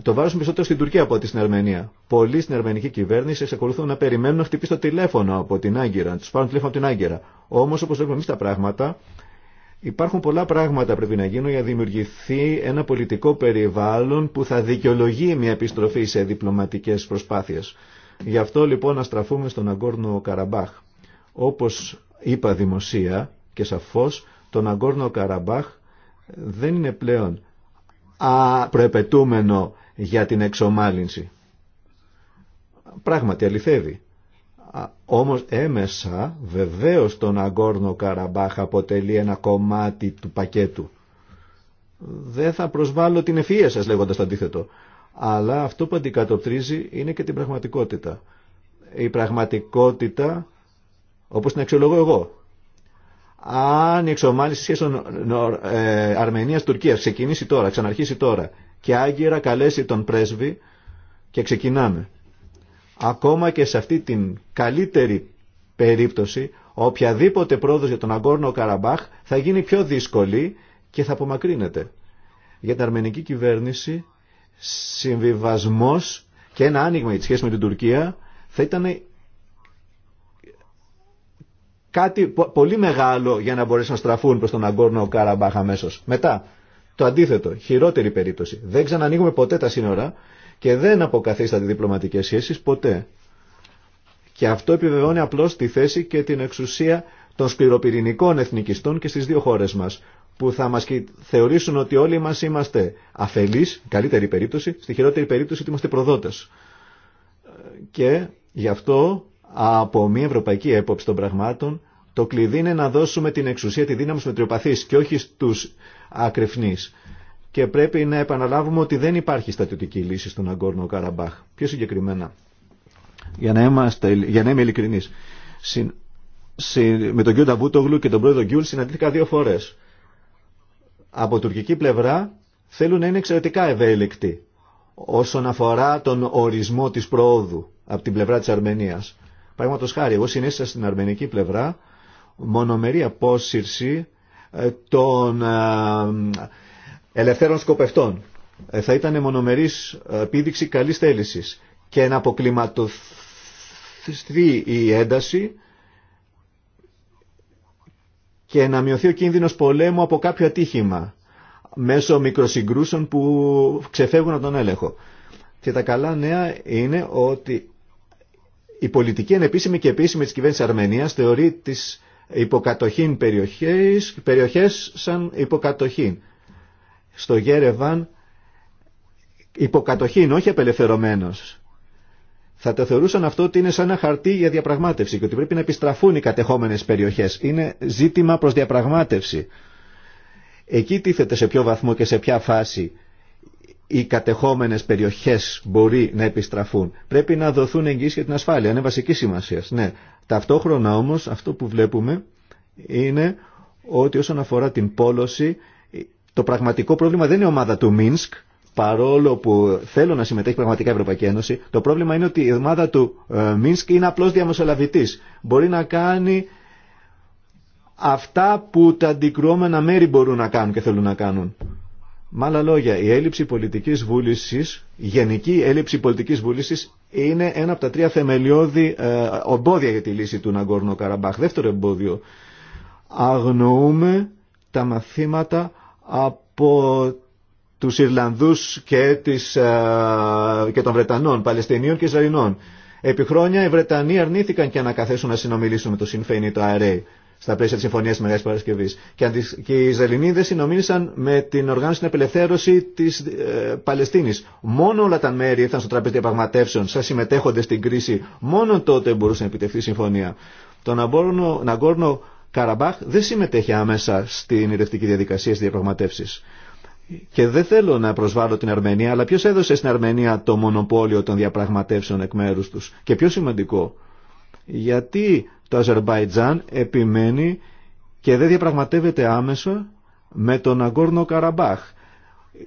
Το βάζουν περισσότερο στην Τουρκία από ότι στην Αρμενία. Πολλοί στην αρμενική κυβέρνηση εξακολουθούν να περιμένουν να χτυπήσει το τηλέφωνο από την Άγκυρα, να του πάρουν τηλέφωνο από την Άγκυρα. Όμω, όπω βλέπουμε εμεί τα πράγματα, υπάρχουν πολλά πράγματα πρέπει να γίνουν για να δημιουργηθεί ένα πολιτικό περιβάλλον που θα δικαιολογεί μια επιστροφή σε διπλωματικέ προσπάθειε. Γι' αυτό λοιπόν να στραφούμε στον Αγκόρνο Καραμπάχ. Όπω είπα δημοσία και σαφώς τον Ναγκόρνο Καραμπάχ δεν είναι πλέον α, προεπετούμενο για την εξομάλυνση. Πράγματι αληθεύει. Όμως έμεσα βεβαίως τον Αγκόρνο Καραμπάχ αποτελεί ένα κομμάτι του πακέτου. Δεν θα προσβάλλω την ευφυΐα σας λέγοντας το αντίθετο. Αλλά αυτό που αντικατοπτρίζει είναι και την πραγματικότητα. Η πραγματικότητα όπως την αξιολογώ εγώ. Αν η εξομάλυση σχέσεων ε, Αρμενίας-Τουρκίας ξεκινήσει τώρα, ξαναρχίσει τώρα και άγκυρα καλέσει τον πρέσβη και ξεκινάμε. Ακόμα και σε αυτή την καλύτερη περίπτωση, οποιαδήποτε πρόοδος για τον Αγκόρνο Καραμπάχ θα γίνει πιο δύσκολη και θα απομακρύνεται. Για την αρμενική κυβέρνηση συμβιβασμός και ένα άνοιγμα για τη σχέση με την Τουρκία θα ήταν κάτι πολύ μεγάλο για να μπορέσουν να στραφούν προς τον Αγκόρνο Καραμπάχ αμέσως. Μετά, το αντίθετο, χειρότερη περίπτωση. Δεν ξανανοίγουμε ποτέ τα σύνορα και δεν αποκαθίσταται διπλωματικές σχέσεις ποτέ. Και αυτό επιβεβαιώνει απλώς τη θέση και την εξουσία των σκληροπυρηνικών εθνικιστών και στις δύο χώρες μας, που θα μας θεωρήσουν ότι όλοι μας είμαστε αφελείς, καλύτερη περίπτωση, στη χειρότερη περίπτωση ότι είμαστε προδότες. Και γι' αυτό από μια ευρωπαϊκή έποψη των πραγμάτων το κλειδί είναι να δώσουμε την εξουσία, τη δύναμη στους μετριοπαθείς και όχι στους ακρεφνείς. Και πρέπει να επαναλάβουμε ότι δεν υπάρχει στατιωτική λύση στον Αγκόρνο Καραμπάχ. Πιο συγκεκριμένα, για να, είμαστε, για να είμαι ειλικρινής, με τον κύριο Νταβούτογλου και τον πρόεδρο Γκιούλ συναντήθηκα δύο φορές. Από τουρκική πλευρά θέλουν να είναι εξαιρετικά ευέλικτοι όσον αφορά τον ορισμό της προόδου από την πλευρά της Αρμενίας. Παραδείγματο χάρη, εγώ συνέστησα στην αρμενική πλευρά μονομερή απόσυρση ε, των ε, ελευθέρων σκοπευτών. Ε, θα ήταν μονομερής επίδειξη καλή θέληση και να αποκλιματοθεί η ένταση και να μειωθεί ο κίνδυνος πολέμου από κάποιο ατύχημα μέσω μικροσυγκρούσεων που ξεφεύγουν από τον έλεγχο. Και τα καλά νέα είναι ότι η πολιτική ανεπίσημη και επίσημη της κυβέρνησης Αρμενίας θεωρεί τις υποκατοχήν περιοχές, περιοχές σαν υποκατοχήν. Στο Γέρεβαν υποκατοχήν, όχι απελευθερωμένος. Θα το θεωρούσαν αυτό ότι είναι σαν ένα χαρτί για διαπραγμάτευση και ότι πρέπει να επιστραφούν οι κατεχόμενες περιοχές. Είναι ζήτημα προς διαπραγμάτευση. Εκεί τίθεται σε ποιο βαθμό και σε ποια φάση οι κατεχόμενες περιοχές μπορεί να επιστραφούν. Πρέπει να δοθούν εγγύσεις για την ασφάλεια. Είναι βασική σημασία. Ναι. Ταυτόχρονα όμως αυτό που βλέπουμε είναι ότι όσον αφορά την πόλωση το πραγματικό πρόβλημα δεν είναι η ομάδα του Μίνσκ παρόλο που θέλω να συμμετέχει πραγματικά η Ευρωπαϊκή Ένωση, το πρόβλημα είναι ότι η ομάδα του ε, Μίνσκ είναι απλώς διαμεσολαβητής. Μπορεί να κάνει αυτά που τα αντικρουόμενα μέρη μπορούν να κάνουν και θέλουν να κάνουν. Με άλλα λόγια, η έλλειψη πολιτικής βούλησης, η γενική έλλειψη πολιτικής βούλησης είναι ένα από τα τρία θεμελιώδη ε, ομπόδια για τη λύση του Ναγκόρνο Καραμπάχ. Δεύτερο εμπόδιο, αγνοούμε τα μαθήματα από τους Ιρλανδούς και, τις, ε, και των Βρετανών, Παλαιστινίων και Ισραηλινών. Επί χρόνια οι Βρετανοί αρνήθηκαν και ανακαθέσουν να συνομιλήσουν με το συμφέινι το ΑΡΕΙ στα πλαίσια τη Συμφωνία τη Μεγάλη Παρασκευή. Και, και οι δεν συνομίλησαν με την οργάνωση στην απελευθέρωση τη ε, Παλαιστίνη. Μόνο όλα τα μέρη ήρθαν στο τραπέζι διαπραγματεύσεων, σαν συμμετέχοντε στην κρίση, μόνο τότε μπορούσε να επιτευχθεί η συμφωνία. Το Ναγκόρνο, Καραμπάχ δεν συμμετέχει άμεσα στην ειρευτική διαδικασία, στι διαπραγματεύσει. Και δεν θέλω να προσβάλλω την Αρμενία, αλλά ποιο έδωσε στην Αρμενία το μονοπόλιο των διαπραγματεύσεων εκ μέρου του. Και πιο σημαντικό, γιατί το Αζερμπαϊτζάν επιμένει και δεν διαπραγματεύεται άμεσα με τον Αγκόρνο Καραμπάχ.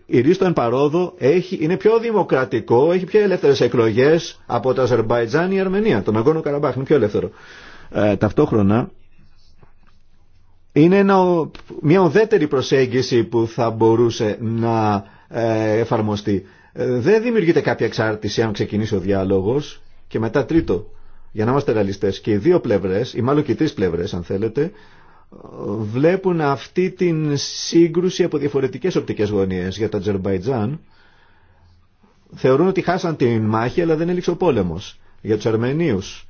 Η Ρίστο εν παρόδο έχει, είναι πιο δημοκρατικό, έχει πιο ελεύθερε εκλογέ από το Αζερμπαϊτζάν ή η Αρμενία. Τον Αγκόρνο Καραμπάχ είναι πιο ελεύθερο. Ε, ταυτόχρονα είναι μια οδέτερη προσέγγιση που θα μπορούσε να ε, εφαρμοστεί. Ε, δεν δημιουργείται κάποια εξάρτηση αν ξεκινήσει ο διάλογος. Και μετά τρίτο, για να είμαστε ρεαλιστές, και οι δύο πλευρές, ή μάλλον και οι τρεις πλευρές αν θέλετε, βλέπουν αυτή την σύγκρουση από διαφορετικές οπτικές γωνίες για τα Τζερμπαϊτζάν. Θεωρούν ότι χάσαν την μάχη αλλά δεν έληξε ο πόλεμος. Για τους Αρμενίους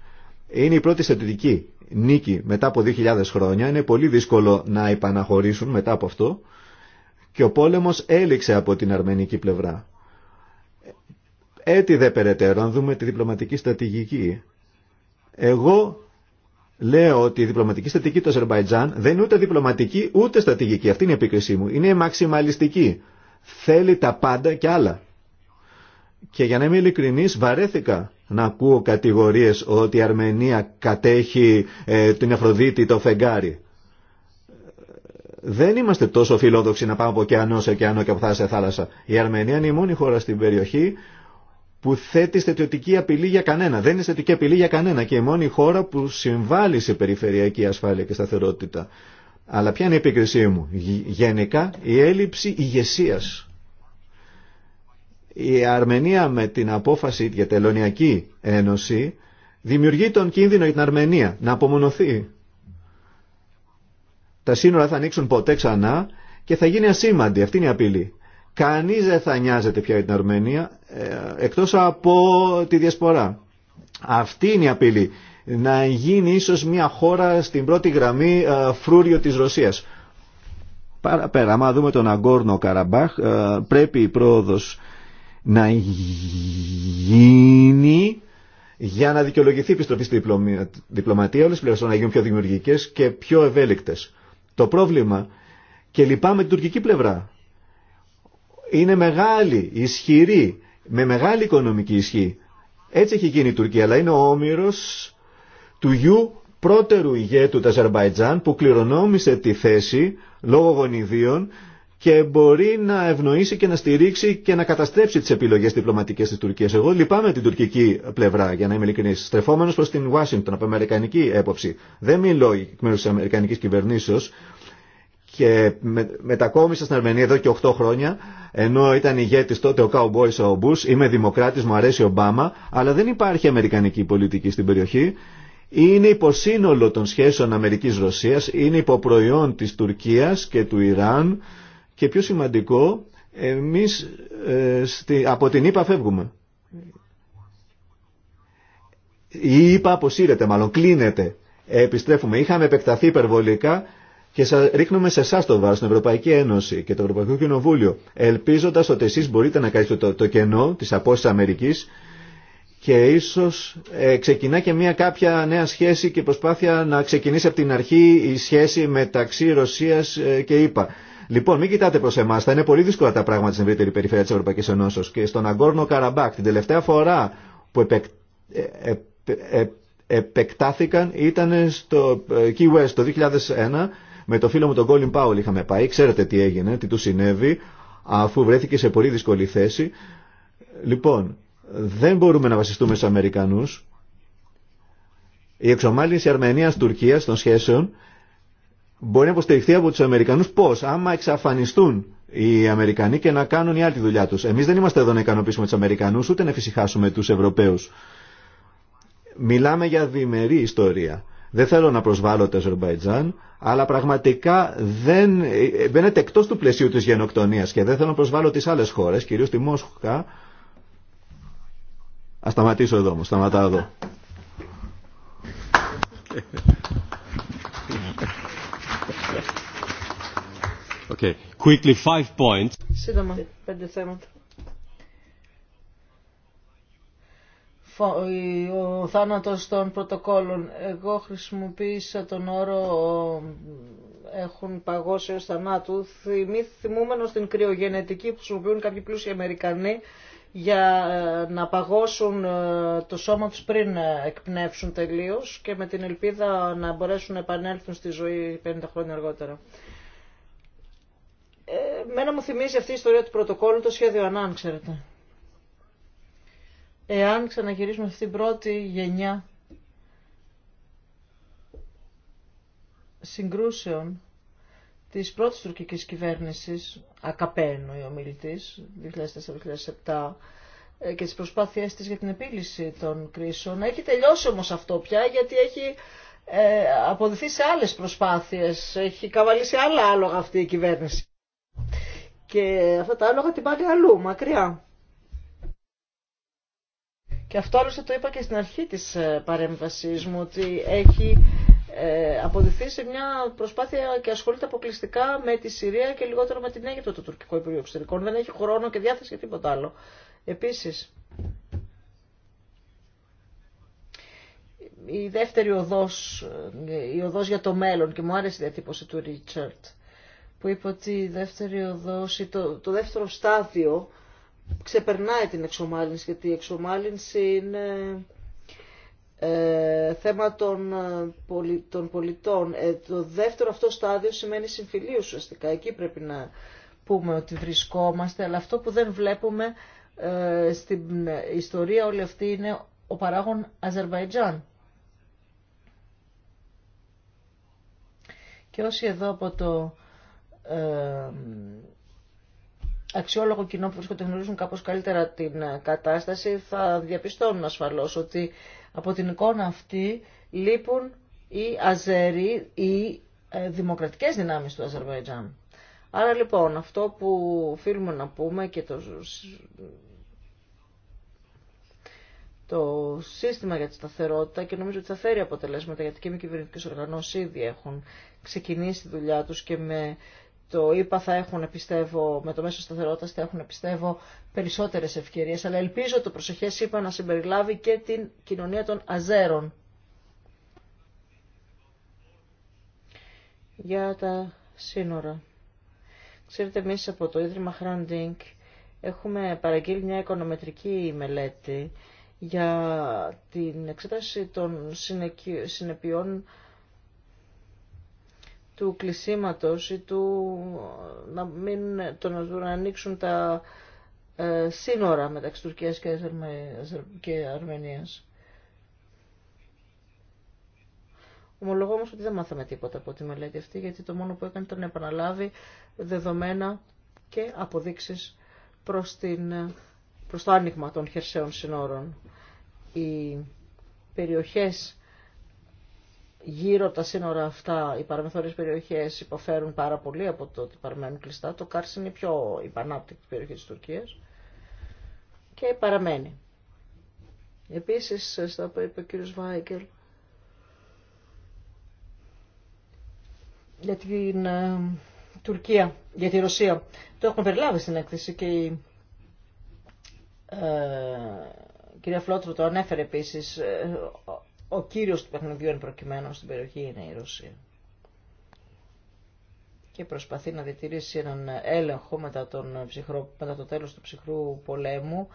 είναι η πρώτη στρατηγική νίκη μετά από 2.000 χρόνια. Είναι πολύ δύσκολο να επαναχωρήσουν μετά από αυτό. Και ο πόλεμος έληξε από την αρμενική πλευρά. Έτσι δε περαιτέρω, αν δούμε τη διπλωματική στρατηγική εγώ λέω ότι η διπλωματική στρατηγική του Αζερβαϊτζάν δεν είναι ούτε διπλωματική ούτε στρατηγική. Αυτή είναι η επίκρισή μου. Είναι μαξιμαλιστική. Θέλει τα πάντα και άλλα. Και για να είμαι ειλικρινή, βαρέθηκα να ακούω κατηγορίε ότι η Αρμενία κατέχει ε, την Αφροδίτη το φεγγάρι. Δεν είμαστε τόσο φιλόδοξοι να πάμε από ωκεανό σε ωκεανό και από θάλασσα σε θάλασσα. Η Αρμενία είναι η μόνη χώρα στην περιοχή που θέτει στετιωτική απειλή για κανένα. Δεν είναι στετιωτική απειλή για κανένα και η μόνη χώρα που συμβάλλει σε περιφερειακή ασφάλεια και σταθερότητα. Αλλά ποια είναι η επίκρισή μου. Γενικά η έλλειψη ηγεσία. Η Αρμενία με την απόφαση για τελωνιακή ένωση δημιουργεί τον κίνδυνο για την Αρμενία να απομονωθεί. Τα σύνορα θα ανοίξουν ποτέ ξανά και θα γίνει ασήμαντη. Αυτή είναι η απειλή. Κανεί δεν θα νοιάζεται πια για την Αρμενία ε, εκτός από τη διασπορά. Αυτή είναι η απειλή. Να γίνει ίσως μια χώρα στην πρώτη γραμμή ε, φρούριο της Ρωσίας. Παραπέρα, άμα δούμε τον Αγκόρνο Καραμπάχ, ε, πρέπει η πρόοδος να γίνει για να δικαιολογηθεί η επιστροφή στη διπλωματία, όλες πλευρές να γίνουν πιο δημιουργικές και πιο ευέλικτες. Το πρόβλημα, και λυπάμαι την τουρκική πλευρά, είναι μεγάλη, ισχυρή, με μεγάλη οικονομική ισχύ. Έτσι έχει γίνει η Τουρκία, αλλά είναι ο όμοιρος του γιου πρώτερου ηγέτου του Αζερμπαϊτζάν που κληρονόμησε τη θέση λόγω γονιδίων και μπορεί να ευνοήσει και να στηρίξει και να καταστρέψει τις επιλογές διπλωματικές της Τουρκίας. Εγώ λυπάμαι την τουρκική πλευρά, για να είμαι ειλικρινής, στρεφόμενος προς την Ουάσιγκτον από αμερικανική έποψη. Δεν μιλώ εκ μέρους της αμερικανικής και με, μετακόμισα στην Αρμενία εδώ και 8 χρόνια ενώ ήταν ηγέτης τότε ο Cowboys ο Bush, είμαι δημοκράτης, μου αρέσει ο Ομπάμα αλλά δεν υπάρχει αμερικανική πολιτική στην περιοχή είναι υποσύνολο των σχέσεων Αμερικής-Ρωσίας, είναι υποπροϊόν της Τουρκίας και του Ιράν και πιο σημαντικό, εμείς ε, στη, από την ΙΠΑ φεύγουμε. Η ΙΠΑ αποσύρεται, μάλλον κλείνεται. Επιστρέφουμε. Είχαμε επεκταθεί υπερβολικά και σα, ρίχνουμε σε εσά το βάρο, στην Ευρωπαϊκή Ένωση και το Ευρωπαϊκό Κοινοβούλιο, ελπίζοντα ότι εσεί μπορείτε να καλύψετε το, το κενό τη απόσταση Αμερική και ίσω ε, ξεκινά και μια κάποια νέα σχέση και προσπάθεια να ξεκινήσει από την αρχή η σχέση μεταξύ Ρωσία ε, και ΗΠΑ. Λοιπόν, μην κοιτάτε προ εμά, θα είναι πολύ δύσκολα τα πράγματα στην ευρύτερη περιφέρεια τη Ευρωπαϊκή Και στον Αγκόρνο Καραμπάκ, την τελευταία φορά που ε, ε, επεκτάθηκαν ήταν στο Key West το 2001 με το φίλο μου τον Κόλιν Πάουλ είχαμε πάει, ξέρετε τι έγινε, τι του συνέβη, αφού βρέθηκε σε πολύ δύσκολη θέση. Λοιπόν, δεν μπορούμε να βασιστούμε στους Αμερικανούς. Η εξομάλυνση Αρμενίας-Τουρκίας των σχέσεων μπορεί να υποστηριχθεί από τους Αμερικανούς πώς, άμα εξαφανιστούν οι Αμερικανοί και να κάνουν οι άλλοι δουλειά τους. Εμείς δεν είμαστε εδώ να ικανοποιήσουμε τους Αμερικανούς, ούτε να φυσικάσουμε τους Ευρωπαίους. Μιλάμε για διμερή ιστορία. Δεν θέλω να προσβάλλω το Αζερβαϊτζάν, αλλά πραγματικά δεν ε, μπαίνεται εκτός του πλαισίου της γενοκτονίας και δεν θέλω να προσβάλλω τις άλλες χώρες, κυρίως τη Μόσχα. Α σταματήσω εδώ μου σταματάω εδώ. Okay. Quickly, five points. Σύντομα, πέντε ο θάνατος των πρωτοκόλων. Εγώ χρησιμοποίησα τον όρο έχουν παγώσει ως θανάτου, θυμούμενος θυμούμενο στην κρυογενετική που χρησιμοποιούν κάποιοι πλούσιοι Αμερικανοί για ε, να παγώσουν ε, το σώμα τους πριν ε, εκπνεύσουν τελείως και με την ελπίδα να μπορέσουν να επανέλθουν στη ζωή 50 χρόνια αργότερα. Ε, μένα μου θυμίζει αυτή η ιστορία του πρωτοκόλου το σχέδιο Ανάν, ξέρετε εάν ξαναγυρίσουμε την πρώτη γενιά συγκρούσεων της πρώτης τουρκικής κυβέρνησης, ακαπένου η ομιλητής, 2004-2007, και τις προσπάθειές της για την επίλυση των κρίσεων. Έχει τελειώσει όμως αυτό πια γιατί έχει ε, σε άλλες προσπάθειες, έχει καβαλήσει άλλα άλογα αυτή η κυβέρνηση. Και αυτά τα άλογα την πάνε αλλού, μακριά. Και αυτό άλλωστε το είπα και στην αρχή της ε, παρέμβασής μου, ότι έχει ε, αποδειχθεί σε μια προσπάθεια και ασχολείται αποκλειστικά με τη Συρία και λιγότερο με την Αίγυπτο το τουρκικό Υπουργείο Εξωτερικών. Δεν έχει χρόνο και διάθεση για τίποτα άλλο. Επίσης, η δεύτερη οδός, ε, η οδός για το μέλλον και μου άρεσε η διατύπωση του Ρίτσαρτ που είπε ότι η δεύτερη οδός, το, το δεύτερο στάδιο ξεπερνάει την εξομάλυνση, γιατί η εξομάλυνση είναι ε, θέμα των, ε, πολιτών. Ε, το δεύτερο αυτό στάδιο σημαίνει συμφιλίου ουσιαστικά. Εκεί πρέπει να πούμε ότι βρισκόμαστε, αλλά αυτό που δεν βλέπουμε ε, στην ιστορία όλη αυτή είναι ο παράγων Αζερβαϊτζάν. Και όσοι εδώ από το αξιόλογο κοινό που βρίσκονται γνωρίζουν κάπως καλύτερα την ε, κατάσταση θα διαπιστώνουν ασφαλώς ότι από την εικόνα αυτή λείπουν οι Αζέροι, οι ε, δημοκρατικές δυνάμεις του Αζερβαϊτζάν. Άρα λοιπόν αυτό που οφείλουμε να πούμε και το, το σύστημα για τη σταθερότητα και νομίζω ότι θα φέρει αποτελέσματα γιατί και οι μη κυβερνητικέ οργανώσει ήδη έχουν ξεκινήσει τη δουλειά τους και με το είπα, θα έχουν, πιστεύω, με το μέσο σταθερότητα θα έχουν, πιστεύω, περισσότερε ευκαιρίε. Αλλά ελπίζω το προσεχέ είπα να συμπεριλάβει και την κοινωνία των Αζέρων. Για τα σύνορα. Ξέρετε, εμεί από το Ίδρυμα Χραντίνγκ έχουμε παραγγείλει μια οικονομετρική μελέτη για την εξέταση των συνεπειών του κλεισίματος ή του να μην το να ανοίξουν τα ε, σύνορα μεταξύ Τουρκίας και, Αρμένία. και Αρμενίας. Ομολογώ όμως ότι δεν μάθαμε τίποτα από τη μελέτη αυτή, γιατί το μόνο που έκανε ήταν να επαναλάβει δεδομένα και αποδείξεις προς, την, προς το άνοιγμα των χερσαίων συνόρων. Οι περιοχές γύρω τα σύνορα αυτά οι παραμεθόριες περιοχές υποφέρουν πάρα πολύ από το ότι παραμένουν κλειστά. Το Κάρς είναι η πιο υπανάπτυκτη περιοχή της Τουρκίας και παραμένει. Επίσης, στα που είπε ο κύριος Βάικελ, για την ε, Τουρκία, για τη Ρωσία. Το έχουμε περιλάβει στην έκθεση και η ε, κυρία Φλότρου το ανέφερε επίσης. Ε, ο κύριος του παιχνιδιού εν προκειμένου στην περιοχή είναι η Ρωσία. Και προσπαθεί να διατηρήσει έναν έλεγχο μετά, τον ψυχρό, μετά το τέλος του ψυχρού πολέμου.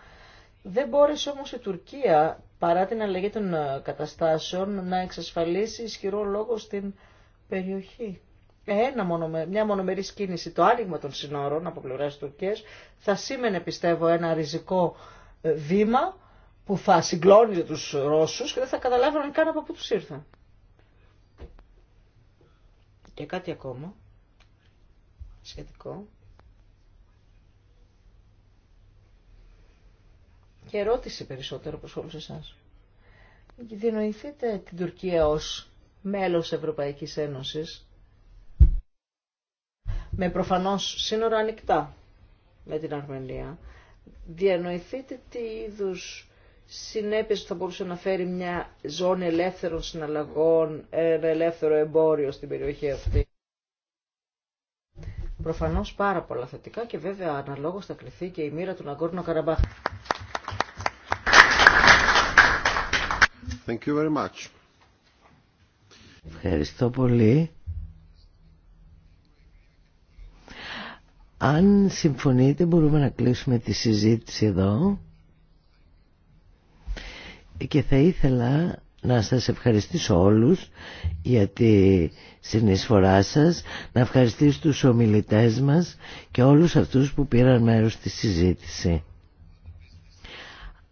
Δεν μπόρεσε όμως η Τουρκία, παρά την αλλαγή των καταστάσεων, να εξασφαλίσει ισχυρό λόγο στην περιοχή. Ένα μονομε... Μια μονομερή κίνηση, το άνοιγμα των συνόρων από πλευρά Τουρκία. θα σήμαινε πιστεύω ένα ριζικό ε, βήμα που θα συγκλώνει τους Ρώσους και δεν θα καταλάβαιναν καν από πού τους ήρθαν. Και κάτι ακόμα σχετικό. Και ερώτηση περισσότερο προς όλους εσάς. Δινοηθείτε την Τουρκία ως μέλος Ευρωπαϊκής Ένωσης με προφανώς σύνορα ανοιχτά με την Αρμενία. Διανοηθείτε τι είδους συνέπειες που θα μπορούσε να φέρει μια ζώνη ελεύθερων συναλλαγών, ένα ελεύθερο εμπόριο στην περιοχή αυτή. Προφανώς πάρα πολλά θετικά και βέβαια αναλόγως θα κρυθεί και η μοίρα του Ναγκόρνου Καραμπάχ. Thank you very Ευχαριστώ πολύ. Αν συμφωνείτε μπορούμε να κλείσουμε τη συζήτηση εδώ και θα ήθελα να σας ευχαριστήσω όλους για τη συνεισφορά σας, να ευχαριστήσω τους ομιλητές μας και όλους αυτούς που πήραν μέρος στη συζήτηση.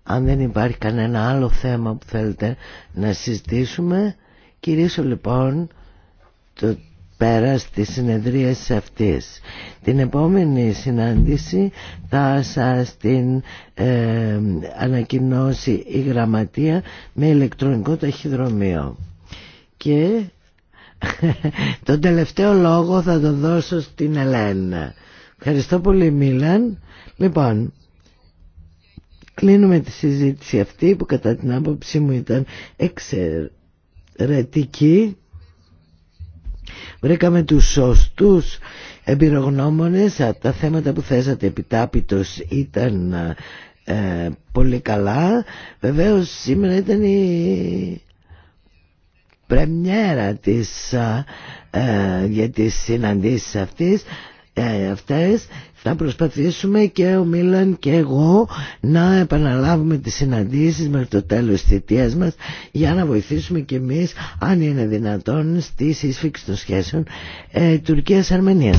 Αν δεν υπάρχει κανένα άλλο θέμα που θέλετε να συζητήσουμε, κυρίσω λοιπόν το τη συνεδρία Την επόμενη συνάντηση θα σας την ε, ανακοινώσει η Γραμματεία με ηλεκτρονικό ταχυδρομείο. Και τον τελευταίο λόγο θα το δώσω στην Ελένα. Ευχαριστώ πολύ Μίλαν. Λοιπόν, κλείνουμε τη συζήτηση αυτή που κατά την άποψή μου ήταν εξαιρετική βρήκαμε τους σωστούς εμπειρογνώμονες τα θέματα που θέσατε επιτάπητος ήταν ε, πολύ καλά βεβαίως σήμερα ήταν η πρεμιέρα ε, για τις συναντήσεις αυτής ε, αυτές θα προσπαθήσουμε και ο Μίλαν και εγώ να επαναλάβουμε τις συναντήσεις με το τέλος της θητείας μας για να βοηθήσουμε και εμείς αν είναι δυνατόν στη σύσφυξη των σχέσεων ε, Τουρκίας-Αρμενίας.